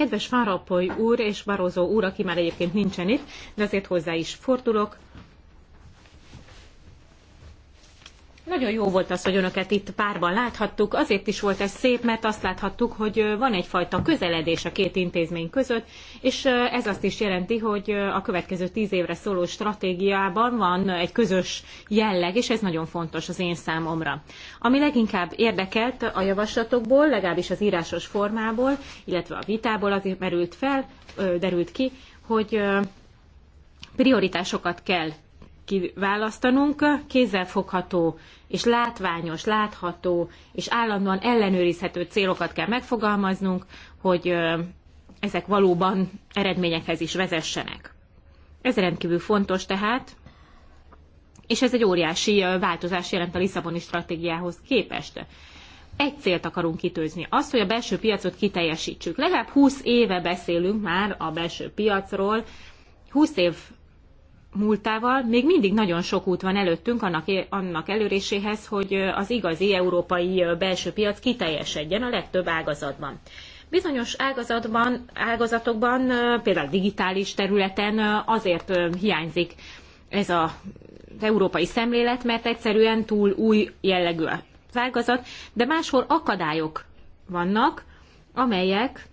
Kedves Fárapoly úr és Barozó úr, aki már egyébként nincsen itt, de azért hozzá is fordulok, Nagyon jó volt az, hogy önöket itt párban láthattuk. Azért is volt ez szép, mert azt láthattuk, hogy van egyfajta közeledés a két intézmény között, és ez azt is jelenti, hogy a következő tíz évre szóló stratégiában van egy közös jelleg, és ez nagyon fontos az én számomra. Ami leginkább érdekelt a javaslatokból, legalábbis az írásos formából, illetve a vitából az merült fel, derült ki, hogy prioritásokat kell kiválasztanunk, kézzelfogható és látványos, látható és állandóan ellenőrizhető célokat kell megfogalmaznunk, hogy ezek valóban eredményekhez is vezessenek. Ez rendkívül fontos tehát, és ez egy óriási változás jelent a Lisszaboni stratégiához képest. Egy célt akarunk kitőzni, azt, hogy a belső piacot kiteljesítsük. Legalább 20 éve beszélünk már a belső piacról, 20 év múltával, még mindig nagyon sok út van előttünk annak, annak előréséhez, hogy az igazi európai belső piac kiteljesedjen a legtöbb ágazatban. Bizonyos ágazatban, ágazatokban, például digitális területen azért hiányzik ez a, az európai szemlélet, mert egyszerűen túl új jellegű az ágazat, de máshol akadályok vannak, amelyek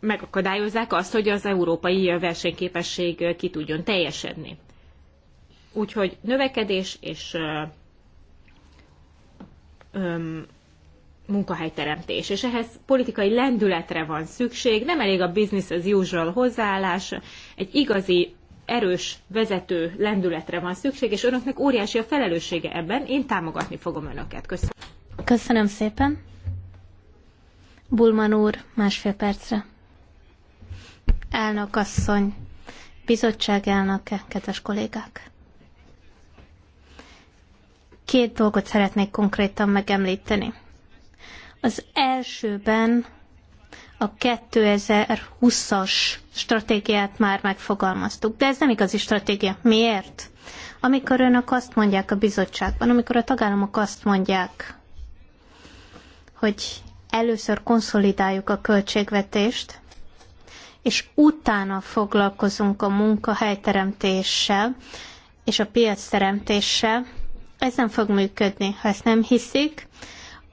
megakadályozzák azt, hogy az európai versenyképesség ki tudjon teljesedni. Úgyhogy növekedés és öm, munkahelyteremtés, és ehhez politikai lendületre van szükség, nem elég a business as usual hozzáállás, egy igazi erős vezető lendületre van szükség, és önöknek óriási a felelőssége ebben, én támogatni fogom önöket. Köszönöm. Köszönöm szépen. Bulman úr, másfél percre. Elnök asszony, bizottság elnöke, kedves kollégák! Két dolgot szeretnék konkrétan megemlíteni. Az elsőben a 2020-as stratégiát már megfogalmaztuk, de ez nem igazi stratégia. Miért? Amikor önök azt mondják a bizottságban, amikor a tagállamok azt mondják, hogy először konszolidáljuk a költségvetést, és utána foglalkozunk a munkahelyteremtéssel és a piac teremtéssel. Ez nem fog működni. Ha ezt nem hiszik,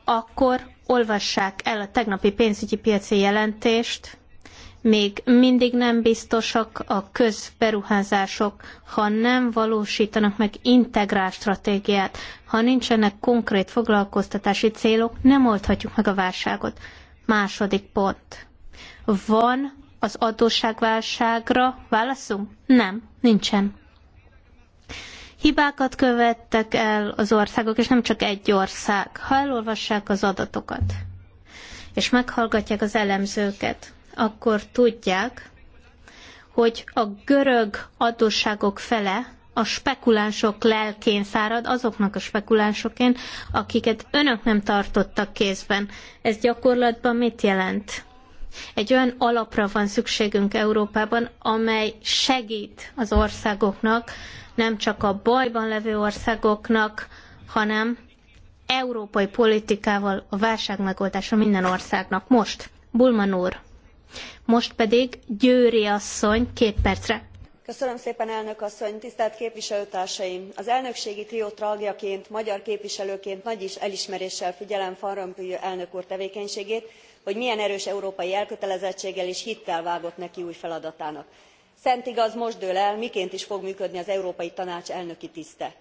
akkor olvassák el a tegnapi pénzügyi piaci jelentést, még mindig nem biztosak a közberuházások, ha nem valósítanak meg integrál stratégiát, ha nincsenek konkrét foglalkoztatási célok, nem oldhatjuk meg a válságot. Második pont. Van az adósságválságra válaszunk? Nem, nincsen. Hibákat követtek el az országok, és nem csak egy ország. Ha elolvassák az adatokat, és meghallgatják az elemzőket, akkor tudják, hogy a görög adósságok fele a spekulánsok lelkén szárad, azoknak a spekulánsokén, akiket önök nem tartottak kézben. Ez gyakorlatban mit jelent? Egy olyan alapra van szükségünk Európában, amely segít az országoknak, nem csak a bajban levő országoknak, hanem európai politikával a válság megoldása minden országnak. Most, Bulman úr, most pedig Győri asszony, két percre. Köszönöm szépen, elnök asszony, tisztelt képviselőtársaim! Az elnökségi trió tagjaként, magyar képviselőként nagy is elismeréssel figyelem Van Rompuy elnök úr tevékenységét, hogy milyen erős európai elkötelezettséggel és hittel vágott neki új feladatának. szent igaz most dől el miként is fog működni az európai tanács elnöki tiszte.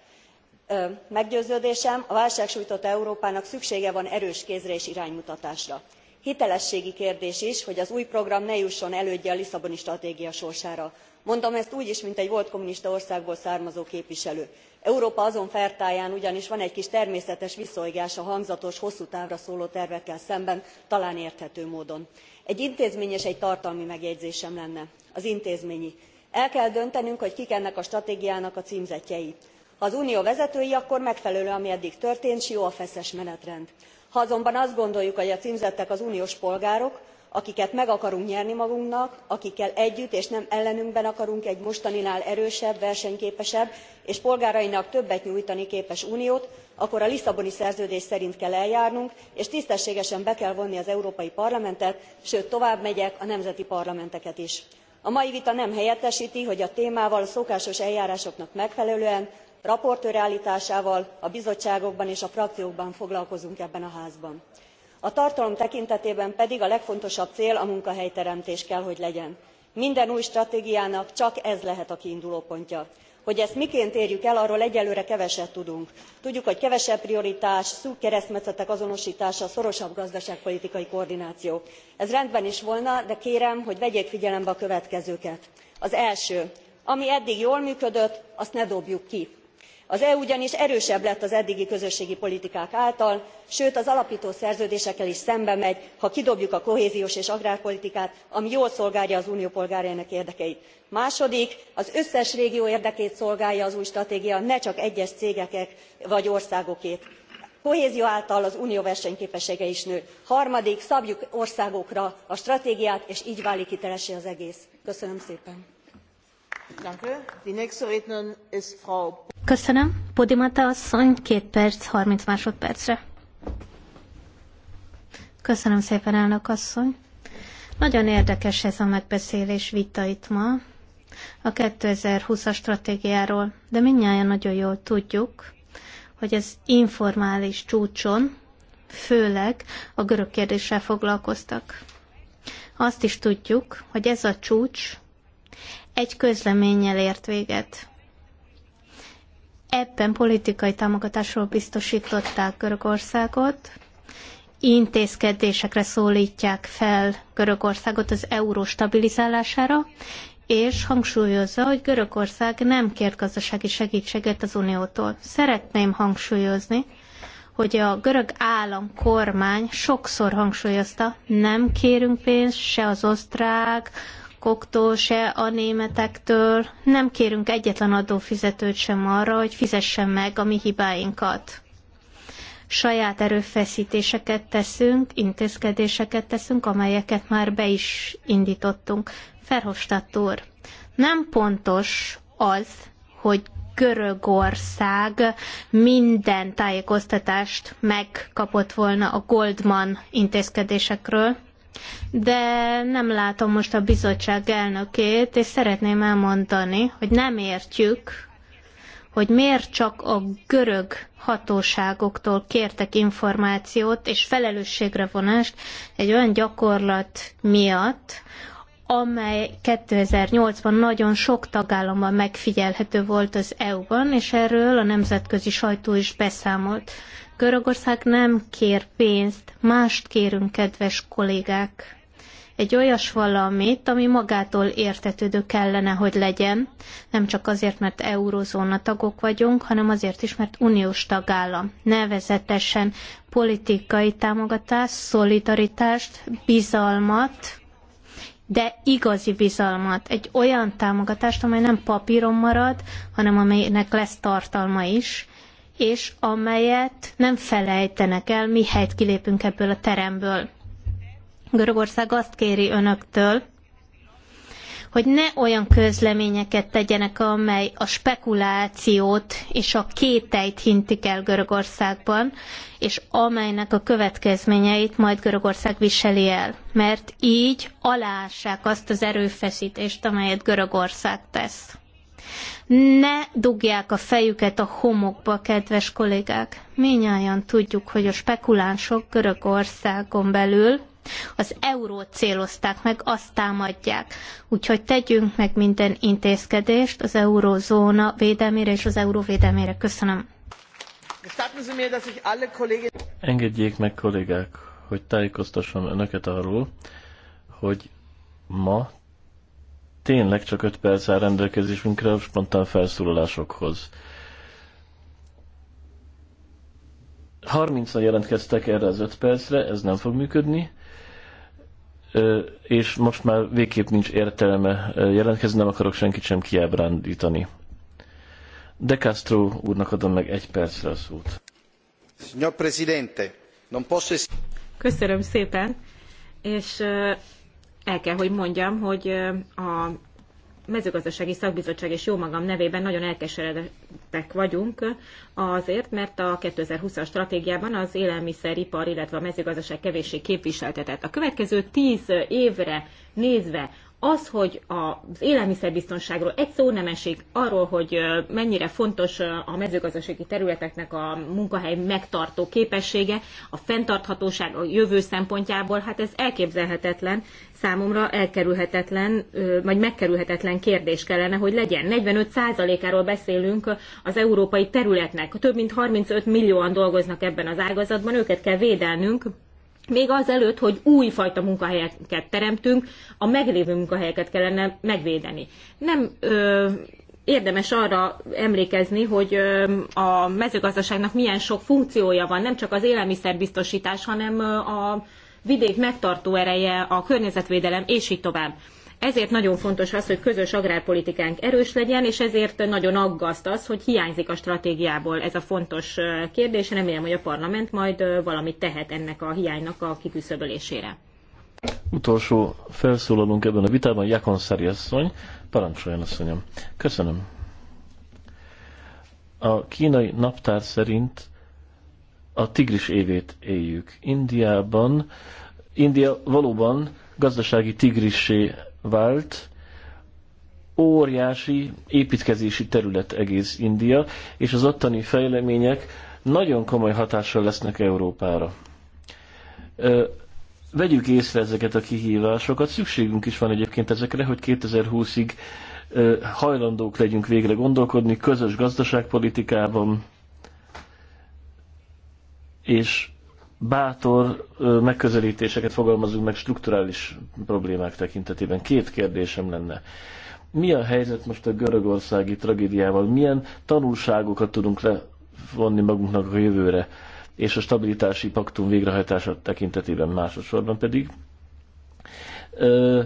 meggyőződésem a válság sújtotta európának szüksége van erős kézre és iránymutatásra. hitelességi kérdés is hogy az új program ne jusson elődje a lisszaboni stratégia sorsára. mondom ezt úgy is mint egy volt kommunista országból származó képviselő európa azon fertáján ugyanis van egy kis természetes visszaigás a hangzatos hosszú távra szóló tervekkel szemben talán érthető módon. egy intézményi és egy tartalmi megjegyzésem lenne az intézményi el kell döntenünk hogy kik ennek a stratégiának a cmzettjei. ha az unió vezetői akkor megfelelő ami eddig történt s jó a feszes menetrend. ha azonban azt gondoljuk hogy a cmzettek az uniós polgárok akiket meg akarunk nyerni magunknak akikkel együtt és nem ellenünkben akarunk egy mostaninál erősebb versenyképesebb és polgárainak többet nyújtani képes uniót akkor a lisszaboni szerződés szerint kell eljárnunk és tisztességesen be kell vonni az európai parlamentet sőt tovább megyek a nemzeti parlamenteket is. a mai vita nem helyettesti hogy a témával a szokásos eljárásoknak megfelelően raportőr álltásával a bizottságokban és a frakciókban foglalkozunk ebben a házban a tartalom tekintetében pedig a legfontosabb cél a munkahelyteremtés kell hogy legyen. minden új stratégiának csak ez lehet a kiindulópontja. hogy ezt miként érjük el arról egyelőre keveset tudunk. tudjuk hogy kevesebb prioritás szűk keresztmetszetek azonostása szorosabb gazdaságpolitikai koordináció. ez rendben is volna de kérem hogy vegyék figyelembe a következőket az első ami eddig jól működött azt ne dobjuk ki az eu ugyanis erősebb lett az eddigi közösségi politikák által sőt az alaptó szerződésekkel is szembemegy ha kidobjuk a kohéziós és agrárpolitikát ami jól szolgálja az unió polgárainak érdekeit. második az összes régió érdekét szolgálja az új stratégia ne csak egyes cégek vagy országokét. a kohézió által az unió versenyképessége is nő. harmadik szabjuk országokra a stratégiát és gy válik hitelessé az egész. köszönöm szépen! Köszönöm. Podimata asszony, két perc, 30 másodpercre. Köszönöm szépen, elnök asszony. Nagyon érdekes ez a megbeszélés vita itt ma a 2020-as stratégiáról, de mindnyáján nagyon jól tudjuk, hogy ez informális csúcson főleg a görög kérdéssel foglalkoztak. Azt is tudjuk, hogy ez a csúcs egy közleménnyel ért véget. Ebben politikai támogatásról biztosították Görögországot, intézkedésekre szólítják fel Görögországot az euró stabilizálására, és hangsúlyozza, hogy Görögország nem kért gazdasági segítséget az Uniótól. Szeretném hangsúlyozni, hogy a görög állam kormány sokszor hangsúlyozta, nem kérünk pénzt se az osztrák, szlovákoktól, se a németektől. Nem kérünk egyetlen adófizetőt sem arra, hogy fizessen meg a mi hibáinkat. Saját erőfeszítéseket teszünk, intézkedéseket teszünk, amelyeket már be is indítottunk. Ferhofstadt úr, nem pontos az, hogy Görögország minden tájékoztatást megkapott volna a Goldman intézkedésekről, de nem látom most a bizottság elnökét, és szeretném elmondani, hogy nem értjük, hogy miért csak a görög hatóságoktól kértek információt és felelősségre vonást egy olyan gyakorlat miatt, amely 2008-ban nagyon sok tagállamban megfigyelhető volt az EU-ban, és erről a nemzetközi sajtó is beszámolt. Görögország nem kér pénzt, mást kérünk, kedves kollégák. Egy olyas valamit, ami magától értetődő kellene, hogy legyen, nem csak azért, mert eurozóna tagok vagyunk, hanem azért is, mert uniós tagállam. Nevezetesen politikai támogatást, szolidaritást, bizalmat, de igazi bizalmat, egy olyan támogatást, amely nem papíron marad, hanem amelynek lesz tartalma is, és amelyet nem felejtenek el, mihelyt kilépünk ebből a teremből. Görögország azt kéri önöktől, hogy ne olyan közleményeket tegyenek, amely a spekulációt és a kételyt hintik el Görögországban, és amelynek a következményeit majd Görögország viseli el. Mert így alássák azt az erőfeszítést, amelyet Görögország tesz. Ne dugják a fejüket a homokba, kedves kollégák. Minnyáján tudjuk, hogy a spekulánsok Görögországon belül az eurót célozták meg, azt támadják. Úgyhogy tegyünk meg minden intézkedést az eurózóna védelmére és az euró védelmére. Köszönöm. Engedjék meg kollégák, hogy tájékoztassam önöket arról, hogy ma tényleg csak 5 perc áll rendelkezésünkre a spontán felszólalásokhoz. 30-an jelentkeztek erre az 5 percre, ez nem fog működni, és most már végképp nincs értelme jelentkezni, nem akarok senkit sem kiábrándítani. De Castro úrnak adom meg egy percre a szót. Presidente, Köszönöm szépen, és el kell, hogy mondjam, hogy a mezőgazdasági szakbizottság és jó magam nevében nagyon elkeseredettek vagyunk azért, mert a 2020-as stratégiában az élelmiszeripar, illetve a mezőgazdaság kevéssé képviseltetett. A következő tíz évre nézve az, hogy az élelmiszerbiztonságról egy szó nem esik, arról, hogy mennyire fontos a mezőgazdasági területeknek a munkahely megtartó képessége, a fenntarthatóság a jövő szempontjából, hát ez elképzelhetetlen, számomra elkerülhetetlen, vagy megkerülhetetlen kérdés kellene, hogy legyen. 45%-áról beszélünk az európai területnek. Több mint 35 millióan dolgoznak ebben az ágazatban, őket kell védelnünk, még azelőtt, hogy újfajta munkahelyeket teremtünk, a meglévő munkahelyeket kellene megvédeni. Nem ö, érdemes arra emlékezni, hogy ö, a mezőgazdaságnak milyen sok funkciója van, nem csak az élelmiszerbiztosítás, hanem a vidék megtartó ereje, a környezetvédelem, és így tovább. Ezért nagyon fontos az, hogy közös agrárpolitikánk erős legyen, és ezért nagyon aggaszt az, hogy hiányzik a stratégiából ez a fontos kérdés. Remélem, hogy a parlament majd valamit tehet ennek a hiánynak a kiküszöbölésére. Utolsó felszólalunk ebben a vitában, Jakon Szeri asszony. Parancsoljon, asszonyom. Köszönöm. A kínai naptár szerint a tigris évét éljük. Indiában, India valóban gazdasági tigrissé vált, óriási építkezési terület egész India, és az ottani fejlemények nagyon komoly hatással lesznek Európára. Ö, vegyük észre ezeket a kihívásokat, szükségünk is van egyébként ezekre, hogy 2020-ig hajlandók legyünk végre gondolkodni közös gazdaságpolitikában, és bátor megközelítéseket fogalmazunk meg strukturális problémák tekintetében. Két kérdésem lenne. Mi a helyzet most a görögországi tragédiával? Milyen tanulságokat tudunk levonni magunknak a jövőre? És a stabilitási paktum végrehajtása tekintetében másodszorban pedig. Ö,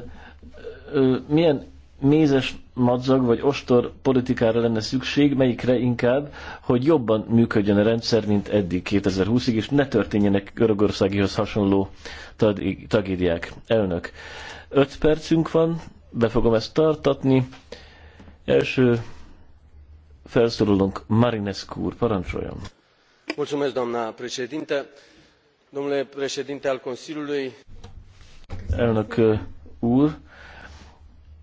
ö, milyen mézes madzag vagy ostor politikára lenne szükség, melyikre inkább, hogy jobban működjön a rendszer, mint eddig 2020-ig, és ne történjenek Görögországihoz hasonló tragédiák. Elnök, 5 percünk van, be fogom ezt tartatni. Első felszólulunk Marinescu úr, parancsoljon. Mulțumesc, doamna președinte. Domnule președinte al Consiliului. Elnök úr,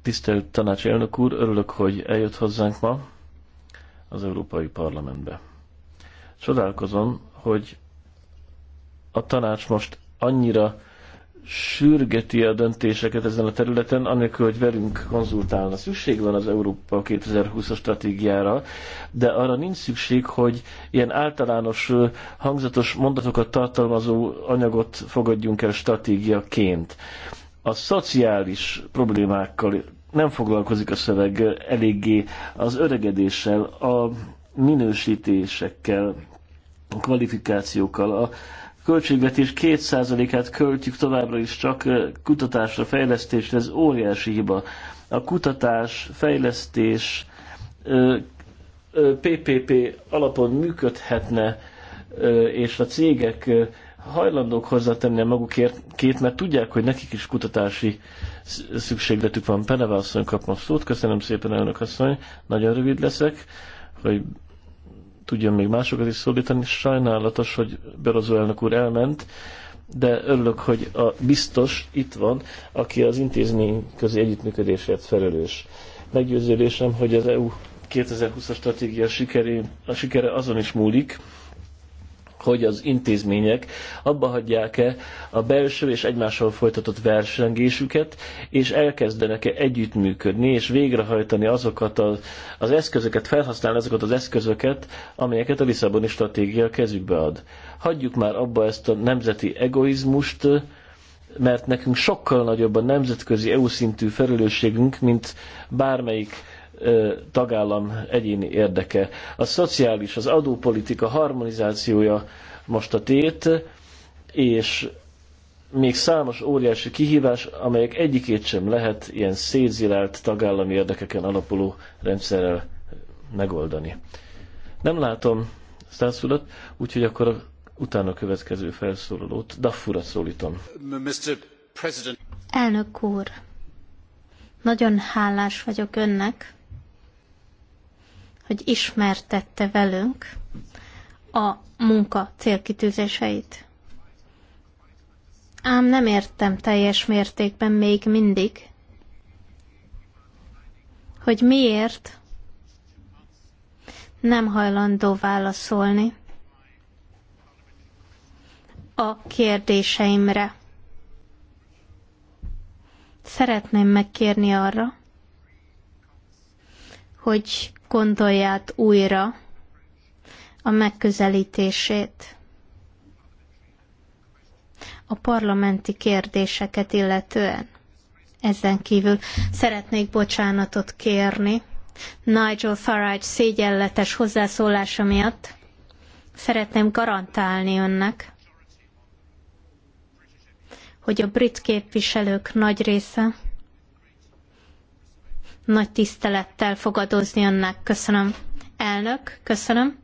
Tisztelt tanácselnök úr, örülök, hogy eljött hozzánk ma az Európai Parlamentbe. Csodálkozom, hogy a tanács most annyira sürgeti a döntéseket ezen a területen, anélkül, hogy velünk konzultálna. Szükség van az Európa 2020 stratégiára, de arra nincs szükség, hogy ilyen általános, hangzatos mondatokat tartalmazó anyagot fogadjunk el stratégiaként. A szociális problémákkal nem foglalkozik a szöveg eléggé az öregedéssel, a minősítésekkel, a kvalifikációkkal. A költségvetés 2%-át költjük továbbra is csak kutatásra, fejlesztésre, ez óriási hiba. A kutatás, fejlesztés PPP alapon működhetne, és a cégek hajlandók hozzátenni a magukért két, mert tudják, hogy nekik is kutatási szükségletük van. Peneve asszony kap most szót. Köszönöm szépen, elnök asszony. Nagyon rövid leszek, hogy tudjon még másokat is szólítani. Sajnálatos, hogy Berozó elnök úr elment, de örülök, hogy a biztos itt van, aki az intézmény közé együttműködésért felelős. Meggyőződésem, hogy az EU 2020-as stratégia sikeré, a sikere azon is múlik, hogy az intézmények abba hagyják-e a belső és egymással folytatott versengésüket, és elkezdenek-e együttműködni, és végrehajtani azokat az, az eszközöket, felhasználni azokat az eszközöket, amelyeket a Lisszaboni stratégia kezükbe ad. Hagyjuk már abba ezt a nemzeti egoizmust, mert nekünk sokkal nagyobb a nemzetközi EU szintű felelősségünk, mint bármelyik tagállam egyéni érdeke. A szociális, az adópolitika harmonizációja most a tét, és még számos óriási kihívás, amelyek egyikét sem lehet ilyen szétzilált tagállami érdekeken alapuló rendszerrel megoldani. Nem látom Stász úgyhogy akkor utána a következő felszólalót, Daffura szólítom. Mr. President. Elnök úr, nagyon hálás vagyok önnek, hogy ismertette velünk a munka célkitűzéseit. Ám nem értem teljes mértékben még mindig, hogy miért nem hajlandó válaszolni a kérdéseimre. Szeretném megkérni arra, hogy gondolját újra a megközelítését a parlamenti kérdéseket illetően. Ezen kívül szeretnék bocsánatot kérni Nigel Farage szégyenletes hozzászólása miatt. Szeretném garantálni önnek, hogy a brit képviselők nagy része nagy tisztelettel fogadozni önnek. Köszönöm. Elnök, köszönöm.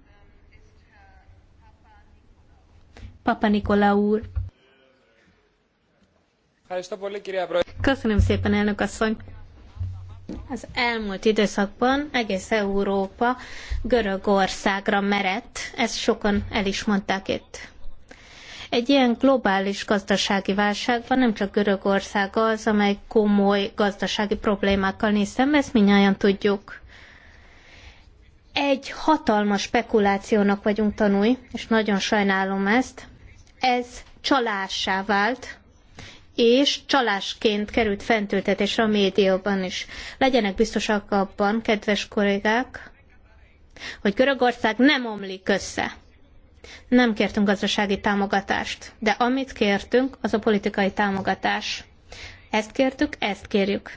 Papa Nikola úr. Köszönöm szépen, elnök asszony. Az elmúlt időszakban egész Európa Görögországra merett, ezt sokan el is mondták itt. Egy ilyen globális gazdasági válságban nem csak Görögország az, amely komoly gazdasági problémákkal néz szembe, ezt mindnyáján tudjuk. Egy hatalmas spekulációnak vagyunk tanúi, és nagyon sajnálom ezt. Ez csalássá vált, és csalásként került fentültetésre a médiában is. Legyenek biztosak abban, kedves kollégák, hogy Görögország nem omlik össze. Nem kértünk gazdasági támogatást, de amit kértünk, az a politikai támogatás. Ezt kértük, ezt kérjük.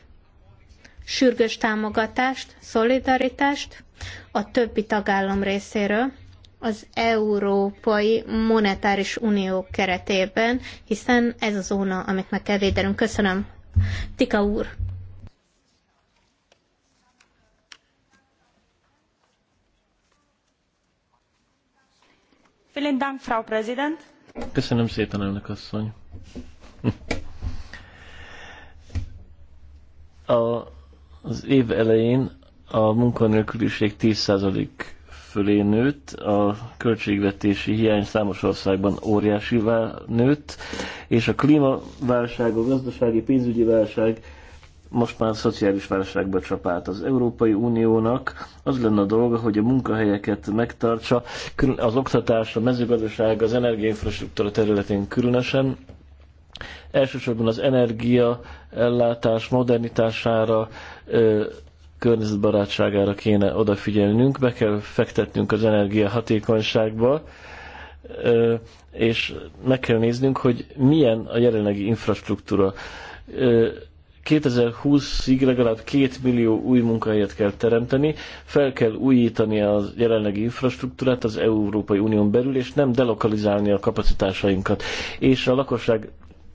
Sürgős támogatást, szolidaritást a többi tagállam részéről, az Európai Monetáris Unió keretében, hiszen ez a zóna, amit meg kell védenünk. Köszönöm. Tika úr. Köszönöm szépen, elnök asszony. A, az év elején a munkanélküliség 10% fölé nőtt, a költségvetési hiány számos országban óriásivá nőtt, és a klímaválság, a gazdasági pénzügyi válság most már szociális válságba csapált az Európai Uniónak. Az lenne a dolga, hogy a munkahelyeket megtartsa, az oktatás, a mezőgazdaság, az energiainfrastruktúra területén különösen. Elsősorban az energia ellátás modernitására, környezetbarátságára kéne odafigyelnünk, be kell fektetnünk az energia hatékonyságba, és meg kell néznünk, hogy milyen a jelenlegi infrastruktúra 2020-ig legalább 2 millió új munkahelyet kell teremteni, fel kell újítani a jelenlegi infrastruktúrát az Európai Unión belül, és nem delokalizálni a kapacitásainkat. És a lakosság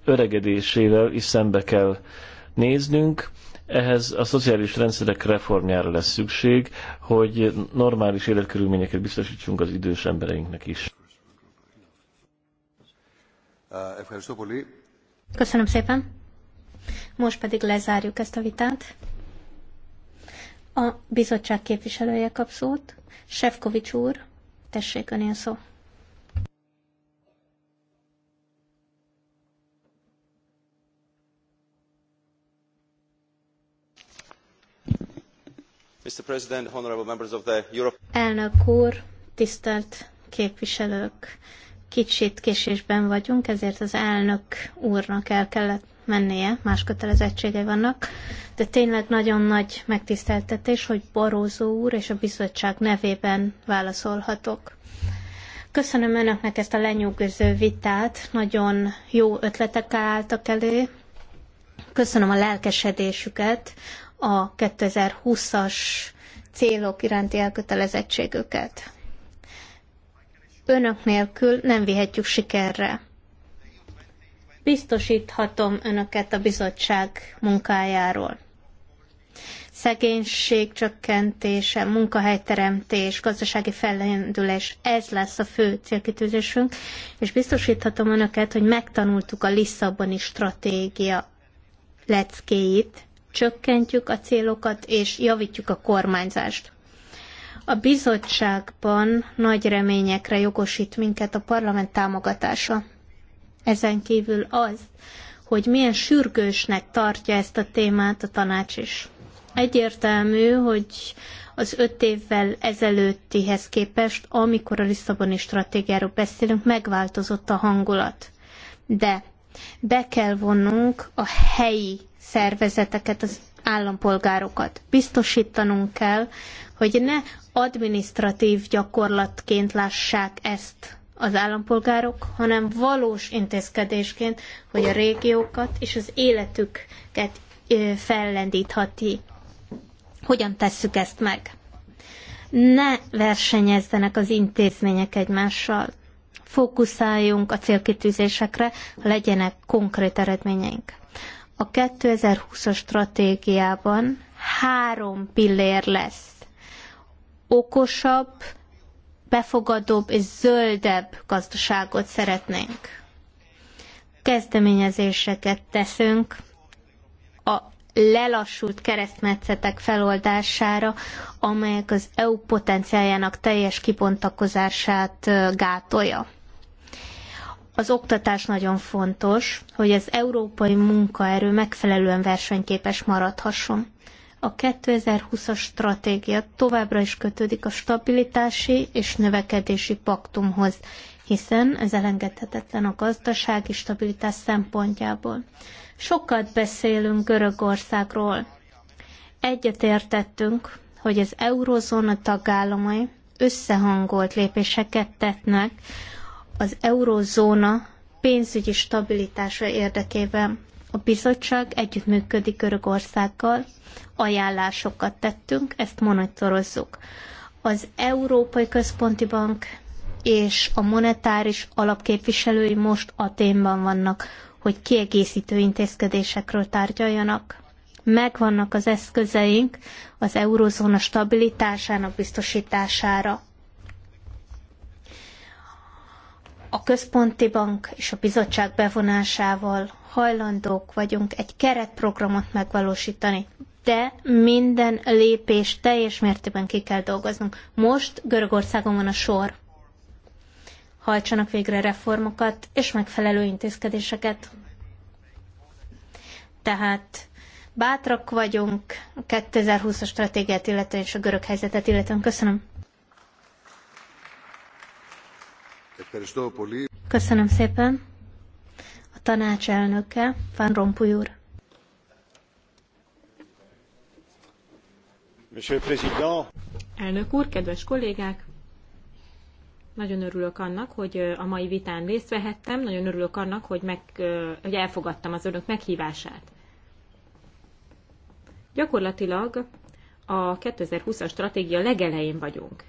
öregedésével is szembe kell néznünk, ehhez a szociális rendszerek reformjára lesz szükség, hogy normális életkörülményeket biztosítsunk az idős embereinknek is. Köszönöm szépen! Most pedig lezárjuk ezt a vitát. A bizottság képviselője kap szót. Sefkovics úr, tessék önél szó. Mr. President, honorable members of the Europe... Elnök úr, tisztelt képviselők! Kicsit késésben vagyunk, ezért az elnök úrnak el kellett mennie, más kötelezettségei vannak, de tényleg nagyon nagy megtiszteltetés, hogy Barózó úr és a bizottság nevében válaszolhatok. Köszönöm Önöknek ezt a lenyűgöző vitát, nagyon jó ötletekkel álltak elő. Köszönöm a lelkesedésüket, a 2020-as célok iránti elkötelezettségüket. Önök nélkül nem vihetjük sikerre Biztosíthatom önöket a bizottság munkájáról. Szegénység csökkentése, munkahelyteremtés, gazdasági fellendülés, ez lesz a fő célkitűzésünk, és biztosíthatom önöket, hogy megtanultuk a Lisszaboni stratégia leckéit, csökkentjük a célokat és javítjuk a kormányzást. A bizottságban nagy reményekre jogosít minket a parlament támogatása. Ezen kívül az, hogy milyen sürgősnek tartja ezt a témát a tanács is. Egyértelmű, hogy az öt évvel ezelőttihez képest, amikor a Lisszaboni stratégiáról beszélünk, megváltozott a hangulat. De be kell vonnunk a helyi szervezeteket, az állampolgárokat. Biztosítanunk kell, hogy ne administratív gyakorlatként lássák ezt az állampolgárok, hanem valós intézkedésként, hogy a régiókat és az életüket fellendíthati. Hogyan tesszük ezt meg? Ne versenyezzenek az intézmények egymással. Fókuszáljunk a célkitűzésekre, legyenek konkrét eredményeink. A 2020-as stratégiában három pillér lesz. Okosabb, befogadóbb és zöldebb gazdaságot szeretnénk. Kezdeményezéseket teszünk a lelassult keresztmetszetek feloldására, amelyek az EU potenciáljának teljes kibontakozását gátolja. Az oktatás nagyon fontos, hogy az európai munkaerő megfelelően versenyképes maradhasson. A 2020-as stratégia továbbra is kötődik a stabilitási és növekedési paktumhoz, hiszen ez elengedhetetlen a gazdasági stabilitás szempontjából. Sokat beszélünk Görögországról. Egyetértettünk, hogy az eurozóna tagállamai összehangolt lépéseket tettnek az eurozóna pénzügyi stabilitása érdekében. A bizottság együttműködik Görögországgal, ajánlásokat tettünk, ezt monitorozzuk. Az Európai Központi Bank és a monetáris alapképviselői most a témban vannak, hogy kiegészítő intézkedésekről tárgyaljanak. Megvannak az eszközeink az eurozóna stabilitásának biztosítására. A központi bank és a bizottság bevonásával hajlandók vagyunk egy keretprogramot megvalósítani, de minden lépés teljes mértékben ki kell dolgoznunk. Most Görögországon van a sor. Hajtsanak végre reformokat és megfelelő intézkedéseket. Tehát bátrak vagyunk 2020-as stratégiát, illetően és a görög helyzetet, illetően köszönöm. Köszönöm szépen tanács elnöke, Van Rompuy úr. Elnök úr, kedves kollégák! Nagyon örülök annak, hogy a mai vitán részt vehettem, nagyon örülök annak, hogy, meg, hogy elfogadtam az önök meghívását. Gyakorlatilag a 2020-as stratégia legelején vagyunk.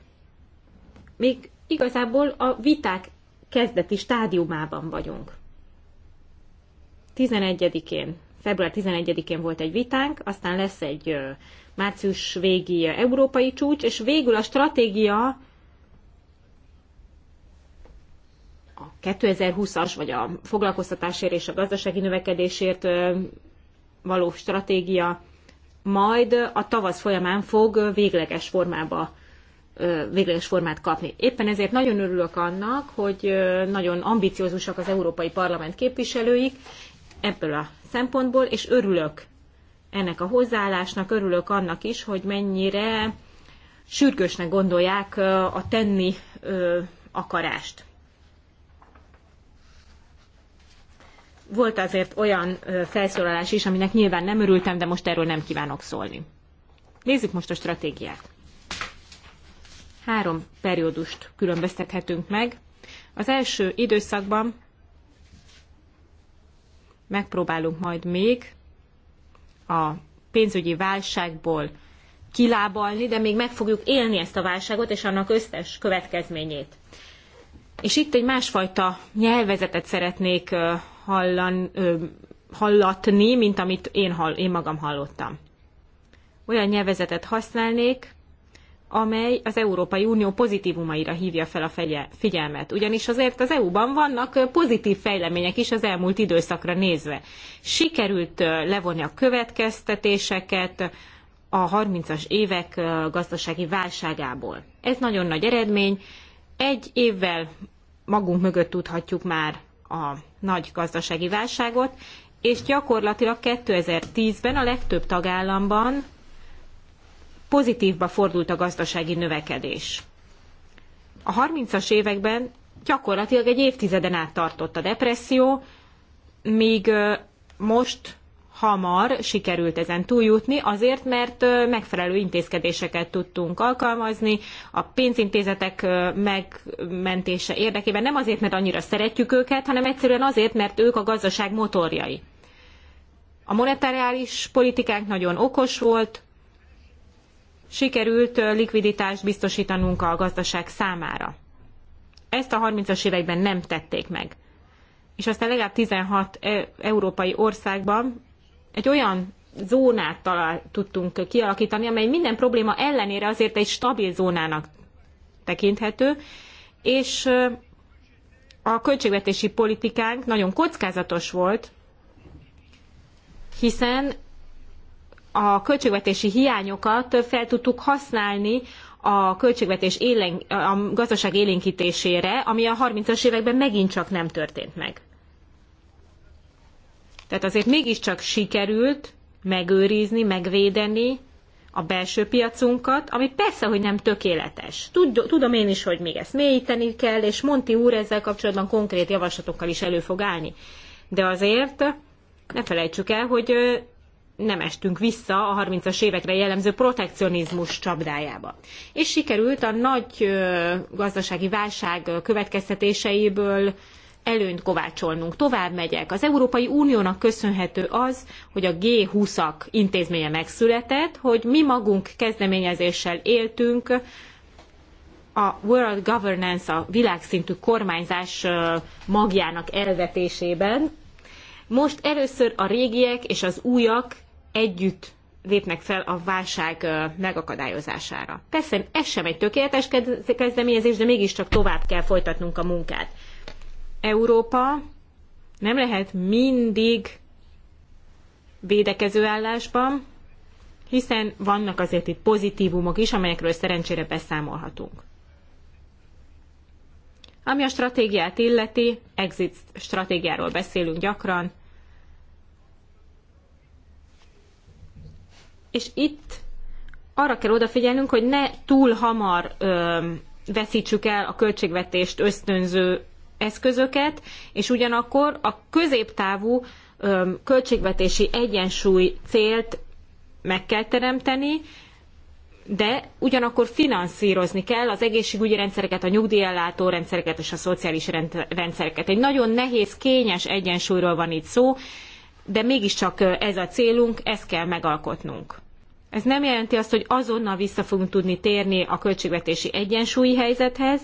Még igazából a viták kezdeti stádiumában vagyunk. 11-én, február 11-én volt egy vitánk, aztán lesz egy március végi európai csúcs, és végül a stratégia a 2020-as, vagy a foglalkoztatásért és a gazdasági növekedésért való stratégia majd a tavasz folyamán fog végleges formába végleges formát kapni. Éppen ezért nagyon örülök annak, hogy nagyon ambiciózusak az Európai Parlament képviselőik, ebből a szempontból, és örülök ennek a hozzáállásnak, örülök annak is, hogy mennyire sürgősnek gondolják a tenni akarást. Volt azért olyan felszólalás is, aminek nyilván nem örültem, de most erről nem kívánok szólni. Nézzük most a stratégiát. Három periódust különböztethetünk meg. Az első időszakban megpróbálunk majd még a pénzügyi válságból kilábalni, de még meg fogjuk élni ezt a válságot és annak összes következményét. És itt egy másfajta nyelvezetet szeretnék hallan, hallatni, mint amit én, hall, én magam hallottam. Olyan nyelvezetet használnék, amely az Európai Unió pozitívumaira hívja fel a figyelmet. Ugyanis azért az EU-ban vannak pozitív fejlemények is az elmúlt időszakra nézve. Sikerült levonni a következtetéseket a 30-as évek gazdasági válságából. Ez nagyon nagy eredmény. Egy évvel magunk mögött tudhatjuk már a nagy gazdasági válságot, és gyakorlatilag 2010-ben a legtöbb tagállamban pozitívba fordult a gazdasági növekedés. A 30-as években gyakorlatilag egy évtizeden át tartott a depresszió, míg most hamar sikerült ezen túljutni, azért, mert megfelelő intézkedéseket tudtunk alkalmazni a pénzintézetek megmentése érdekében. Nem azért, mert annyira szeretjük őket, hanem egyszerűen azért, mert ők a gazdaság motorjai. A monetáris politikánk nagyon okos volt, sikerült likviditást biztosítanunk a gazdaság számára. Ezt a 30-as években nem tették meg. És aztán legalább 16 európai országban egy olyan zónát talál, tudtunk kialakítani, amely minden probléma ellenére azért egy stabil zónának tekinthető, és a költségvetési politikánk nagyon kockázatos volt, hiszen a költségvetési hiányokat fel tudtuk használni a költségvetés élen, a gazdaság élénkítésére, ami a 30-as években megint csak nem történt meg. Tehát azért mégiscsak sikerült megőrizni, megvédeni a belső piacunkat, ami persze, hogy nem tökéletes. tudom én is, hogy még ezt mélyíteni kell, és Monti úr ezzel kapcsolatban konkrét javaslatokkal is elő fog állni. De azért ne felejtsük el, hogy nem estünk vissza a 30-as évekre jellemző protekcionizmus csapdájába. És sikerült a nagy gazdasági válság következtetéseiből előnyt kovácsolnunk. Tovább megyek. Az Európai Uniónak köszönhető az, hogy a G20-ak intézménye megszületett, hogy mi magunk kezdeményezéssel éltünk a World Governance, a világszintű kormányzás magjának elvetésében. Most először a régiek és az újak együtt lépnek fel a válság megakadályozására. Persze ez sem egy tökéletes kezdeményezés, de mégiscsak tovább kell folytatnunk a munkát. Európa nem lehet mindig védekező állásban, hiszen vannak azért itt pozitívumok is, amelyekről szerencsére beszámolhatunk. Ami a stratégiát illeti, exit stratégiáról beszélünk gyakran, és itt arra kell odafigyelnünk, hogy ne túl hamar ö, veszítsük el a költségvetést ösztönző eszközöket, és ugyanakkor a középtávú ö, költségvetési egyensúly célt meg kell teremteni, de ugyanakkor finanszírozni kell az egészségügyi rendszereket, a nyugdíjellátó rendszereket és a szociális rendszereket. Egy nagyon nehéz, kényes egyensúlyról van itt szó, de mégiscsak ez a célunk, ezt kell megalkotnunk. Ez nem jelenti azt, hogy azonnal vissza fogunk tudni térni a költségvetési egyensúlyi helyzethez,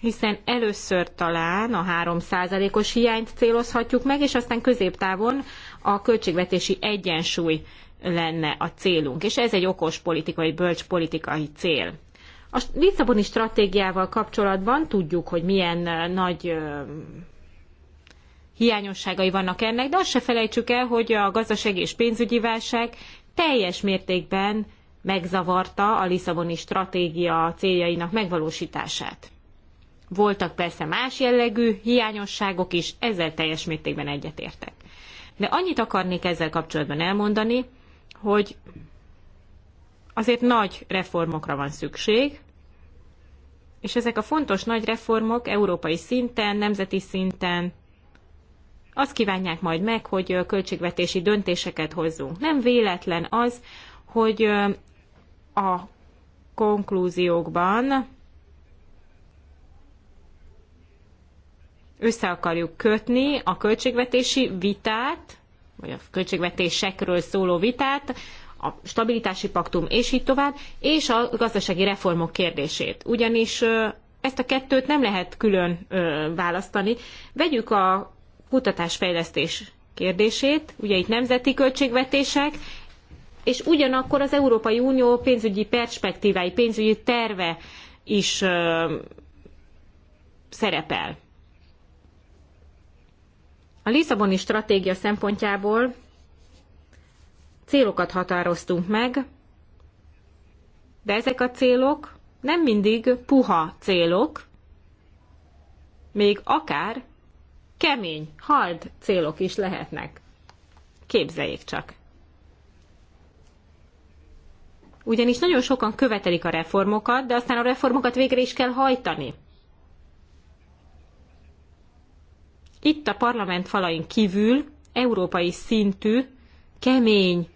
hiszen először talán a 3%-os hiányt célozhatjuk meg, és aztán középtávon a költségvetési egyensúly lenne a célunk, és ez egy okos politikai, bölcs politikai cél. A Lisszaboni stratégiával kapcsolatban tudjuk, hogy milyen nagy hiányosságai vannak ennek, de azt se felejtsük el, hogy a gazdasági és pénzügyi válság teljes mértékben megzavarta a Lisszaboni stratégia céljainak megvalósítását. Voltak persze más jellegű hiányosságok is, ezzel teljes mértékben egyetértek. De annyit akarnék ezzel kapcsolatban elmondani, hogy azért nagy reformokra van szükség, és ezek a fontos nagy reformok európai szinten, nemzeti szinten, azt kívánják majd meg, hogy költségvetési döntéseket hozzunk. Nem véletlen az, hogy a konklúziókban össze akarjuk kötni a költségvetési vitát, vagy a költségvetésekről szóló vitát, a stabilitási paktum és így tovább, és a gazdasági reformok kérdését. Ugyanis ezt a kettőt nem lehet külön választani. Vegyük a kutatásfejlesztés kérdését, ugye itt nemzeti költségvetések, és ugyanakkor az Európai Unió pénzügyi perspektívái, pénzügyi terve is ö, szerepel. A Lisszaboni stratégia szempontjából célokat határoztunk meg, de ezek a célok nem mindig puha célok, még akár kemény, hard célok is lehetnek. Képzeljék csak. Ugyanis nagyon sokan követelik a reformokat, de aztán a reformokat végre is kell hajtani. Itt a parlament falain kívül európai szintű, kemény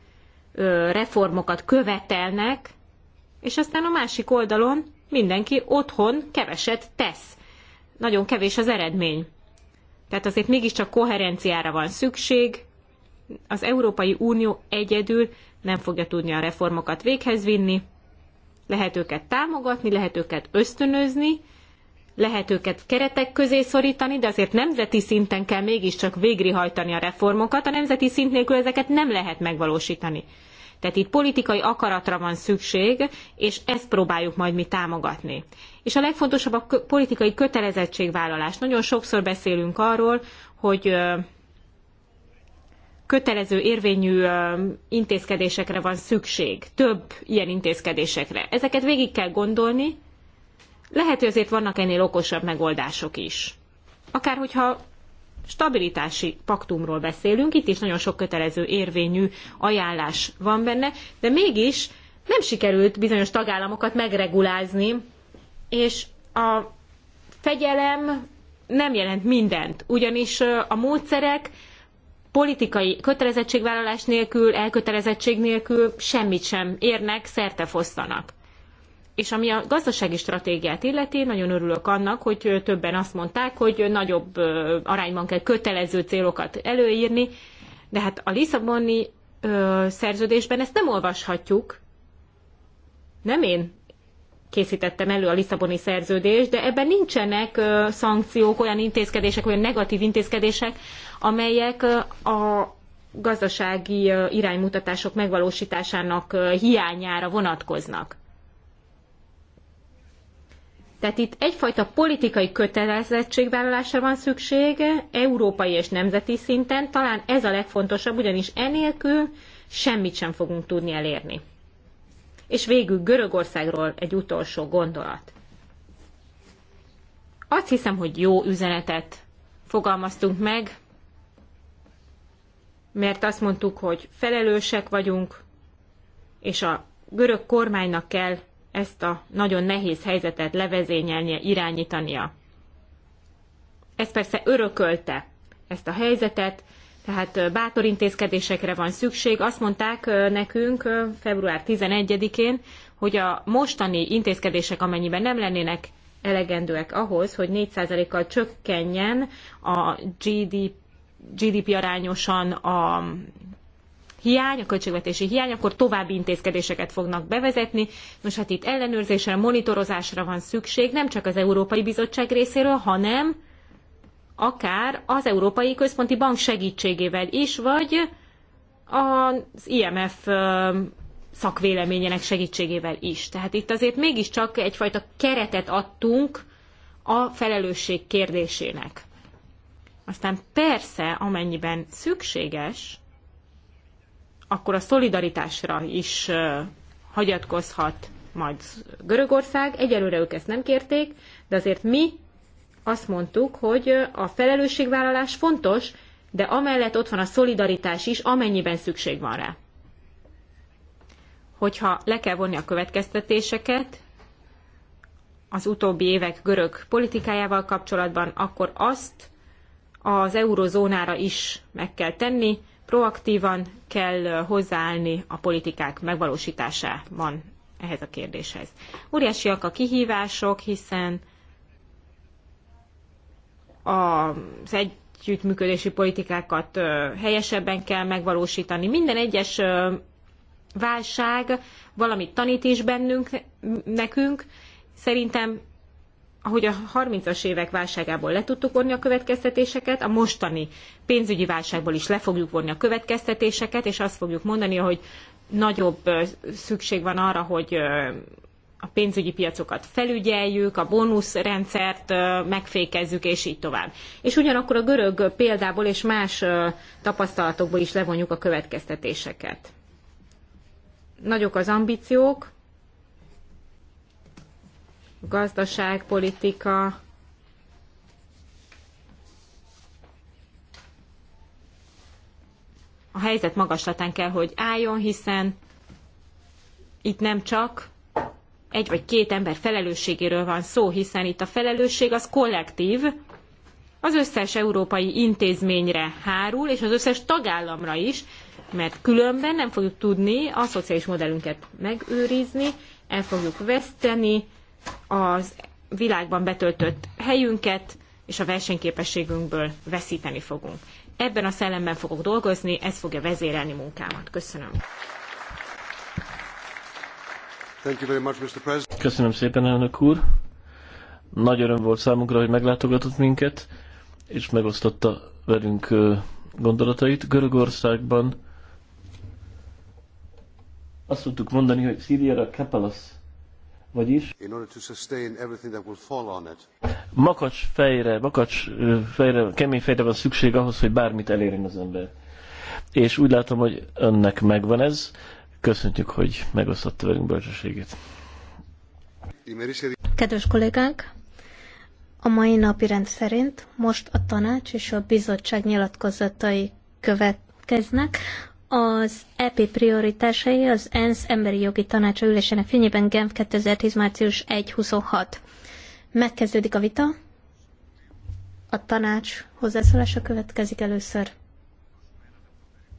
reformokat követelnek, és aztán a másik oldalon mindenki otthon keveset tesz. Nagyon kevés az eredmény. Tehát azért mégiscsak koherenciára van szükség. Az Európai Unió egyedül nem fogja tudni a reformokat véghez vinni. Lehet őket támogatni, lehet őket ösztönözni, lehet őket keretek közé szorítani, de azért nemzeti szinten kell mégiscsak végrehajtani a reformokat. A nemzeti szint nélkül ezeket nem lehet megvalósítani. Tehát itt politikai akaratra van szükség, és ezt próbáljuk majd mi támogatni. És a legfontosabb a politikai kötelezettségvállalás. Nagyon sokszor beszélünk arról, hogy kötelező érvényű intézkedésekre van szükség, több ilyen intézkedésekre. Ezeket végig kell gondolni, lehet, hogy azért vannak ennél okosabb megoldások is. Akár hogyha stabilitási paktumról beszélünk, itt is nagyon sok kötelező érvényű ajánlás van benne, de mégis nem sikerült bizonyos tagállamokat megregulázni, és a fegyelem nem jelent mindent, ugyanis a módszerek politikai kötelezettségvállalás nélkül, elkötelezettség nélkül semmit sem érnek, szerte fosztanak. És ami a gazdasági stratégiát illeti, nagyon örülök annak, hogy többen azt mondták, hogy nagyobb arányban kell kötelező célokat előírni, de hát a Lisszaboni szerződésben ezt nem olvashatjuk. Nem én készítettem elő a Lisszaboni szerződést, de ebben nincsenek szankciók, olyan intézkedések, olyan negatív intézkedések, amelyek a gazdasági iránymutatások megvalósításának hiányára vonatkoznak. Tehát itt egyfajta politikai kötelezettségvállalásra van szüksége, európai és nemzeti szinten, talán ez a legfontosabb, ugyanis enélkül semmit sem fogunk tudni elérni. És végül Görögországról egy utolsó gondolat. Azt hiszem, hogy jó üzenetet fogalmaztunk meg, mert azt mondtuk, hogy felelősek vagyunk, és a görög kormánynak kell ezt a nagyon nehéz helyzetet levezényelnie, irányítania. Ez persze örökölte ezt a helyzetet, tehát bátor intézkedésekre van szükség. Azt mondták nekünk február 11-én, hogy a mostani intézkedések, amennyiben nem lennének elegendőek ahhoz, hogy 4%-kal csökkenjen a GDP, GDP arányosan a hiány, a költségvetési hiány, akkor további intézkedéseket fognak bevezetni. Most hát itt ellenőrzésre, monitorozásra van szükség, nem csak az Európai Bizottság részéről, hanem akár az Európai Központi Bank segítségével is, vagy az IMF szakvéleményének segítségével is. Tehát itt azért mégiscsak egyfajta keretet adtunk a felelősség kérdésének. Aztán persze, amennyiben szükséges, akkor a szolidaritásra is hagyatkozhat majd Görögország. Egyelőre ők ezt nem kérték, de azért mi azt mondtuk, hogy a felelősségvállalás fontos, de amellett ott van a szolidaritás is, amennyiben szükség van rá. Hogyha le kell vonni a következtetéseket az utóbbi évek görög politikájával kapcsolatban, akkor azt az eurozónára is meg kell tenni, Proaktívan kell hozzáállni a politikák megvalósításában ehhez a kérdéshez. Óriásiak a kihívások, hiszen az együttműködési politikákat helyesebben kell megvalósítani. Minden egyes válság valamit tanít is bennünk, nekünk. Szerintem ahogy a 30-as évek válságából le tudtuk vonni a következtetéseket, a mostani pénzügyi válságból is le fogjuk vonni a következtetéseket, és azt fogjuk mondani, hogy nagyobb szükség van arra, hogy a pénzügyi piacokat felügyeljük, a bónuszrendszert megfékezzük, és így tovább. És ugyanakkor a görög példából és más tapasztalatokból is levonjuk a következtetéseket. Nagyok az ambíciók, gazdaságpolitika, a helyzet magaslatán kell, hogy álljon, hiszen itt nem csak egy vagy két ember felelősségéről van szó, hiszen itt a felelősség az kollektív, az összes európai intézményre hárul, és az összes tagállamra is, mert különben nem fogjuk tudni a szociális modellünket megőrizni, el fogjuk veszteni az világban betöltött helyünket és a versenyképességünkből veszíteni fogunk. Ebben a szellemben fogok dolgozni, ez fogja vezérelni munkámat. Köszönöm. Much, Köszönöm szépen, elnök úr. Nagy öröm volt számunkra, hogy meglátogatott minket, és megosztotta velünk gondolatait. Görögországban azt tudtuk mondani, hogy Szíriára Kepalasz vagyis makacs fejre, makacs fejre, kemény fejre van szükség ahhoz, hogy bármit elérjen az ember. És úgy látom, hogy önnek megvan ez. Köszöntjük, hogy megosztotta velünk bölcsességét. Kedves kollégánk, a mai napi rend szerint most a tanács és a bizottság nyilatkozatai következnek az EP prioritásai az ENSZ emberi jogi tanácsa ülésének fényében Genf 2010. március 1.26. Megkezdődik a vita. A tanács hozzászólása következik először.